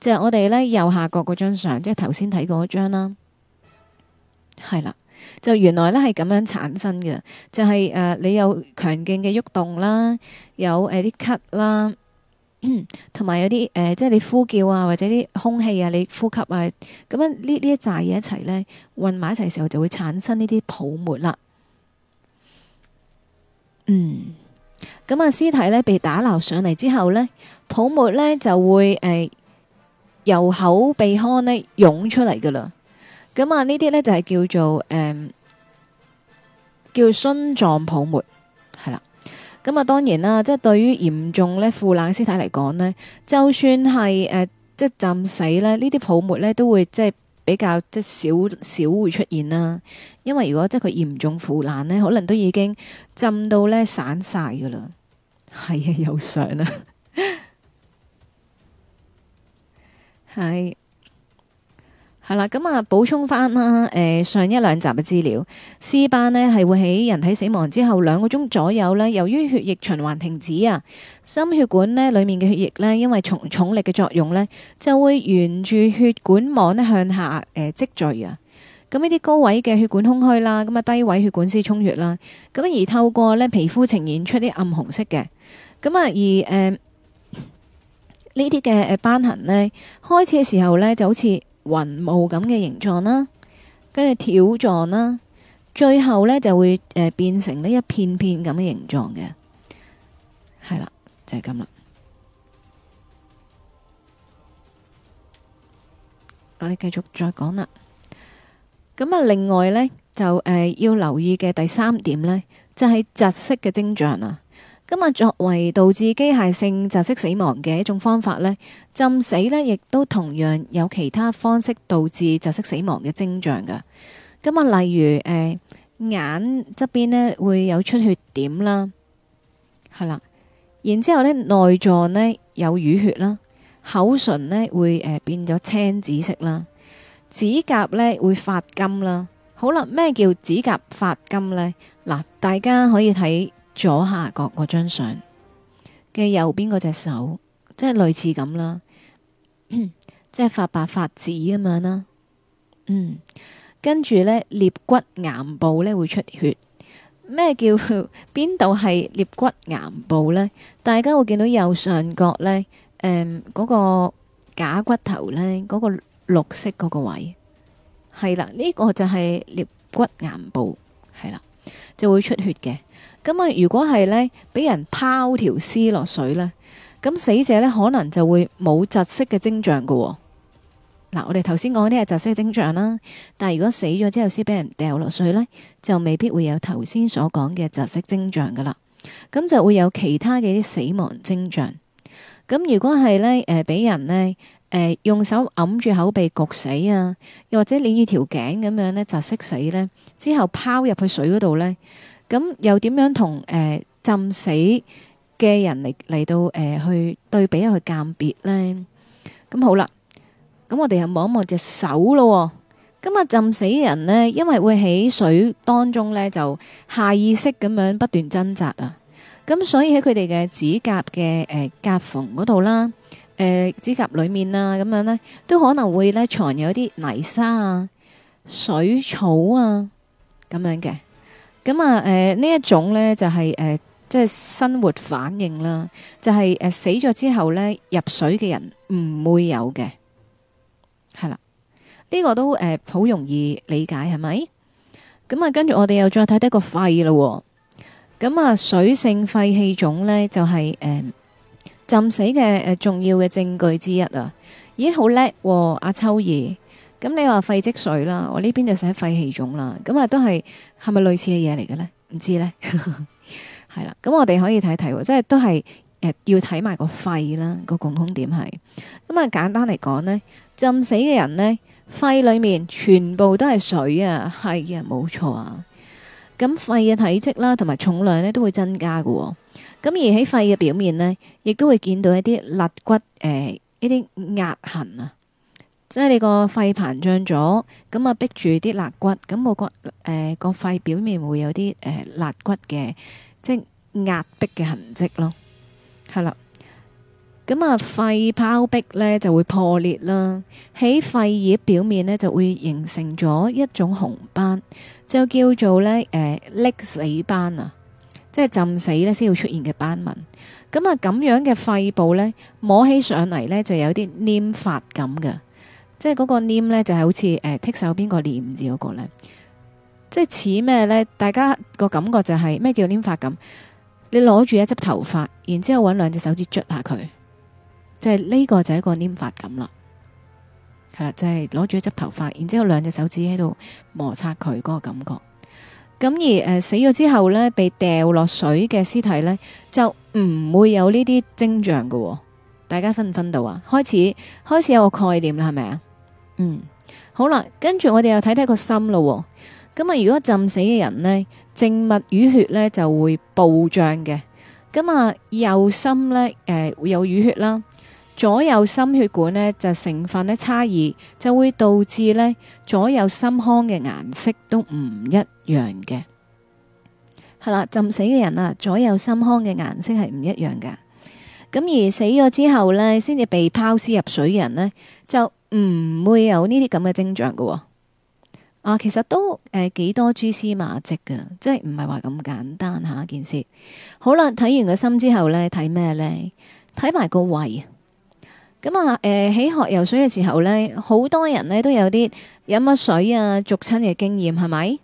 即係我哋咧右下角嗰、就是、張相，即係頭先睇嗰張啦，係啦，就原來咧係咁樣產生嘅。就係、是呃、你有強勁嘅喐動啦，有誒啲咳啦，同埋有啲誒，即係你呼叫啊，或者啲空氣啊，你呼吸啊，咁樣呢呢一紮嘢一齊咧混埋一齊時候，就會產生呢啲泡沫啦。嗯，咁啊，屍體咧被打撈上嚟之後咧，泡沫咧就會誒。呃由口鼻腔咧湧出嚟噶啦，咁啊呢啲咧就係叫做誒、嗯，叫蕈狀泡沫係啦。咁啊當然啦，即係對於嚴重咧腐爛屍體嚟講呢，就算係誒即係浸死咧，呢啲泡沫咧都會即係比較即係少少會出現啦。因為如果即係佢嚴重腐爛呢，可能都已經浸到咧散晒噶啦。係啊，有相啊。係，係啦，咁啊，補、嗯、充翻啦，誒、呃，上一兩集嘅資料，屍斑呢係會喺人體死亡之後兩個鐘左右呢，由於血液循環停止啊，心血管呢裏面嘅血液呢，因為重重力嘅作用呢，就會沿住血管網呢向下誒積、呃、聚啊，咁呢啲高位嘅血管空虛啦，咁啊低位血管先充血啦，咁、啊、而透過呢皮膚呈現出啲暗紅色嘅，咁啊而誒。呃呢啲嘅誒斑痕呢，開始嘅時候呢就好似雲霧咁嘅形狀啦，跟住條狀啦，最後呢就會誒變成呢一片片咁嘅形狀嘅，係啦，就係咁啦。我哋繼續再講啦。咁啊，另外呢，就誒、呃、要留意嘅第三點呢，就係、是、窒息嘅徵象啦。咁啊，作為導致機械性窒息死亡嘅一種方法咧，浸死咧，亦都同樣有其他方式導致窒息死亡嘅徵象噶。咁啊，例如誒眼側邊咧會有出血點啦，係啦，然之後咧內臟咧有淤血啦，口唇咧會誒變咗青紫色啦，指甲咧會發金啦。好啦，咩叫指甲發金呢？嗱，大家可以睇。左下角嗰張相嘅右邊嗰隻手，即係類似咁啦，即係發白發紫咁樣啦。嗯，跟住呢，顳骨岩部呢會出血。咩叫？邊度係顳骨岩部呢？大家會見到右上角呢，誒、嗯、嗰、那個假骨頭呢，嗰、那個綠色嗰個位係啦，呢、這個就係顳骨岩部係啦，就會出血嘅。咁啊！如果係呢，俾人拋條屍落水呢，咁死者呢可能就會冇窒息嘅徵象噶。嗱，我哋頭先講啲係窒息徵象啦，但係如果死咗之後先俾人掉落水呢，就未必會有頭先所講嘅窒息徵象噶啦。咁就會有其他嘅啲死亡徵象。咁如果係呢，誒俾人呢誒用手揞住口鼻焗死啊，又或者捏住條頸咁樣呢，窒息死呢，之後拋入去水嗰度呢。咁又點樣同誒浸死嘅人嚟嚟到誒、呃、去對比去鑒別呢、嗯嗯、摸一去鑑別咧？咁好啦，咁我哋又望一望隻手咯。咁啊，浸死人呢，因為會喺水當中咧，就下意識咁樣不斷掙扎啊。咁、嗯、所以喺佢哋嘅指甲嘅誒、呃、甲縫嗰度啦，誒、呃、指甲裏面啊，咁樣咧都可能會咧藏有啲泥沙啊、水草啊咁樣嘅。咁啊，誒呢、嗯呃、一種咧就係、是、誒、呃、即係生活反應啦，就係、是、誒、呃、死咗之後咧入水嘅人唔會有嘅，係啦，呢、這個都誒好、呃、容易理解係咪？咁啊、嗯，跟住我哋又再睇得一個肺啦、哦，咁、嗯、啊水性肺氣腫咧就係、是、誒、呃、浸死嘅誒重要嘅證據之一啊，咦好叻喎，阿秋兒。咁你話肺積水啦，我呢邊就寫肺氣腫啦，咁啊都係係咪類似嘅嘢嚟嘅呢？唔知呢，係 (laughs) 啦，咁我哋可以睇睇喎，即係都係誒、呃、要睇埋個肺啦，個共通點係，咁啊簡單嚟講呢，浸死嘅人呢，肺裏面全部都係水啊，係嘅，冇錯啊，咁肺嘅體積啦同埋重量呢，都會增加噶、啊，咁而喺肺嘅表面呢，亦都會見到一啲肋骨誒、呃、一啲壓痕啊。即係你個肺膨脹咗，咁啊，逼住啲肋骨，咁我骨誒個肺表面會有啲誒肋骨嘅，即係壓迫嘅痕跡咯。係啦，咁啊，肺泡壁咧就會破裂啦，喺肺葉表面咧就會形成咗一種紅斑，就叫做咧誒、呃、溺死斑啊，即係浸死咧先會出現嘅斑紋。咁啊，咁樣嘅肺部咧摸起上嚟咧就有啲黏發感嘅。即係嗰個黏咧，就係、是、好似誒、呃、剔手邊個黏字嗰個咧，即係似咩咧？大家個感覺就係、是、咩叫黏髮感？你攞住一紮頭髮，然之後揾兩隻手指捽下佢，即係呢個就係一個黏髮感啦。係啦，就係攞住一紮頭髮，然之後兩隻手指喺度摩擦佢嗰個感覺。咁而誒、呃、死咗之後咧，被掉落水嘅屍體咧，就唔會有呢啲徵象喎。大家分唔分到啊？開始開始有個概念啦，係咪啊？嗯，好啦，跟住我哋又睇睇個心咯、哦，咁、嗯、啊，如果浸死嘅人呢，靜脈淤血呢就會暴脹嘅，咁、嗯、啊右心呢，誒、呃、會有淤血啦，左右心血管呢，就成分呢差異，就會導致呢左右心腔嘅顏色都唔一樣嘅，係啦、嗯，浸死嘅人啊，左右心腔嘅顏色係唔一樣嘅。咁、嗯、而死咗之後呢，先至被拋屍入水嘅人呢，就。唔、嗯、會有呢啲咁嘅徵象嘅，啊，其實都誒幾、呃、多蛛絲馬跡㗎，即係唔係話咁簡單吓、啊、件事。好啦，睇完個心之後咧，睇咩咧？睇埋個胃。咁、嗯、啊，誒、呃，喺學游水嘅時候咧，好多人咧都有啲飲乜水啊，俗親嘅經驗係咪？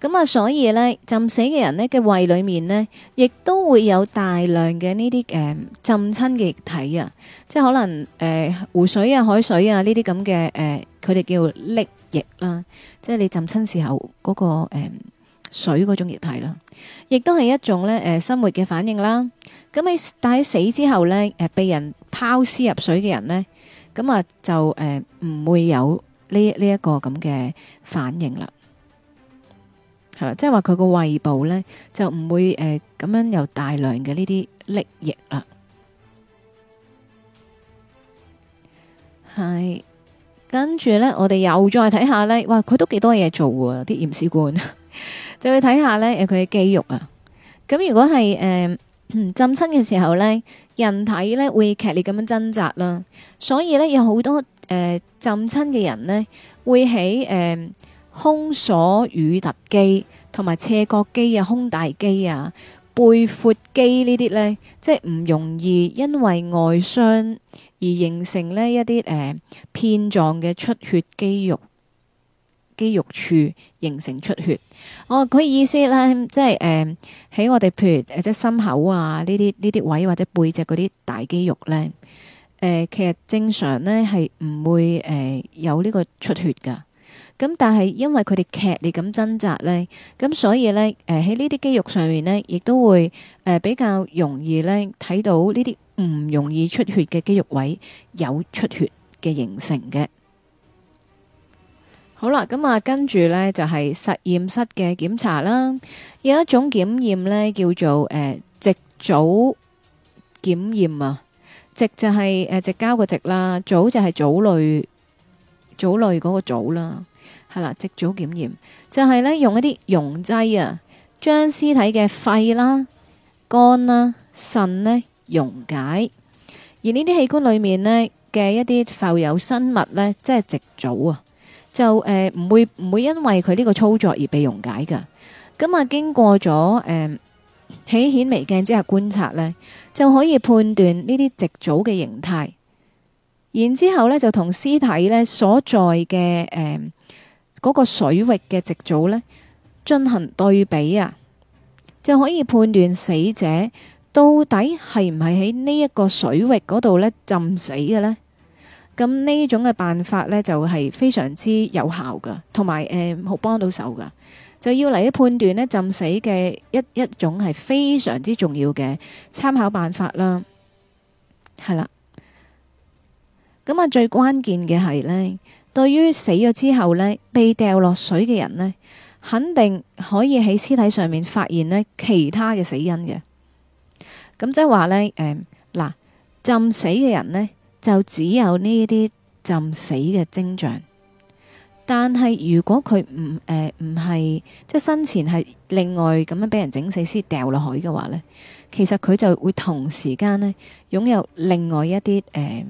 咁啊，所以咧，浸死嘅人咧嘅胃裏面呢，亦都會有大量嘅呢啲誒浸親嘅液體啊，即係可能誒、呃、湖水啊、海水啊呢啲咁嘅誒，佢哋、呃、叫溺液啦，即係你浸親時候嗰、嗰個誒、呃、水嗰種液體啦，亦都係一種咧誒、呃、生活嘅反應啦。咁喺但喺死之後咧，誒被人拋屍入水嘅人咧，咁啊就誒唔、呃、會有呢呢一個咁嘅反應啦。係即係話佢個胃部咧就唔會誒咁、呃、樣有大量嘅呢啲溺液啦。係，跟住咧我哋又再睇下咧，哇佢都幾多嘢做啊！啲驗屍官就去睇下咧，佢、呃、嘅肌肉啊。咁如果係誒浸親嘅時候咧，人體咧會劇烈咁樣掙扎啦，所以咧有好多誒浸親嘅人咧會喺誒。呃胸鎖乳突肌同埋斜角肌啊、胸大肌啊、背闊肌呢啲呢，即係唔容易，因為外傷而形成呢一啲誒、呃、片狀嘅出血肌肉肌肉處，形成出血。我、哦、佢、那個、意思呢，即係誒喺我哋譬如即係心口啊呢啲呢啲位，或者背脊嗰啲大肌肉呢，誒、呃、其實正常呢係唔會誒、呃、有呢個出血噶。咁但係因為佢哋劇烈咁掙扎咧，咁所以咧，誒喺呢啲肌肉上面咧，亦都會誒比較容易咧睇到呢啲唔容易出血嘅肌肉位有出血嘅形成嘅。好啦，咁啊跟住咧就係實驗室嘅檢查啦，有一種檢驗咧叫做誒硅藻檢驗啊，硅就係誒硅膠嘅硅啦，藻就係藻類藻類嗰個藻啦。係啦，矽藻檢驗就係咧，用一啲溶劑啊，將屍體嘅肺啦、肝啦、腎呢溶解。而呢啲器官裏面呢嘅一啲浮有生物呢，即係矽藻啊，就誒唔會唔會因為佢呢個操作而被溶解噶。咁啊，經過咗誒顯顯微鏡之下觀察呢，就可以判斷呢啲矽藻嘅形態。然之後咧，就同屍體呢所在嘅誒。嗰個水域嘅籍組呢，進行對比啊，就可以判斷死者到底係唔係喺呢一個水域嗰度呢浸死嘅呢？咁呢種嘅辦法呢，就係、是、非常之有效噶，同埋誒好幫到手噶。就要嚟判斷呢浸死嘅一一種係非常之重要嘅參考辦法啦。係啦，咁啊最關鍵嘅係呢。對於死咗之後呢，被掉落水嘅人呢，肯定可以喺屍體上面發現呢其他嘅死因嘅。咁、嗯、即係話呢，誒、嗯、嗱，浸死嘅人呢，就只有呢一啲浸死嘅徵象。但係如果佢唔誒唔係即係生前係另外咁樣俾人整死先掉落海嘅話呢，其實佢就會同時間呢擁有另外一啲誒、呃、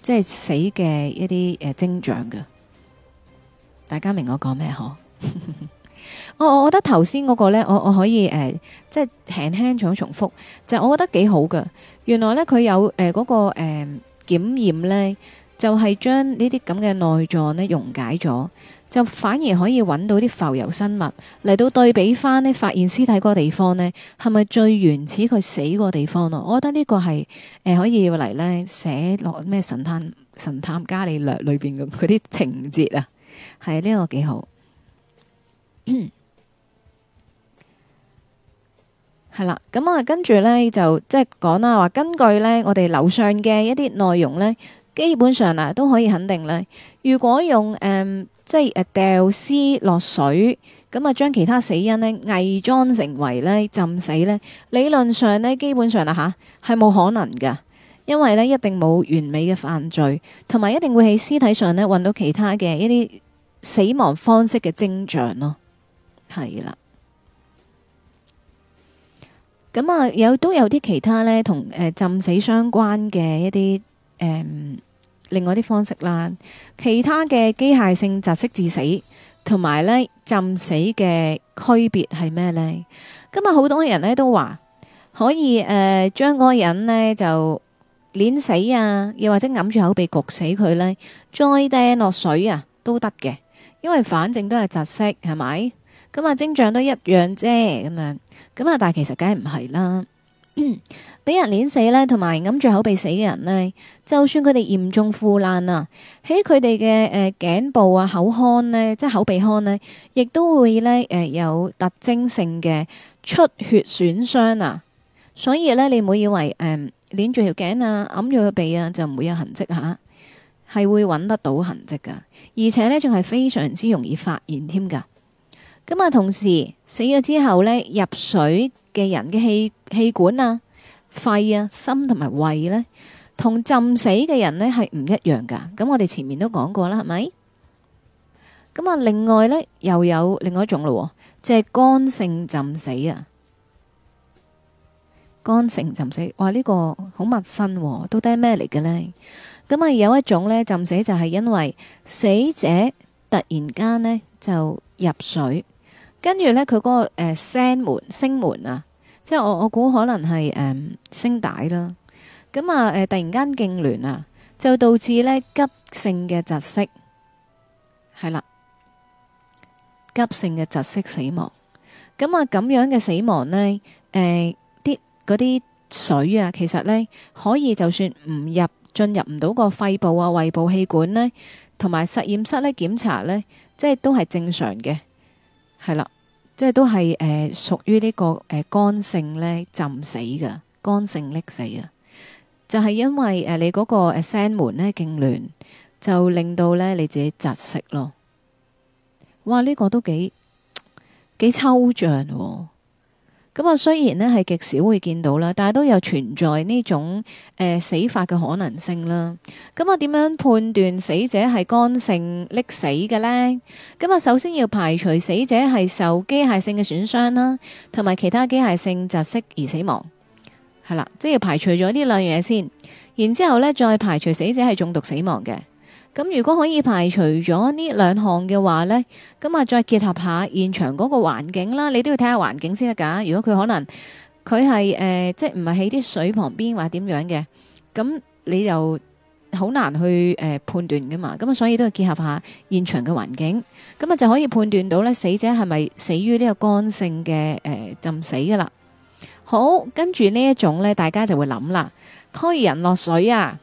即係死嘅一啲誒徵象嘅。大家明我講咩？嗬， (laughs) 我我覺得頭先嗰個咧，我我可以誒，即係輕輕重重複，就是、我覺得幾好噶。原來咧，佢有誒嗰、呃那個誒檢驗咧，就係、是、將呢啲咁嘅內臟咧溶解咗，就反而可以揾到啲浮游生物嚟到對比翻呢發現屍體嗰個地方咧係咪最原始佢死那個地方咯？我覺得呢個係誒、呃、可以嚟咧寫落咩神探神探伽利略裏邊嘅啲情節啊。係呢個幾好，係 (coughs) 啦，咁啊，跟住呢，就即係講啦，話根據呢，我哋樓上嘅一啲內容呢，基本上啊都可以肯定呢，如果用誒、嗯、即係誒掉屍落水，咁啊將其他死因呢偽裝成為呢浸死呢，理論上呢，基本上啊吓係冇可能嘅，因為呢一定冇完美嘅犯罪，同埋一定會喺屍體上呢揾到其他嘅一啲。死亡方式嘅徵象咯，係啦。咁啊，有都有啲其他呢，同誒、呃、浸死相關嘅一啲誒、呃，另外啲方式啦。其他嘅機械性窒息致死，同埋呢浸死嘅區別係咩呢？咁啊，好多人呢都話可以誒、呃，將個人呢就碾死啊，又或者揞住口鼻焗死佢呢，再掟落水啊，都得嘅。因為反正都係窒息係咪？咁啊，徵象都一樣啫，咁樣咁啊，但係其實梗係唔係啦。俾 (coughs) 人擰死咧，同埋揞住口鼻死嘅人咧，就算佢哋嚴重腐爛啊，喺佢哋嘅誒頸部啊、口腔咧，即係口鼻腔咧，亦都會咧誒、呃、有特徵性嘅出血損傷啊。所以咧，你唔好以為誒擰住條頸啊、揞住個鼻啊就唔會有痕跡吓、啊。係會搵得到痕跡噶，而且呢仲係非常之容易發現添噶。咁啊，同時死咗之後呢，入水嘅人嘅氣氣管啊、肺啊、心同埋胃呢，同浸死嘅人呢係唔一樣噶。咁我哋前面都講過啦，係咪？咁啊，另外呢，又有另外一種咯、哦，即係乾性浸死啊。乾性浸死，哇！呢、這個好陌生、哦，到底係咩嚟嘅呢？咁啊，有一種咧，浸死就係因為死者突然間咧就入水，跟住咧佢嗰個誒聲門聲門啊，即係我我估可能係誒聲帶啦。咁啊，誒突然間痙攣啊，就導致咧急性嘅窒息，係啦，急性嘅窒息死亡。咁啊，咁樣嘅死亡咧，誒啲嗰啲水啊，其實咧可以就算唔入。進入唔到個肺部啊、胃部、氣管呢，同埋實驗室呢檢查呢，即係都係正常嘅，係啦，即係都係誒屬於呢個誒、呃、乾性呢浸死嘅，乾性溺死，就是呃那個、啊，就係因為誒你嗰個誒聲門咧痙攣，就令到呢你自己窒息咯。哇、呢、這個都幾幾抽象喎。咁啊、嗯，雖然呢係極少會見到啦，但都有存在呢種誒、呃、死法嘅可能性啦。咁、嗯、啊，點、嗯、樣判斷死者係乾性溺死嘅呢？咁、嗯、啊，首先要排除死者係受機械性嘅損傷啦，同埋其他機械性窒息而死亡，係啦，即係要排除咗呢兩樣嘢先。然之後咧，再排除死者係中毒死亡嘅。咁如果可以排除咗呢兩項嘅話呢，咁啊，再結合下現場嗰個環境啦，你都要睇下環境先得噶。如果佢可能佢係、呃、即係唔係喺啲水旁邊或點樣嘅，咁你就好難去、呃、判斷噶嘛。咁啊，所以都要結合下現場嘅環境，咁啊就可以判斷到呢，死者係咪死於呢個乾性嘅誒、呃、浸死噶啦。好，跟住呢一種呢，大家就會諗啦，拖人落水啊！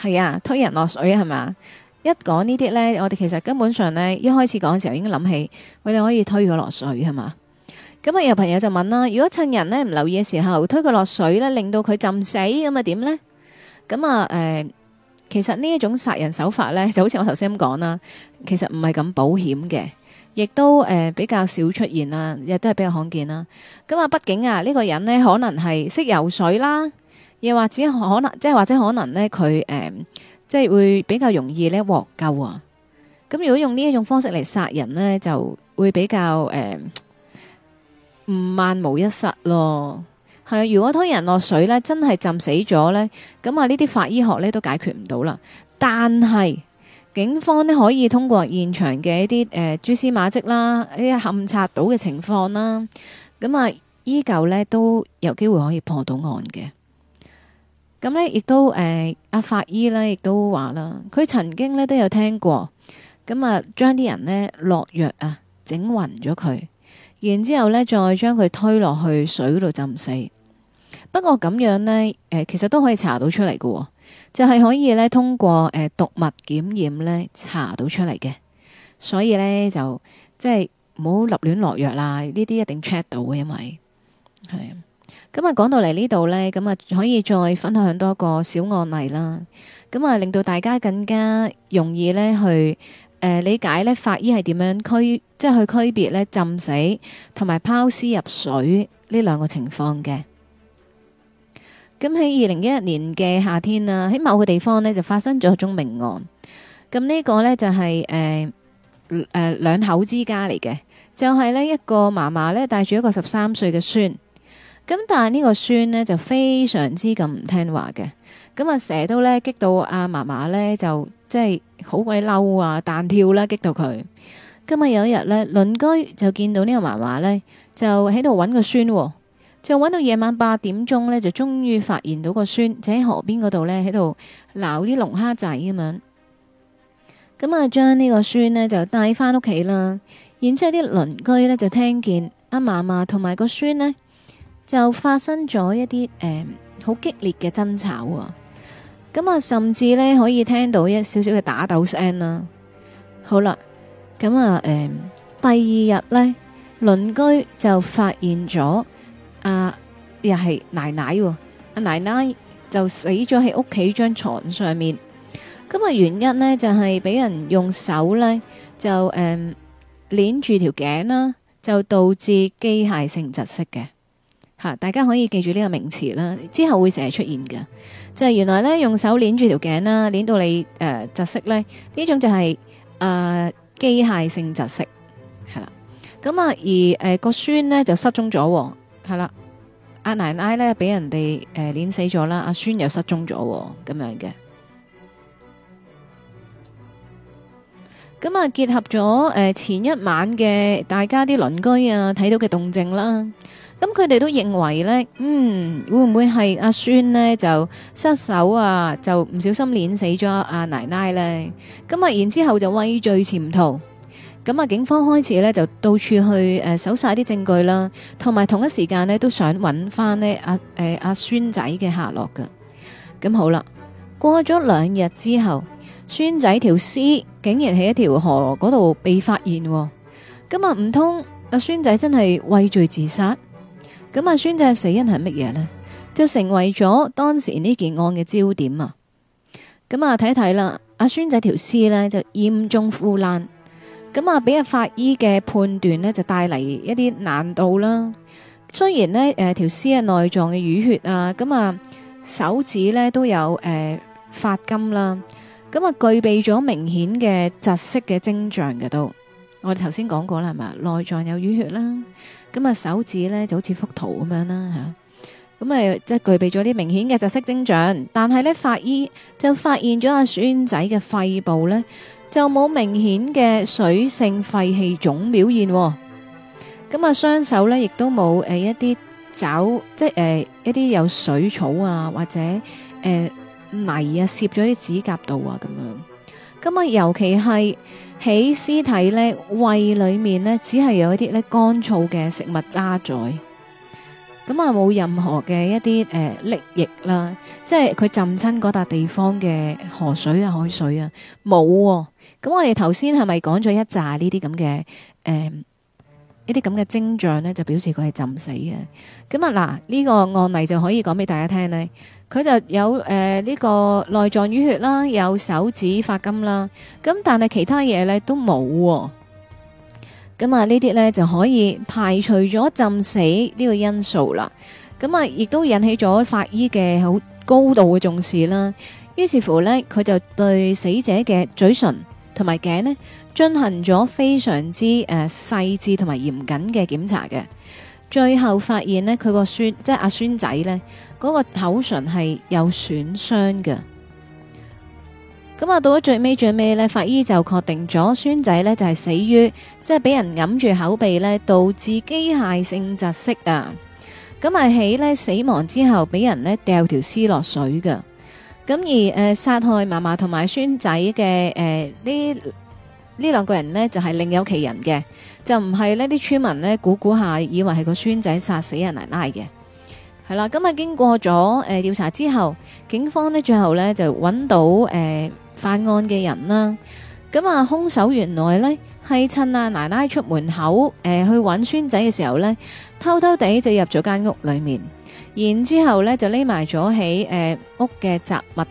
係啊，推人落水係嘛，一講呢啲呢，我哋其實根本上呢，一開始講嘅時候已經諗起，我哋可以推佢落水係嘛。咁啊，有朋友就問啦、啊，如果趁人呢唔留意嘅時候推佢落水呢，令到佢浸死咁啊，點呢？咁啊，誒、呃，其實呢一種殺人手法呢，就好似我頭先咁講啦，其實唔係咁保險嘅，亦都誒、呃、比較少出現啦，亦都係比較罕見啦。咁啊，畢竟啊，呢、這個人呢，可能係識游水啦。又或者可能，即係或者可能呢，佢、呃、誒，即係會比較容易呢獲救啊！咁如果用呢一種方式嚟殺人呢，就會比較誒唔、呃、萬無一失咯。係啊，如果拖人落水呢，真係浸死咗呢，咁啊呢啲法醫學呢都解決唔到啦。但係警方呢，可以通過現場嘅一啲誒蛛絲馬跡啦，一啲勘察到嘅情況啦，咁啊依舊呢，都有機會可以破到案嘅。咁咧，亦、嗯、都誒阿、呃啊、法醫咧，亦都話啦，佢曾經咧都有聽過，咁、嗯、啊將啲人咧落藥啊，整暈咗佢，然之後咧再將佢推落去水嗰度浸死。不過咁樣咧、呃，其實都可以查到出嚟嘅、哦，就係、是、可以咧通過誒、呃、毒物檢驗咧查到出嚟嘅。所以咧就即係唔好立亂落藥啦，呢啲一定 check 到嘅，因為係。咁啊，講到嚟呢度呢，咁啊可以再分享多個小案例啦。咁啊，令到大家更加容易呢去誒理解呢法醫係點樣區，即係去區別呢浸死同埋拋屍入水呢兩個情況嘅。咁喺二零一一年嘅夏天啊，喺某個地方呢就發生咗一宗命案。咁、這、呢個呢就係誒誒兩口之家嚟嘅，就係、是、呢一個媽媽呢帶住一個十三歲嘅孫。咁但係呢個孫呢，就非常之咁唔聽話嘅，咁啊成日都呢激到阿嫲嫲呢，就即係好鬼嬲啊，彈跳啦，激到佢。今日有一日呢，鄰居就見到呢個嫲嫲呢，就喺度揾個孫喎，就揾到夜晚八點鐘呢，就終於發現到個孫就喺河邊嗰度呢，喺度鬧啲龍蝦仔咁樣，咁啊將呢個孫呢，就帶翻屋企啦。然之後啲鄰居呢，就聽見阿嫲嫲同埋個孫呢。就發生咗一啲誒好激烈嘅爭吵啊！咁啊，甚至呢可以聽到一少少嘅打鬥聲啦。好啦，咁啊，誒、嗯，第二日呢，鄰居就發現咗啊，又係奶奶、哦，阿、啊、奶奶就死咗喺屋企張床上面。咁啊，原因呢就係、是、俾人用手呢，就誒鏈住條頸啦，就導致機械性窒息嘅。嚇！大家可以記住呢個名詞啦，之後會成日出現嘅，就係、是、原來咧用手攆住條頸啦，攆到你誒、呃、窒息咧，呢種就係、是、誒、呃、機械性窒息，係啦。咁啊，而誒個、呃、孫呢就失蹤咗，係啦。阿奶奶咧俾人哋誒攆死咗啦，阿孫又失蹤咗，咁樣嘅。咁、嗯嗯、啊，結合咗誒、呃、前一晚嘅大家啲鄰居啊睇到嘅動靜啦。咁佢哋都認為呢，嗯，會唔會係阿孫呢就失手啊，就唔小心碾死咗阿奶奶呢？咁啊，然之後就畏罪潛逃。咁啊，警方開始呢，就到處去誒、呃、搜晒啲證據啦，同埋同一時間呢，都想揾翻呢阿誒、啊呃、阿孫仔嘅下落噶。咁好啦，過咗兩日之後，孫仔條屍竟然喺一條河嗰度被發現，哦。咁啊，唔通阿孫仔真係畏罪自殺？咁阿孫仔嘅死因係乜嘢呢？就成為咗當時呢件案嘅焦點啊！咁啊睇睇啦，阿孫仔條屍呢，就嚴重腐爛，咁啊俾阿法醫嘅判斷呢，就帶嚟一啲難度啦。雖然呢誒、呃、條屍嘅內臟嘅淤血啊，咁啊手指呢都有誒、呃、發金啦，咁啊具備咗明顯嘅窒息嘅徵象嘅都，我哋頭先講過啦，係嘛，內臟有淤血啦。咁啊，手指咧就好似幅圖咁樣啦吓，咁啊即係具備咗啲明顯嘅窒息徵象，但係咧法醫就發現咗阿孫仔嘅肺部咧就冇明顯嘅水性肺氣腫表現，咁啊雙手咧亦都冇誒一啲爪即係誒一啲有水草啊或者誒泥啊攝咗啲指甲度啊咁樣，咁啊尤其係。喺屍體呢，胃裏面呢，只係有一啲咧乾燥嘅食物渣滓，咁啊冇任何嘅一啲誒溺液啦，即係佢浸親嗰笪地方嘅河水啊、海水啊冇，咁、啊、我哋頭先係咪講咗一紮呢啲咁嘅誒呢啲咁嘅徵象呢？就表示佢係浸死嘅，咁啊嗱呢個案例就可以講俾大家聽呢。佢就有誒呢、呃呢個內臟淤血啦，有手指發金啦，咁但係其他嘢咧都冇、哦，咁啊呢啲呢啲咧就可以排除咗浸死呢個因素啦，咁啊亦都引起咗法醫嘅好高度嘅重視啦。於是乎呢，佢就對死者嘅嘴唇同埋頸呢進行咗非常之誒細緻同埋嚴謹嘅檢查嘅，最後發現呢，佢個孫即係阿孫仔呢。嗰個口唇係有損傷嘅，咁啊到咗最尾最尾呢法醫就確定咗孫仔呢就係、是、死於即係俾人揞住口鼻呢，導致機械性窒息啊！咁啊喺呢死亡之後俾人呢掉條屍落水嘅，咁而誒殺、呃、害嫲嫲同埋孫仔嘅誒呢呢兩個人呢，就係、是、另有其人嘅，就唔係呢啲村民呢，估估下以為係個孫仔殺死人奶奶嘅。係啦，咁啊、嗯、經過咗誒、呃、調查之後，警方呢最後呢就揾到誒、呃、犯案嘅人啦。咁、嗯、啊，凶手原來呢係趁阿奶奶出門口誒、呃、去揾孫仔嘅時候呢，偷偷地就入咗間屋裏面，然之後呢就匿埋咗喺誒屋嘅雜物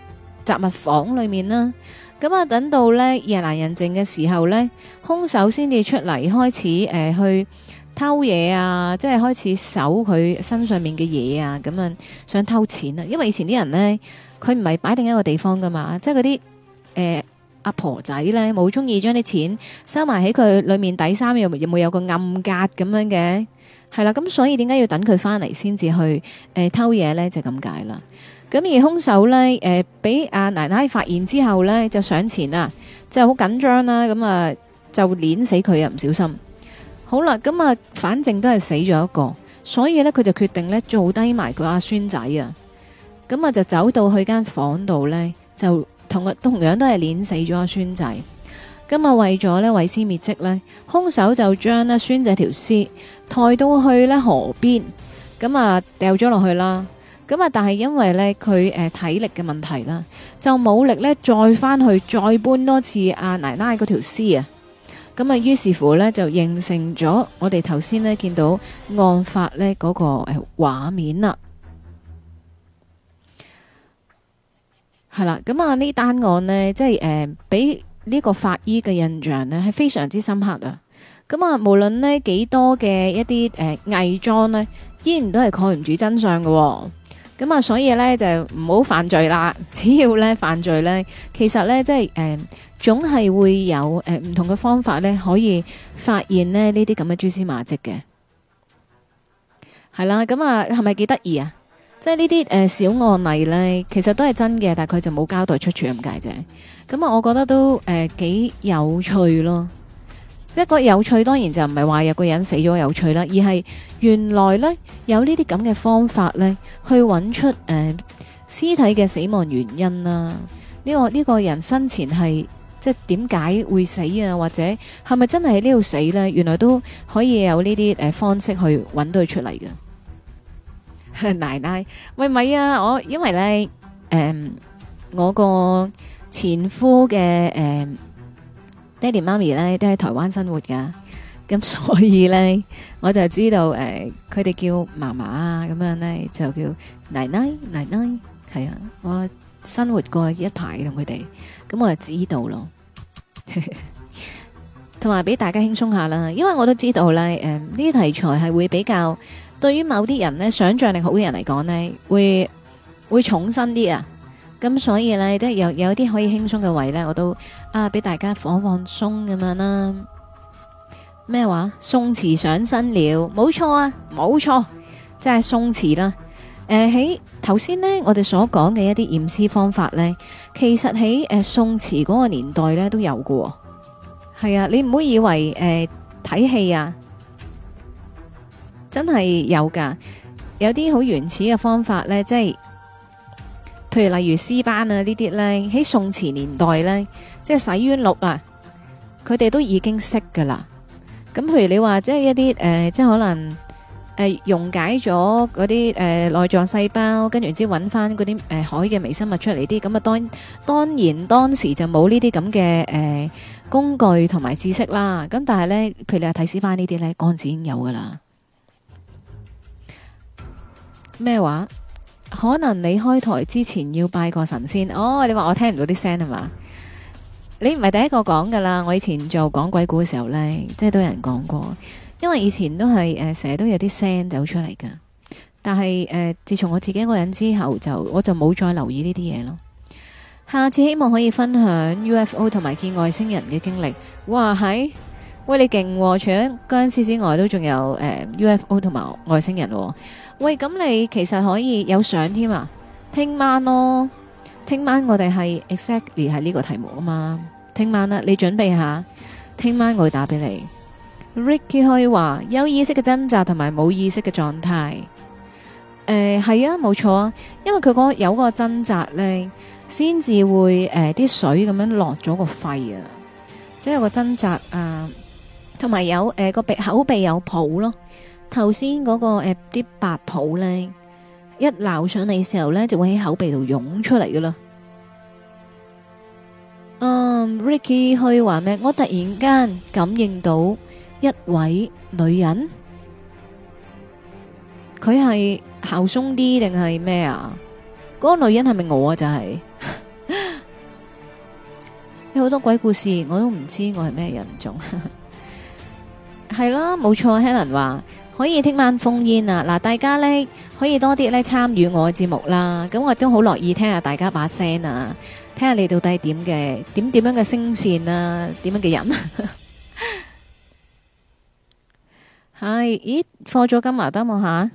雜物房裏面啦。咁、嗯、啊、嗯，等到呢夜闌人靜嘅時候呢，凶手先至出嚟開始誒、呃、去。偷嘢啊，即係開始搜佢身上面嘅嘢啊，咁樣，想偷錢啊，因為以前啲人呢，佢唔係擺定一個地方噶嘛，即係嗰啲誒阿婆仔呢，冇中意將啲錢收埋喺佢裏面底衫，有冇有冇有個暗格咁樣嘅？係啦，咁所以點解要等佢翻嚟先至去誒、呃、偷嘢呢？就咁解啦。咁而凶手呢，誒、呃、俾阿奶奶發現之後呢，就上前啦，即係好緊張啦，咁啊就碾死佢啊，唔小心。好啦，咁啊，反正都係死咗一個，所以咧，佢就決定咧做低埋個阿孫仔啊，咁啊就走到去間房度咧，就同啊同樣都係碾死咗阿孫仔，咁啊為咗咧毀屍滅跡咧，兇手就將阿孫仔條屍抬到去咧河邊，咁啊掉咗落去啦，咁啊但係因為咧佢誒體力嘅問題啦，就冇力咧再返去再搬多次阿奶奶嗰條屍啊。咁啊，於是乎呢，就形成咗我哋頭先呢見到案發呢嗰個誒畫面啦。係啦，咁啊呢單案呢，即係誒俾呢個法醫嘅印象呢，係非常之深刻啊。咁啊，無論呢幾多嘅一啲誒偽裝呢，依然都係蓋唔住真相嘅喎。咁啊，所以呢，就唔好犯罪啦。只要呢犯罪呢，其實呢，即係誒。呃總係會有誒唔、呃、同嘅方法咧，可以發現咧呢啲咁嘅蛛絲馬跡嘅係啦。咁啊，係咪幾得意啊？即係呢啲誒小案例呢，其實都係真嘅，但係佢就冇交代出處咁解啫。咁啊，我覺得都誒、呃、幾有趣咯。即係個有趣，當然就唔係話有個人死咗有趣啦，而係原來呢，有呢啲咁嘅方法呢，去揾出誒屍、呃、體嘅死亡原因啦。呢個呢個人生前係。即係點解會死啊？或者係咪真係喺呢度死咧？原來都可以有呢啲誒方式去揾到佢出嚟嘅。奶奶喂咪啊！我因為咧誒，我個前夫嘅誒爹哋媽咪咧都喺台灣生活噶，咁所以咧我就知道誒，佢哋叫嫲嫲啊，咁樣咧就叫奶奶，奶奶，係啊，我生活過一排同佢哋，咁我就知道咯。同埋俾大家輕鬆下啦，因為我都知道咧，誒、呃、呢題材係會比較對於某啲人咧想象力好嘅人嚟講呢，會會重身啲啊，咁所以呢，都有有啲可以輕鬆嘅位呢，我都啊俾大家放放鬆咁樣啦。咩話？宋慈上身了？冇錯啊，冇錯，真係宋慈啦。誒，喺頭先呢，我哋所講嘅一啲驗屍方法呢，其實喺誒、呃、宋慈嗰個年代呢都有嘅。哦，係啊，你唔好以為誒睇、呃、戲啊，真係有噶，有啲好原始嘅方法呢，即係，譬如例如屍斑啊呢啲呢，喺宋慈年代呢，即係洗冤錄啊，佢哋都已經識噶啦。咁譬如你話即係一啲誒，即係、呃，可能。誒，溶解咗嗰啲誒內臟細胞，跟住先揾翻嗰啲誒海嘅微生物出嚟啲，咁啊當當然當時就冇呢啲咁嘅誒工具同埋知識啦。咁但係咧，譬如你睇史翻呢啲咧，江子已經有噶啦。咩話？可能你開台之前要拜個神仙。哦，你話我聽唔到啲聲係嘛？你唔係第一個講噶啦。我以前做講鬼故嘅時候咧，即係都有人講過。因為以前都係誒成日都有啲聲走出嚟噶，但係誒、呃、自從我自己一個人之後，就我就冇再留意呢啲嘢咯。下次希望可以分享 UFO 同埋見外星人嘅經歷。哇係，喂你勁喎、哦、除咗僵屍之外，都仲有誒、呃、UFO 同埋外星人喎、哦。喂，咁你其實可以有相添啊？聽晚咯，聽晚我哋係 exactly 係呢個題目啊嘛。聽晚啦、啊，你準備下，聽晚我會打俾你。Ricky 可以話有意識嘅掙扎同埋冇意識嘅狀態，誒、呃、係啊，冇錯啊，因為佢嗰個有個掙扎咧，先至會誒啲、呃、水咁樣落咗個肺是有個啊，即係個掙扎啊，同埋有誒個鼻口鼻有泡咯，頭先嗰個誒啲、呃、白泡咧，一鬧上嚟嘅時候咧，就會喺口鼻度湧出嚟噶啦。嗯、Ricky 去話咩？我突然間感應到。一位女人，佢係后鬆啲定係咩啊？嗰個女人係咪我啊？就係有好多鬼故事，我都唔知我係咩人種。係啦，冇錯，Helen 話可以聽晚烽煙啊！嗱，大家呢可以多啲呢參與我嘅節目啦。咁我都好樂意聽下大家把聲啊，聽下你到底點嘅，點點樣嘅聲線啊，點樣嘅人。係，咦，課咗金啊得冇喎，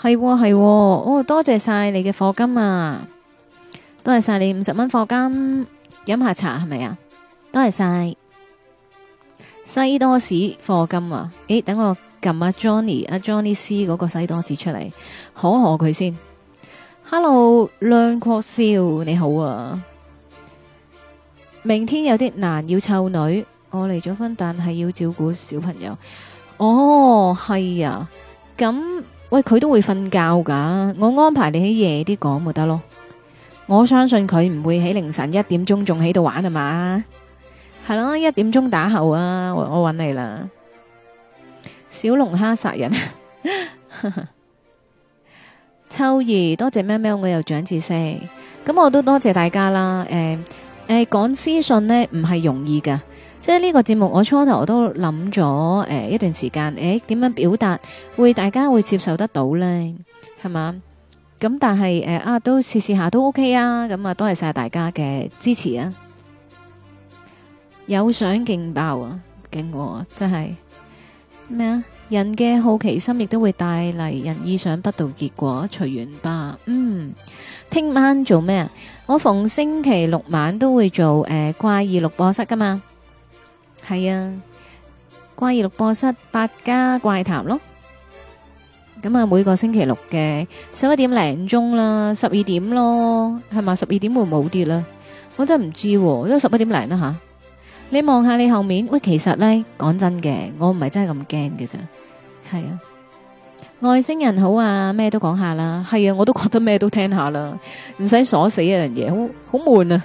係，係，哦，多謝晒你嘅課金啊！多謝晒你五十蚊課金，飲下茶係咪啊？多謝晒西多士課金啊！誒，等我撳阿 Johnny 阿 Johnny C 嗰個西多士出嚟，可賀佢先。Hello 梁國少，你好啊！明天有啲難，要湊女，我離咗婚，但係要照顧小朋友。哦，係啊，咁喂佢都會瞓覺噶，我安排你喺夜啲講咪得咯。我相信佢唔會喺凌晨一點鐘仲喺度玩吖嘛，係咯，一點鐘打後啊，我我揾你啦。小龍蝦殺人， (laughs) 秋葉多謝喵喵，我又長知識，咁我都多謝大家啦。誒、哎、誒、哎，講私信呢，唔係容易噶。即係呢、這個節目，我初頭我都諗咗誒一段時間，誒點樣表達會大家會接受得到呢，係嘛咁，但係誒、呃、啊，都試試下都 OK 啊。咁、嗯、啊，多謝晒大家嘅支持啊！有相勁爆啊，勁真係咩啊？人嘅好奇心亦都會帶嚟人意想不到結果，隨緣吧。嗯，聽晚做咩啊？我逢星期六晚都會做誒、呃、怪異錄播室噶嘛。係啊，怪異錄播室百家怪談咯，咁啊每個星期六嘅十一點零鐘啦，十二點咯，係嘛？十二點會冇啲啦，我真唔知，因為十一點零啦吓，你望下你後面，喂，其實咧講真嘅，我唔係真係咁驚嘅啫，係啊，外星人好啊，咩都講下啦，係啊，我都覺得咩都聽下啦，唔使鎖死一樣嘢，好好悶啊。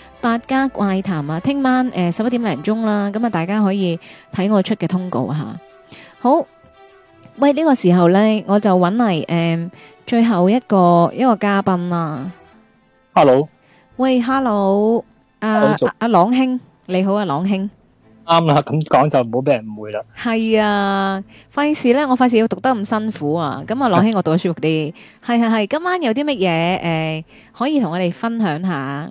八家怪談啊！聽晚誒，十一點零鐘啦，咁啊，大家可以睇我出嘅通告吓。好，喂，呢個時候咧，我就揾嚟誒，最後一個一個嘉賓啦。Hello，喂，Hello，阿阿朗兄，你好啊，朗兄。啱啦，咁講就唔好俾人誤會啦。係啊，費事咧，我費事要讀得咁辛苦啊！咁啊，朗兄，我讀得舒服啲。係係係，今晚有啲乜嘢誒，可以同我哋分享下？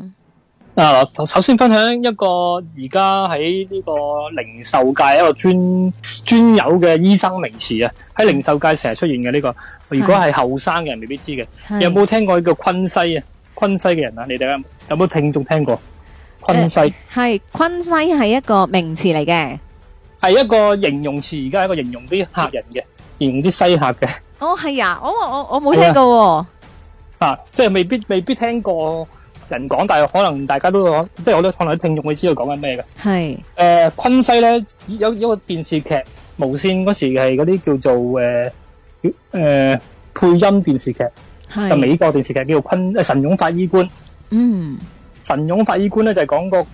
啊！首先分享一個而家喺呢個零售界一個專專有嘅醫生名詞啊，喺零售界成日出現嘅呢、這個，如果係後生嘅人未必知嘅，是有冇聽過呢個叫昆西啊？昆西嘅人啊，你哋有冇聽眾聽過昆西？係、呃、昆西係一個名詞嚟嘅，係一個形容詞，而家係一個形容啲客人嘅，形容啲西客嘅。哦係啊，我我我冇聽過喎、哦啊。啊，即係未必未必聽過。人講，但係可能大家都，即係我都可能啲聽眾會知道講緊咩嘅。係誒是、呃、昆西咧，有一個電視劇無線嗰時係嗰啲叫做誒誒、呃呃、配音電視劇，個是美國電視劇叫做昆誒神勇法醫官。嗯，神勇法醫官咧就係、是、講個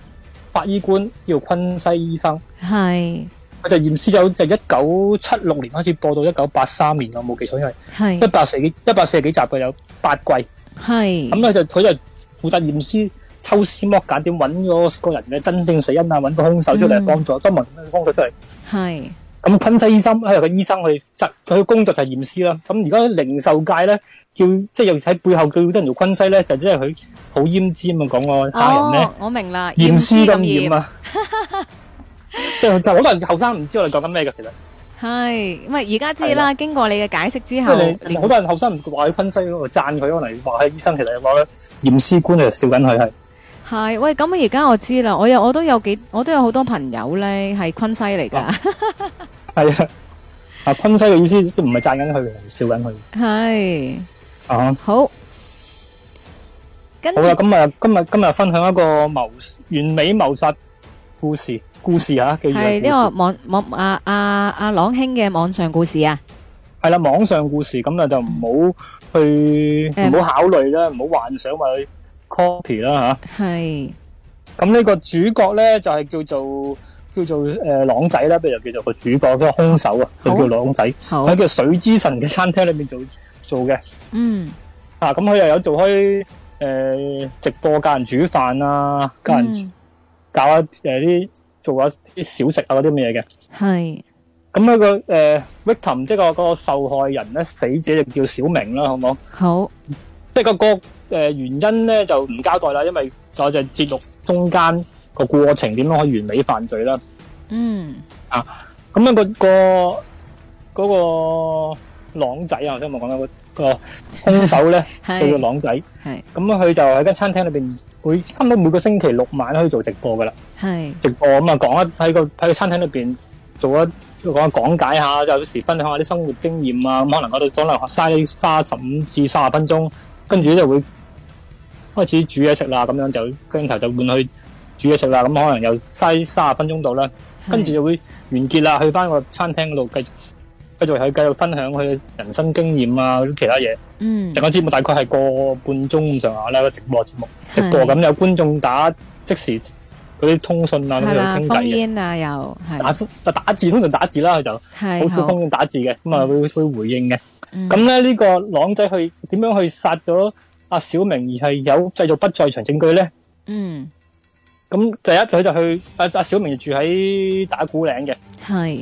法醫官叫昆西醫生。係佢是就驗屍就就一九七六年開始播到一九八三年，我冇記錯，因為係一百四幾一百四十幾集佢有八季。係咁咧就佢就。負責驗屍、抽絲剝繭，點揾嗰個人嘅真正死因啊？揾個凶手出嚟幫助，都冇幫助出嚟。係咁，昆西醫生咧，佢醫生去，佢佢工作就係驗屍啦。咁而家零售界咧，叫即係又喺背後叫好多人做昆西咧，就即係佢好奄尖啊！講我吓人咧，驗屍咁腌，即係就好多人後生唔知我哋講緊咩噶，其實。係，唔係而家知啦。經過你嘅解釋之後，好多人後生唔話喺昆西嗰度讚佢，可能話係醫生，其實係話咧驗屍官就笑緊佢，係。係，喂，咁我而家我知啦，我有我都有幾，我都有好多朋友咧係昆西嚟噶。係啊，阿昆西嘅意思即係唔係讚緊佢，係笑緊佢。係。哦。好。跟好啦，咁啊，今日今日分享一個謀完美謀殺故事。故事吓，係呢個網網阿阿阿朗兄嘅網上故事啊，係啦網上故事，咁啊就唔好去唔好考慮啦，唔好幻想話去 copy 啦吓。係，咁呢個主角咧就係叫做叫做誒朗仔啦，不如叫做個主角，即係兇手啊，就叫朗仔喺叫水之神嘅餐廳裏面做做嘅，嗯，啊咁佢又有做開誒直播教人煮飯啊，教人搞一誒啲。做下啲小食啊嗰啲乜嘢嘅，係咁樣個誒 Victim 即個嗰個受害人咧，死者就叫小明啦，好唔好？好，即個個誒原因咧就唔交代啦，因為我就節錄中間個過程點樣可以完美犯罪啦。嗯，啊，咁樣個個嗰個朗仔啊，頭先有冇講到？個、呃、空手咧 (laughs) 是做個朗仔，係咁佢就喺間餐廳裏邊，會差唔多每個星期六晚都可以做直播噶啦，係是直播咁啊，講一喺個喺個餐廳裏邊做一講講解一下，就有時分享下啲生活經驗啊，咁可能我哋可能嘥花十五至卅分鐘，跟住就會開始煮嘢食啦，咁樣就鏡頭就換去煮嘢食啦，咁可能又嘥卅分鐘度啦，跟住是就會完結啦，去翻個餐廳嗰度繼續。繼續去繼續分享佢人生經驗啊，嗰啲其他嘢。嗯，成個節目大概係個半鐘咁上下啦，個直播節目直播咁有觀眾打即時嗰啲通訊啊，咁樣傾偈嘅。係啦，方便啊又，係打就打字，通常打字啦，佢就好少方便打字嘅，咁啊會會回應嘅。咁咧呢個朗仔去點樣去殺咗阿小明而係有製造不在場證據咧？嗯，咁第一佢就去阿阿小明就住喺打鼓嶺嘅，係。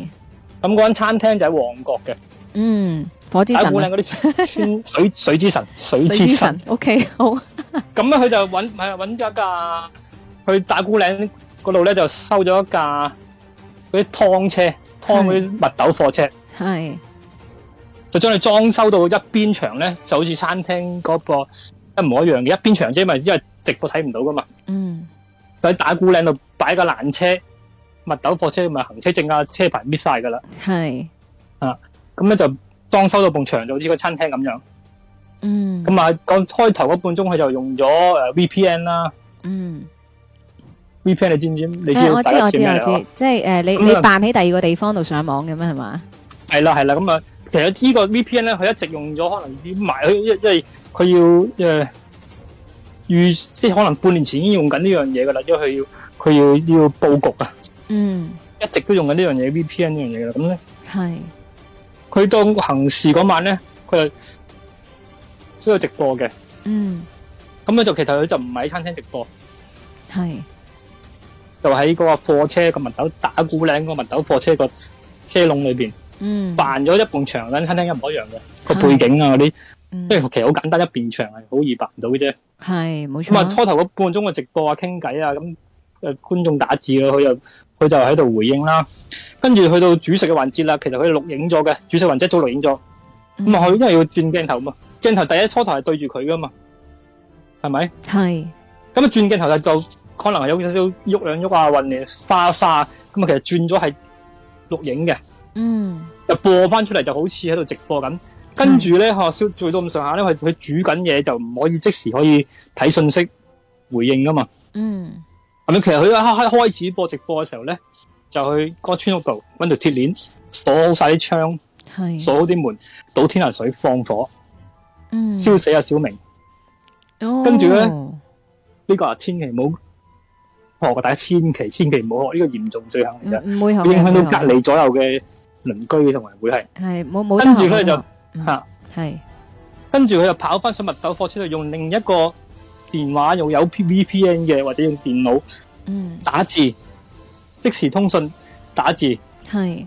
咁嗰間餐廳就喺旺角嘅，嗯，火之神打鼓嶺嗰啲水水之神水之神，OK 好。咁咧佢就揾係揾咗一架去打鼓嶺嗰度咧，就收咗一架嗰啲湯車，湯嗰啲蜜豆貨車，係就將佢裝修到一邊牆，咧就好似餐廳嗰個一模一樣嘅一邊牆，即係咪因為直播睇唔到噶嘛？嗯，喺打鼓嶺度擺個纜車。物斗貨車同埋行車證啊車牌搣晒噶啦，係啊咁咧就裝修到埲牆，就好似個餐廳咁樣。嗯。咁啊，講開頭嗰半鐘，佢就用咗誒 VPN 啦。嗯。VPN 你知唔知？誒，我知我知我知，即係誒，你你辦喺第二個地方度上網嘅咩？係嘛？係啦係啦，咁啊，其實呢個 VPN 咧，佢一直用咗可能要買，因為因為佢要誒預，即、呃、係可能半年前已經用緊呢樣嘢噶啦，因為佢要佢要要布局啊。嗯，一直都用緊呢樣嘢 VPN 呢樣嘢啦，咁咧，係佢當行事嗰晚咧，佢又需要直播嘅。嗯，咁樣就其實佢就唔係喺餐廳直播，係，就喺嗰個貨車個密斗打鼓嶺個密斗貨車個車籠裏邊，嗯，扮咗一半牆，跟餐廳一模一樣嘅個背景啊嗰啲，即係其實好簡單，一邊牆係好易扮唔到嘅啫，係冇錯，咁啊初頭嗰半個鐘嘅直播啊傾偈啊咁，誒觀眾打字啊佢又。佢就喺度回應啦，跟住去到煮食嘅環節啦，其實佢錄影咗嘅，煮食環節早錄影咗，咁啊、嗯，佢因為要轉鏡頭嘛，鏡頭第一初頭係對住佢噶嘛，係咪？係是，咁啊，轉鏡頭就可能有少少喐兩喐啊，混嚟花沙，咁啊，其實轉咗係錄影嘅，嗯，就播翻出嚟就好似喺度直播緊，跟住咧，嗬、嗯，少聚、啊、到咁上下咧，因為佢煮緊嘢就唔可以即時可以睇信息回應噶嘛，嗯。咁樣其實佢一開開始播直播嘅時候咧，就去個村屋度，搵條鐵鏈鎖好晒啲窗，鎖好啲門，倒天拿水，放火，燒死阿小明。跟住咧，呢個啊，千祈唔好學大家，千祈千祈唔好學呢個嚴重罪行嚟嘅，唔會響影響到隔離左右嘅鄰居同埋會係係冇冇。跟住佢就吓，係跟住佢就跑翻上密斗貨車度用另一個。電話用有 VPN 嘅，或者用電腦、嗯、打字即時通訊打字，係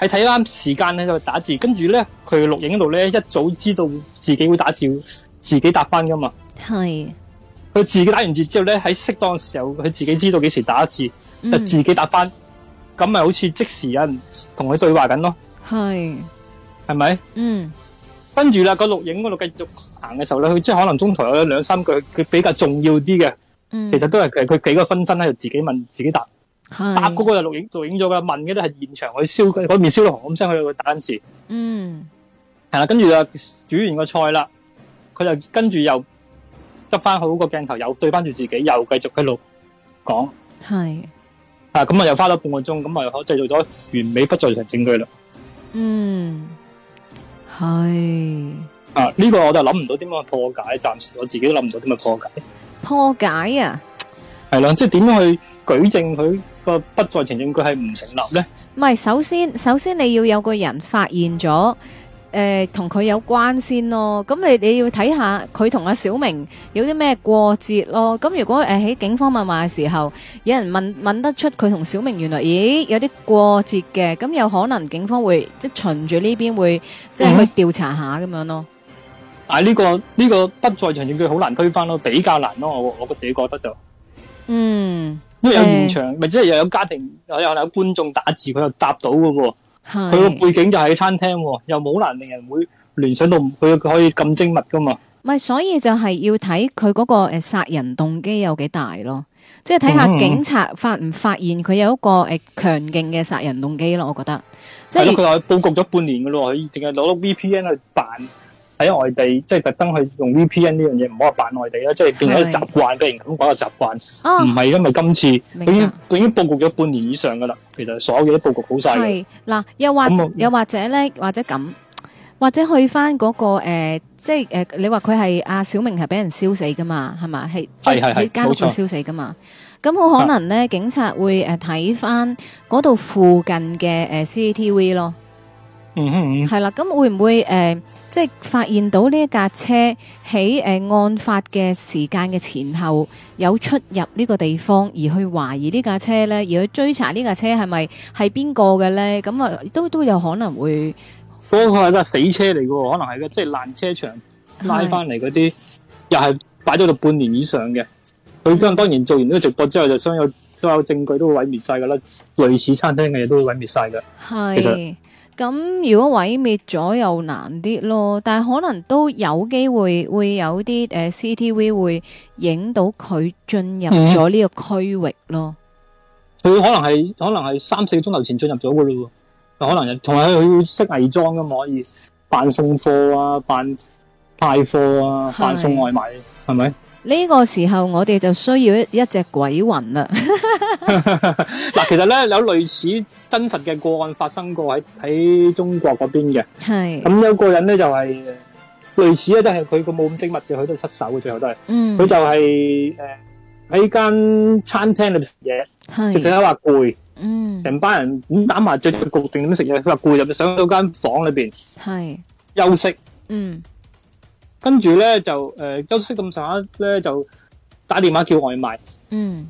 喺睇啱時間咧就打字，跟住咧佢錄影度咧一早知道自己會打字，自己答翻噶嘛。係佢是自己打完字之後咧，喺適當嘅時候佢自己知道幾時打字，就自己答翻，咁咪、嗯、好似即時有人同佢對話緊咯。係係咪？吧嗯。跟住啦，個錄影嗰度繼續行嘅時候咧，佢即係可能中途有兩三句佢比較重要啲嘅，嗯、其實都係佢佢幾個分身喺度自己問自己答，是答嗰個又錄影錄影咗嘅，問嘅都係現場佢燒佢面燒到紅咁聲去打緊字，嗯，係啦，跟住啊煮完個菜啦，佢就跟住又執翻好個鏡頭，又對翻住自己，又繼續喺度講，係是，啊咁啊又花咗半個鐘，咁啊可製造咗完美不在場證據啦，嗯。係、哎、啊，呢、這個我就諗唔到點樣破解，暫時我自己都諗唔到點樣破解。破解啊，係啦，即係點樣去舉證佢個不在場證據係唔成立呢？唔係，首先，首先你要有個人發現咗。誒同佢有關先咯，咁你你要睇下佢同阿小明有啲咩過節咯。咁如果誒喺、呃、警方問話嘅時候，有人問，問得出佢同小明原來咦有啲過節嘅，咁有可能警方會即係循住呢邊會即係去調查下咁樣咯。啊，呢、啊呢個呢、呢個不在場證據好難推翻咯，比較難咯，我我自己覺得就嗯，因為有現場，咪即係又有家庭，有有，有觀眾打字，佢又答到嘅喎。佢個背景就喺餐廳，又冇難令人會聯想到佢可以咁精密噶嘛？唔係，所以就係要睇佢嗰個誒殺人動機有幾大咯，即係睇下警察發唔發現佢有一個誒強勁嘅殺人動機咯。我覺得，即係佢話布局咗半年噶咯，佢淨係攞到 VPN 去辦。喺外地，即係特登去用 VPN 呢樣嘢，唔好話扮外地啦，即係變咗習慣，突然間講個習慣，唔係、哦、因為今次，佢已經佢已經布局咗半年以上噶啦。其實所有嘢都布局好晒嗱，又或那又或者咧，或者咁，或者去翻嗰、那個誒、呃，即係誒、呃，你話佢係阿小明係俾人燒死噶嘛？係嘛？係喺間屋燒死噶嘛？咁好可能咧，警察會誒睇翻嗰度附近嘅誒、呃、CCTV 咯。嗯嗯嗯係啦，咁、mm hmm. 會唔會誒、呃，即係發現到呢一架車喺誒、呃、案發嘅時間嘅前後有出入呢個地方，而去懷疑呢架車咧，而去追查是是是呢架車係咪係邊個嘅咧？咁、嗯、啊，都都有可能會，都係啦，死車嚟噶，可能係嘅，即係爛車場拉翻嚟嗰啲，是又係擺咗到半年以上嘅。佢當當然做完呢個直播之後，就所有所有證據都會毀滅晒噶啦，類似餐廳嘅嘢都會毀滅晒噶。係是。咁如果毀滅咗又難啲咯，但係可能都有機會會有啲誒 CTV 會影到佢進入咗呢個區域咯。佢可能係可能係三四個鐘頭前進入咗㗎喇喎，可能又同埋佢識偽裝㗎嘛，可以扮送貨啊，扮派貨啊，扮送外賣，係咪？呢個時候我哋就需要一一隻鬼魂啦。嗱 (laughs) (laughs) 其實咧有類似真實嘅個案發生過喺喺中國嗰邊嘅。係是。咁、嗯、有個人咧就係、是、類似啊，都係佢佢冇咁精密嘅，佢都失手嘅，最後都係。嗯。佢就係誒喺間餐廳裏面食嘢，是直情係話攰。嗯。成班人咁打麻雀，局定咁食嘢，佢話攰就上到間房裏邊。係是。休息。嗯。跟住咧就誒、呃、休息咁上下咧就打電話叫外賣，嗯，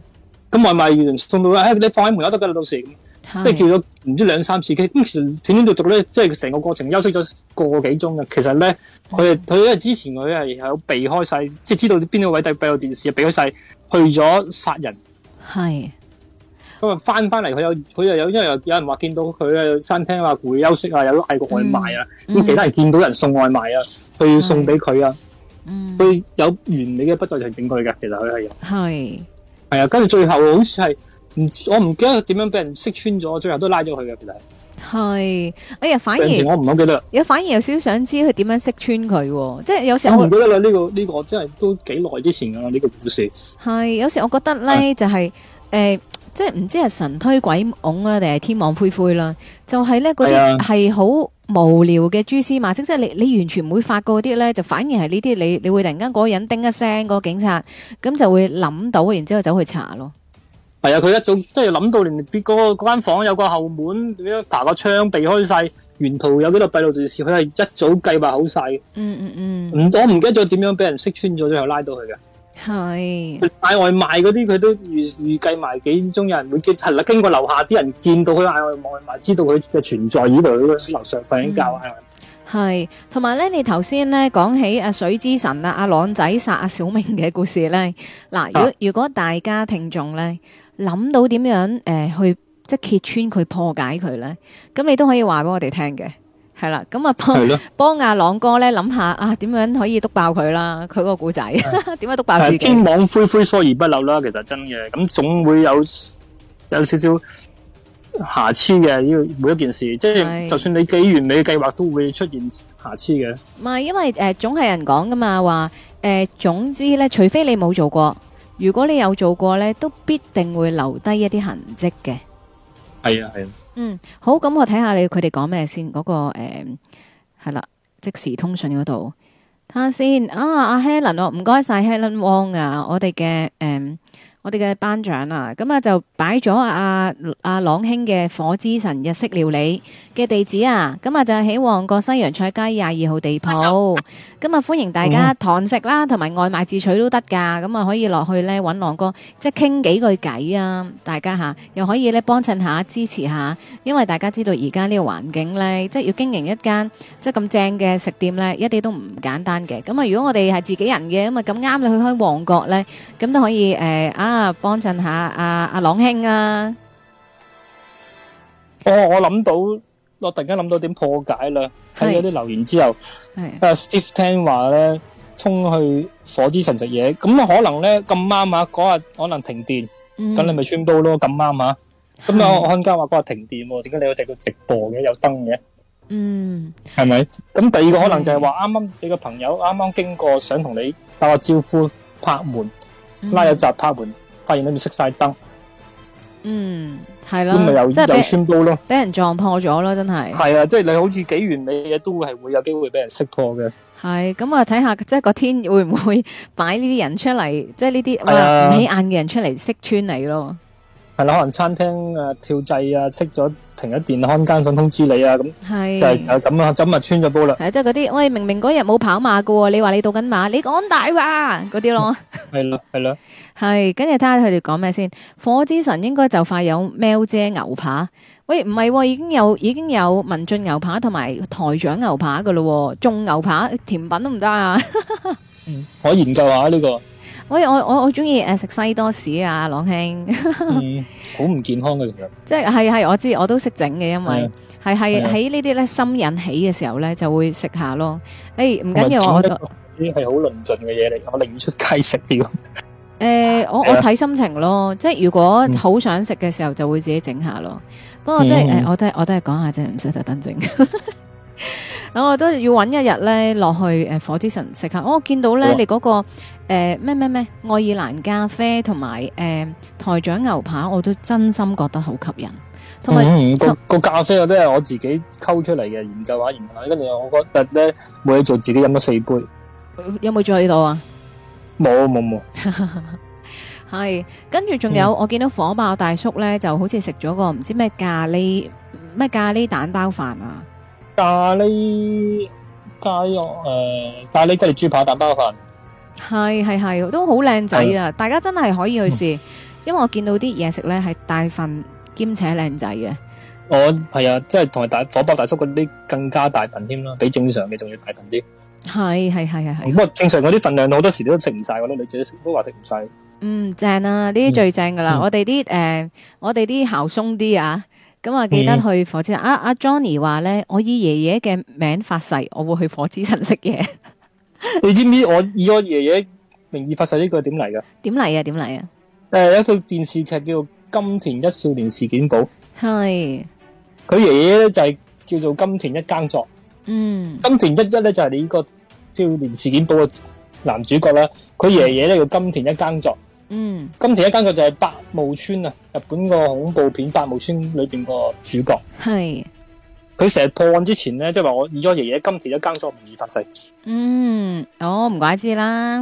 咁、嗯、外賣員送到咧，誒、哎、你放喺門口得噶啦，到時即係是叫咗唔知兩三次，其實斷斷續續咧，即係成個過程休息咗個幾鐘嘅。其實咧，佢佢因為之前佢係有避開晒，即係知道邊個位置擺個電視，避開晒，去咗殺人。係。咁啊，翻翻嚟佢有，佢又有，因為有人話見到佢啊，餐廳啊，攰休息啊，有拉個外賣啊，咁、嗯嗯、其他人見到人送外賣啊，去送俾佢啊，佢、嗯、有完美嘅不在場證明佢㗎。其實佢係係係啊，跟住是最後好似係，唔我唔記得點樣俾人識穿咗，最後都拉咗佢嘅其實係，哎呀，反而我唔好記得，有反而有少少想知佢點樣識穿佢，即係有時候我唔記得啦，呢、這個呢、這個真係都幾耐之前噶呢、這個故事係，有時候我覺得咧、嗯、就係、是、誒。欸即係唔知係神推鬼懵啊，定係天網恢恢啦？就係咧嗰啲係好無聊嘅蛛絲馬迹，即係你你完全唔會發覺啲咧，就反而係呢啲你你會突然間嗰個人叮一聲，嗰個警察咁就會諗到，然之後走去查咯。係啊，佢一早即係諗到你別嗰個嗰間房有個後門，你爬個窗避開晒，沿途有幾多閉路電視，佢係一早計劃好晒嘅。嗯嗯嗯，唔我唔記得咗點樣俾人識穿咗，之後拉到佢嘅。係嗌外賣嗰啲，佢都預預計埋幾點鐘有人會經係啦。經過樓下啲人見到佢嗌外賣，知道佢嘅存在。依度喺樓上瞓緊覺係咪？係同埋咧，你頭先咧講起阿水之神啦，阿朗仔殺阿小明嘅故事咧。嗱，如果如果大家聽眾咧諗到點樣誒去即係揭穿佢破解佢咧，咁你都可以話俾我哋聽嘅。係啦，咁啊幫幫阿朗哥咧諗下啊，點樣可以篤爆佢啦？佢個故仔點樣篤爆自己？天網恢恢，疏而不漏啦。其實真嘅，咁總會有有少少瑕疵嘅。呢個每一件事，即係的就，就算你幾完美嘅計劃，都會出現瑕疵嘅。唔係，因為誒、呃，總係人講㗎嘛，話誒、呃，總之咧，除非你冇做過，如果你有做過咧，都必定會留低一啲痕跡嘅。係啊，係啊。嗯，好，咁我睇下你佢哋講咩先，嗰、嗰個誒係啦即時通訊嗰度，睇下先啊，阿、啊、Helen，唔該晒 Helen Wong 啊，我哋嘅誒。嗯我哋嘅班長啊，咁啊就擺咗阿阿朗兄嘅火之神日式料理嘅地址啊，咁啊就喺旺角西洋菜街廿二號地鋪，咁啊、嗯、歡迎大家堂食啦，同埋外賣自取都得噶，咁啊可以落去呢，搵朗哥，即係傾幾句偈啊，大家吓、啊、又可以咧幫襯下支持下，因為大家知道而家呢個環境呢，即係要經營一間即係咁正嘅食店呢，一啲都唔簡單嘅。咁啊，如果我哋係自己人嘅，咁啊咁啱你去開旺角呢，咁都可以誒、呃啊啊，幫襯下阿阿朗兄啊！哦，我諗到我突然間諗到點破解啦。睇咗啲留言之後，阿 Steve 聽話咧，衝去火之神食嘢，咁可能咧咁啱吓，嗰日可能停電，咁你咪穿煲咯。咁啱吓，咁啊，我看家話嗰日停電，點解你可以直到直播嘅有燈嘅？嗯，係咪？咁第二個可能就係話，啱啱你個朋友啱啱經過，想同你打個招呼，拍門拉入閘，拍門。突然咧，熄晒燈。嗯，係咯，咁咪又又穿煲咯，俾人撞破咗咯，真係。係啊，即係你好似幾完美嘅嘢，都會係會有機會俾人識破嘅。係，咁啊，睇下即係個天會唔會擺呢啲人出嚟，即係呢啲唔起眼嘅人出嚟識穿你咯。係啦，可能餐廳啊、呃、跳掣啊，識咗。停一電看間，想通知你啊咁是，就係咁啊，今日穿咗煲啦。係即係嗰啲，喂，明明嗰日冇跑馬噶，你話你賭緊馬，你講大話嗰啲咯。係咯係咯。係， (laughs) 跟住睇下佢哋講咩先。火之神應該就快有喵姐牛扒。喂，唔係，已經有已經有文進牛扒同埋台長牛扒噶咯。仲牛扒甜品都唔得啊。 (laughs) 嗯，可以研究下呢、這個。喂，我我我中意誒食西多士啊，朗兄，好 (laughs) 唔、嗯、健康嘅，其實即係係係我知，我都識整嘅，因為係係喺呢啲咧心引起嘅時候咧就會食下咯。誒、哎，唔緊要，我我覺得呢，係好論盡嘅嘢嚟，我寧願出街食啲。誒，我的我睇心情咯，即係如果好想食嘅時候就會自己整下咯。不過即係誒、嗯欸，我都係我都係講下啫，唔識得真正。 (laughs) 哦、我都要揾一日咧落去火之神食下，我見到咧你嗰，嗰個咩咩咩愛爾蘭咖啡同埋誒台長牛扒，我都真心覺得好吸引。同埋個咖啡我都係我自己溝出嚟嘅研究下，研究下跟住我覺得，咧，啊、冇嘢做，自己飲咗四杯。嗯、有冇醉到啊？冇冇冇。係跟住仲有，我見到火爆大叔咧，就好似食咗個唔知咩咖喱咩咖喱蛋包飯啊！咖喱雞肉誒，咖喱雞翼豬扒蛋包飯，係係係，都好靚仔啊！的大家真係可以去試，嗯、因為我見到啲嘢食咧係大份兼且靚仔嘅。我係、哦、啊，即係同埋大火爆大叔嗰啲更加大份添、啊、啦，比正常嘅仲要大份啲。係係係係係，不過正常嗰啲份量好多時都食唔晒，嗰啲女仔都話食唔晒。嗯，正啊，呢啲最正噶啦、嗯呃，我哋啲誒，我哋啲喉鬆啲啊。咁我記得去火之神啊！阿 Johnny 話咧，我以爺爺嘅名發誓，我會去火之神食嘢。你知唔知我以我爺爺名義發誓呢個係點嚟噶？點嚟啊？點嚟啊？誒，有一套電視劇叫做《金田一少年事件簿》，係佢爺爺咧就係叫做金田一耕作。嗯，金田一一咧就係你呢個少年事件簿嘅男主角啦。佢爺爺咧叫金田一耕作。嗯，金田一耕助佢就係《八墓村》啊，日本個恐怖片《八墓村》裏邊個主角。係是，佢成日破案之前咧，即係話我以咗爺爺金田一耕助嘅名義發誓。嗯，哦，唔怪之啦。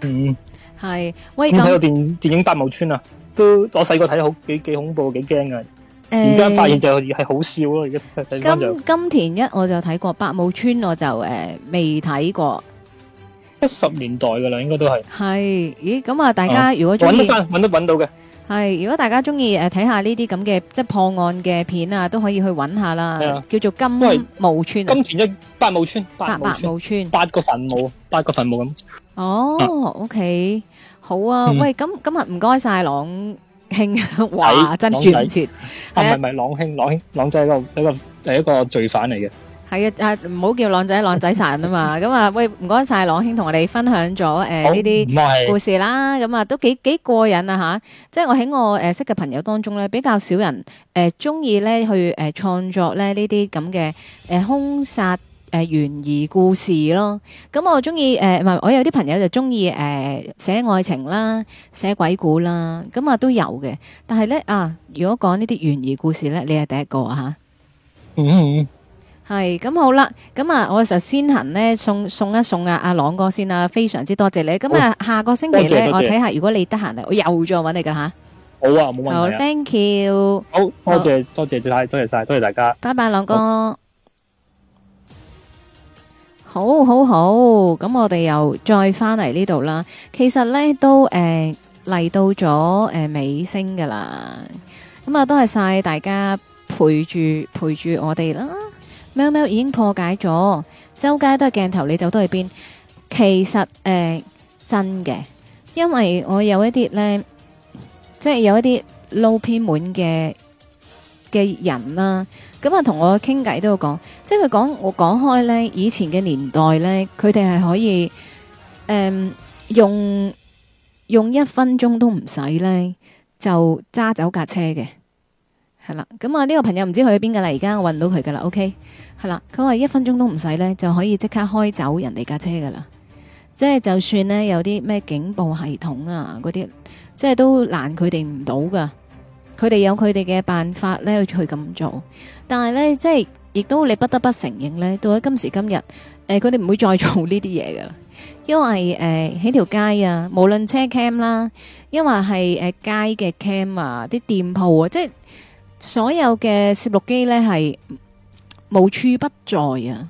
嗯，係我已經睇過電電影《八墓村》啊，都我細個睇好幾幾恐怖，幾驚嘅。而家、欸、發現就係、係、好笑咯，而家金金田一我就睇過《八墓村》，我就誒未睇過。七十年代噶啦，應該都係。係，咦，咁啊，大家如果中，揾得揾得揾到嘅。係，如果大家中意誒睇下呢啲咁嘅即係破案嘅片啊，都可以去揾下啦。叫做金墓村。金田一八墓村。八墓村。八個墳墓，八個墳墓咁。哦，OK，好啊，喂，咁今日唔該晒朗兄哇真絕絕。唔係唔係，朗兄朗兄朗仔一個一個係一個罪犯嚟嘅。係啊，唔好叫朗仔，朗仔散啊嘛。咁啊，喂，唔該晒，朗兄同我哋分享咗誒呢啲故事啦。咁啊，都幾幾過癮啊！吓，即係我喺我誒識嘅朋友當中咧，比較少人誒中意咧去誒創作咧呢啲咁嘅誒凶殺誒懸疑故事咯。咁我中意誒唔係，我有啲朋友就中意誒寫愛情啦，寫鬼故啦，咁啊都有嘅。但係咧啊，如果講呢啲懸疑故事咧，你係第一個啊吓。嗯。係咁好啦，咁啊，我就先行咧送送一送阿阿朗哥先啦，非常之多謝你。咁啊，下個星期咧，我睇下如果你得閒咧，我又再揾你噶吓。好啊，冇問題啊。Thank you。好多謝多謝晒，多謝晒，多謝大家。拜拜，朗哥。好，好，好。咁我哋又再翻嚟呢度啦。其實咧都誒嚟到咗誒尾聲噶啦。咁啊，多謝晒大家陪住陪住我哋啦。喵喵已經破解咗，周街都係鏡頭，你走到去邊？其實誒、呃、真嘅，因為我有一啲咧，即係有一啲撈偏門嘅嘅人啦、啊，咁啊同我傾偈都有講，即係佢講我講開咧，以前嘅年代咧，佢哋係可以誒、呃、用用一分鐘都唔使咧，就揸走架車嘅。係啦，咁啊呢個朋友唔知去邊噶啦，而家我搵到佢噶啦。OK，係、嗯、啦，佢話一分鐘都唔使呢，就可以即刻開走人哋架車噶啦。即係就算呢有啲咩警報系統啊，嗰啲即係都攔佢哋唔到噶。佢哋有佢哋嘅辦法呢去咁做，但係呢，即係亦都你不得不承認呢，到咗今時今日，誒佢哋唔會再做呢啲嘢噶啦，因為誒喺條街營營啊，無論車 cam 啦，因為係誒街嘅 cam 啊，啲店鋪啊，即係。所有嘅攝錄機呢係無處不在啊，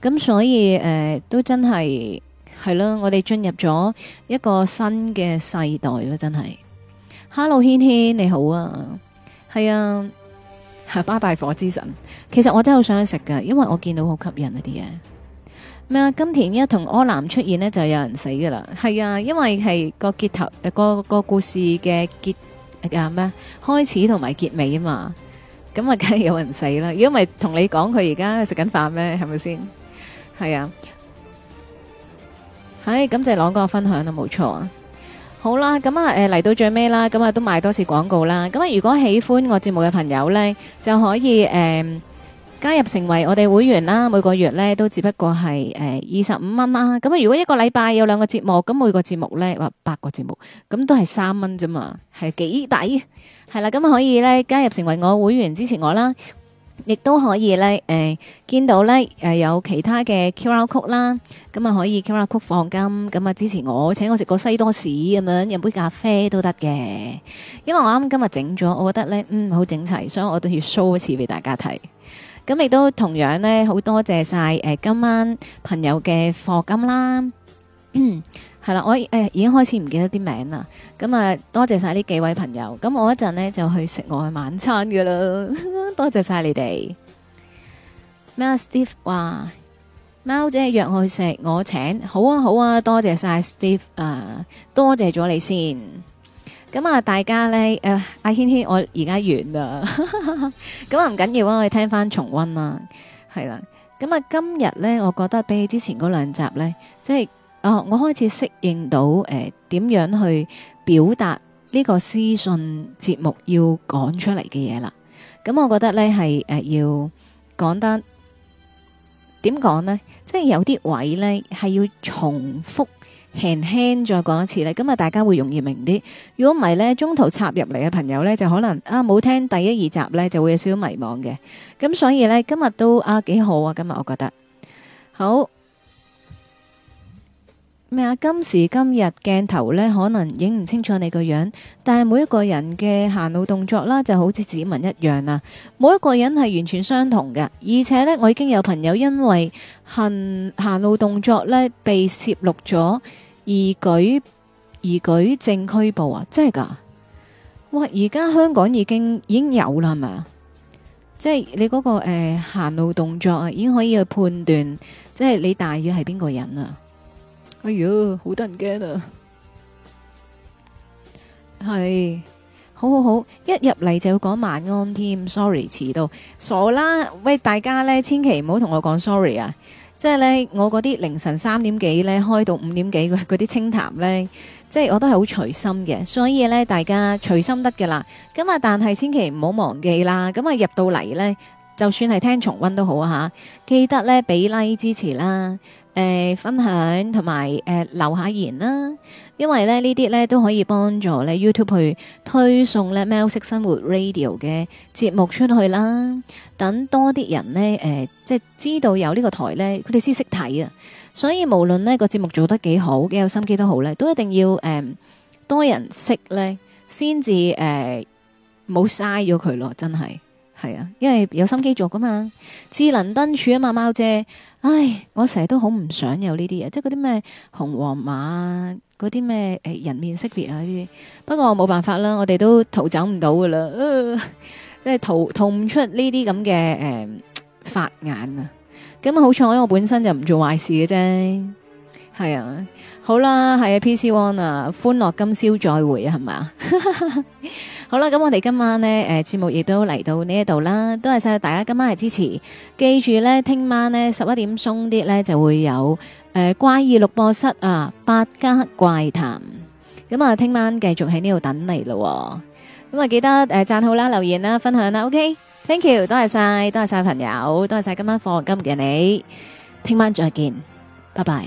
咁所以誒、呃、都真係係咯，我哋進入咗一個新嘅世代啦，真係。Hello，軒軒你好啊，係啊，巴拜，拜火之神。其實我真係好想食噶，因為我見到好吸引嗰啲嘢。咩啊？金田一同柯南出現呢，就有人死噶啦。係啊，因為係個結頭誒、呃，個個故事嘅結。啊咩開始同埋結尾啊嘛，咁啊梗係有人死啦！如果唔係同你講佢而家食緊飯咩？係咪先？係啊，係，感謝朗哥分享啦，冇錯啊！好啦，咁啊誒嚟到最尾啦，咁啊都賣多次廣告啦。咁啊如果喜歡我節目嘅朋友咧，就可以誒。加入成為我哋會員啦，每個月咧都只不過係誒二十五蚊啦。咁、呃、啊，如果一個禮拜有兩個節目，咁每個節目咧或八個節目，咁都係三蚊啫嘛，係幾抵係啦。咁、嗯、可以咧加入成為我會員支持我啦，亦都可以咧誒、呃、見到咧誒、呃、有其他嘅 Q R 曲啦，咁、嗯、啊可以 Q R 曲放金，咁、嗯、啊支持我，請我食個西多士咁樣飲杯咖啡都得嘅。因為我啱今日整咗，我覺得咧嗯好整齊，所以我都要 show 一次俾大家睇。咁亦都同樣咧，好多謝晒誒，今晚朋友嘅課金啦，嗯，係啦，我誒已經開始唔記得啲名啦。咁啊，多謝晒呢幾位朋友。咁我一陣咧就去食我嘅晚餐噶啦。多謝晒你哋。咩啊？Steve 話貓姐約我去食，我請。好啊，好啊，多謝晒 Steve 啊，多謝咗你先。咁啊，大家咧，誒，阿軒軒，我而家完啦，咁啊唔緊要啊，我哋聽翻重溫啦，係啦，咁啊今日咧，我覺得比起之前嗰兩集咧，即係，哦，我開始適應到，誒，點樣去表達呢個屍訊節目要講出嚟嘅嘢啦，咁我覺得咧係，誒，要講得，點講咧，即係有啲位咧係要重複。輕輕再講一次咧，今日大家會容易明啲。如果唔係咧，中途插入嚟嘅朋友咧，就可能啊冇聽第一二集咧，就會有少少迷茫嘅。咁、嗯、所以咧，今日都啊幾好啊，今日我覺得好。咩啊？今時今日鏡頭呢，可能影唔清楚你個樣，但係每一個人嘅行路動作啦，就好似指紋一樣啊！每一個人係完全相同嘅，而且呢，我已經有朋友因為行行路動作呢，被攝錄咗而舉而舉證拘捕啊！真係噶，哇！而家香港已經已經有啦，係咪啊？即係你嗰個誒行路動作啊，已經可以去判斷，即係你大約係邊個人啊？哎唷，好得人驚啊！係，好好好，一入嚟就要講晚安添，sorry 遲到，傻啦！喂，大家呢，千祈唔好同我講 sorry 啊！即係呢，我嗰啲凌晨三點幾呢，開到五點幾嗰啲清談呢，即係我都係好隨心嘅，所以呢，大家隨心得噶啦。咁啊，但係千祈唔好忘記啦。咁啊，入到嚟呢，就算係聽重溫都好啊，吓記得呢，俾拉、like、支持啦。誒，分享同埋誒留下言啦，因為咧呢啲咧都可以幫助咧 YouTube 去推送咧喵式生活 Radio 嘅節目出去啦。等多啲人咧誒、呃，即係知道有呢個台咧，佢哋先識睇啊。所以無論呢個節目做得幾好，幾有心機都好咧，都一定要誒、呃、多人識咧，先至誒冇嘥咗佢咯，真係。係啊，因為有心機做噶嘛，智能燈柱啊嘛，貓姐，唉，我成日都好唔想有呢啲嘢，即係嗰啲咩紅黃碼，嗰啲咩誒人面識別啊呢啲，不過冇辦法啦，我哋都逃走唔到噶啦，即、呃、係逃逃唔出呢啲咁嘅誒法眼啊，咁好彩我本身就唔做壞事嘅啫，係啊。好啦，係啊，PC One 啊，歡樂今宵再會啊，係咪？好啦，咁我哋今晚呢，誒節目亦都嚟到呢一度啦，多謝晒大家今晚嘅支持。記住呢，聽晚呢十一點鬆啲呢就會有誒怪異錄播室啊，八家怪談。咁啊，聽晚繼續喺呢度等你咯。咁啊，記得誒讚好啦，留言啦，分享啦。OK，Thank you，多謝晒，多謝晒朋友，多謝晒今晚課金嘅你。聽晚再見，拜拜。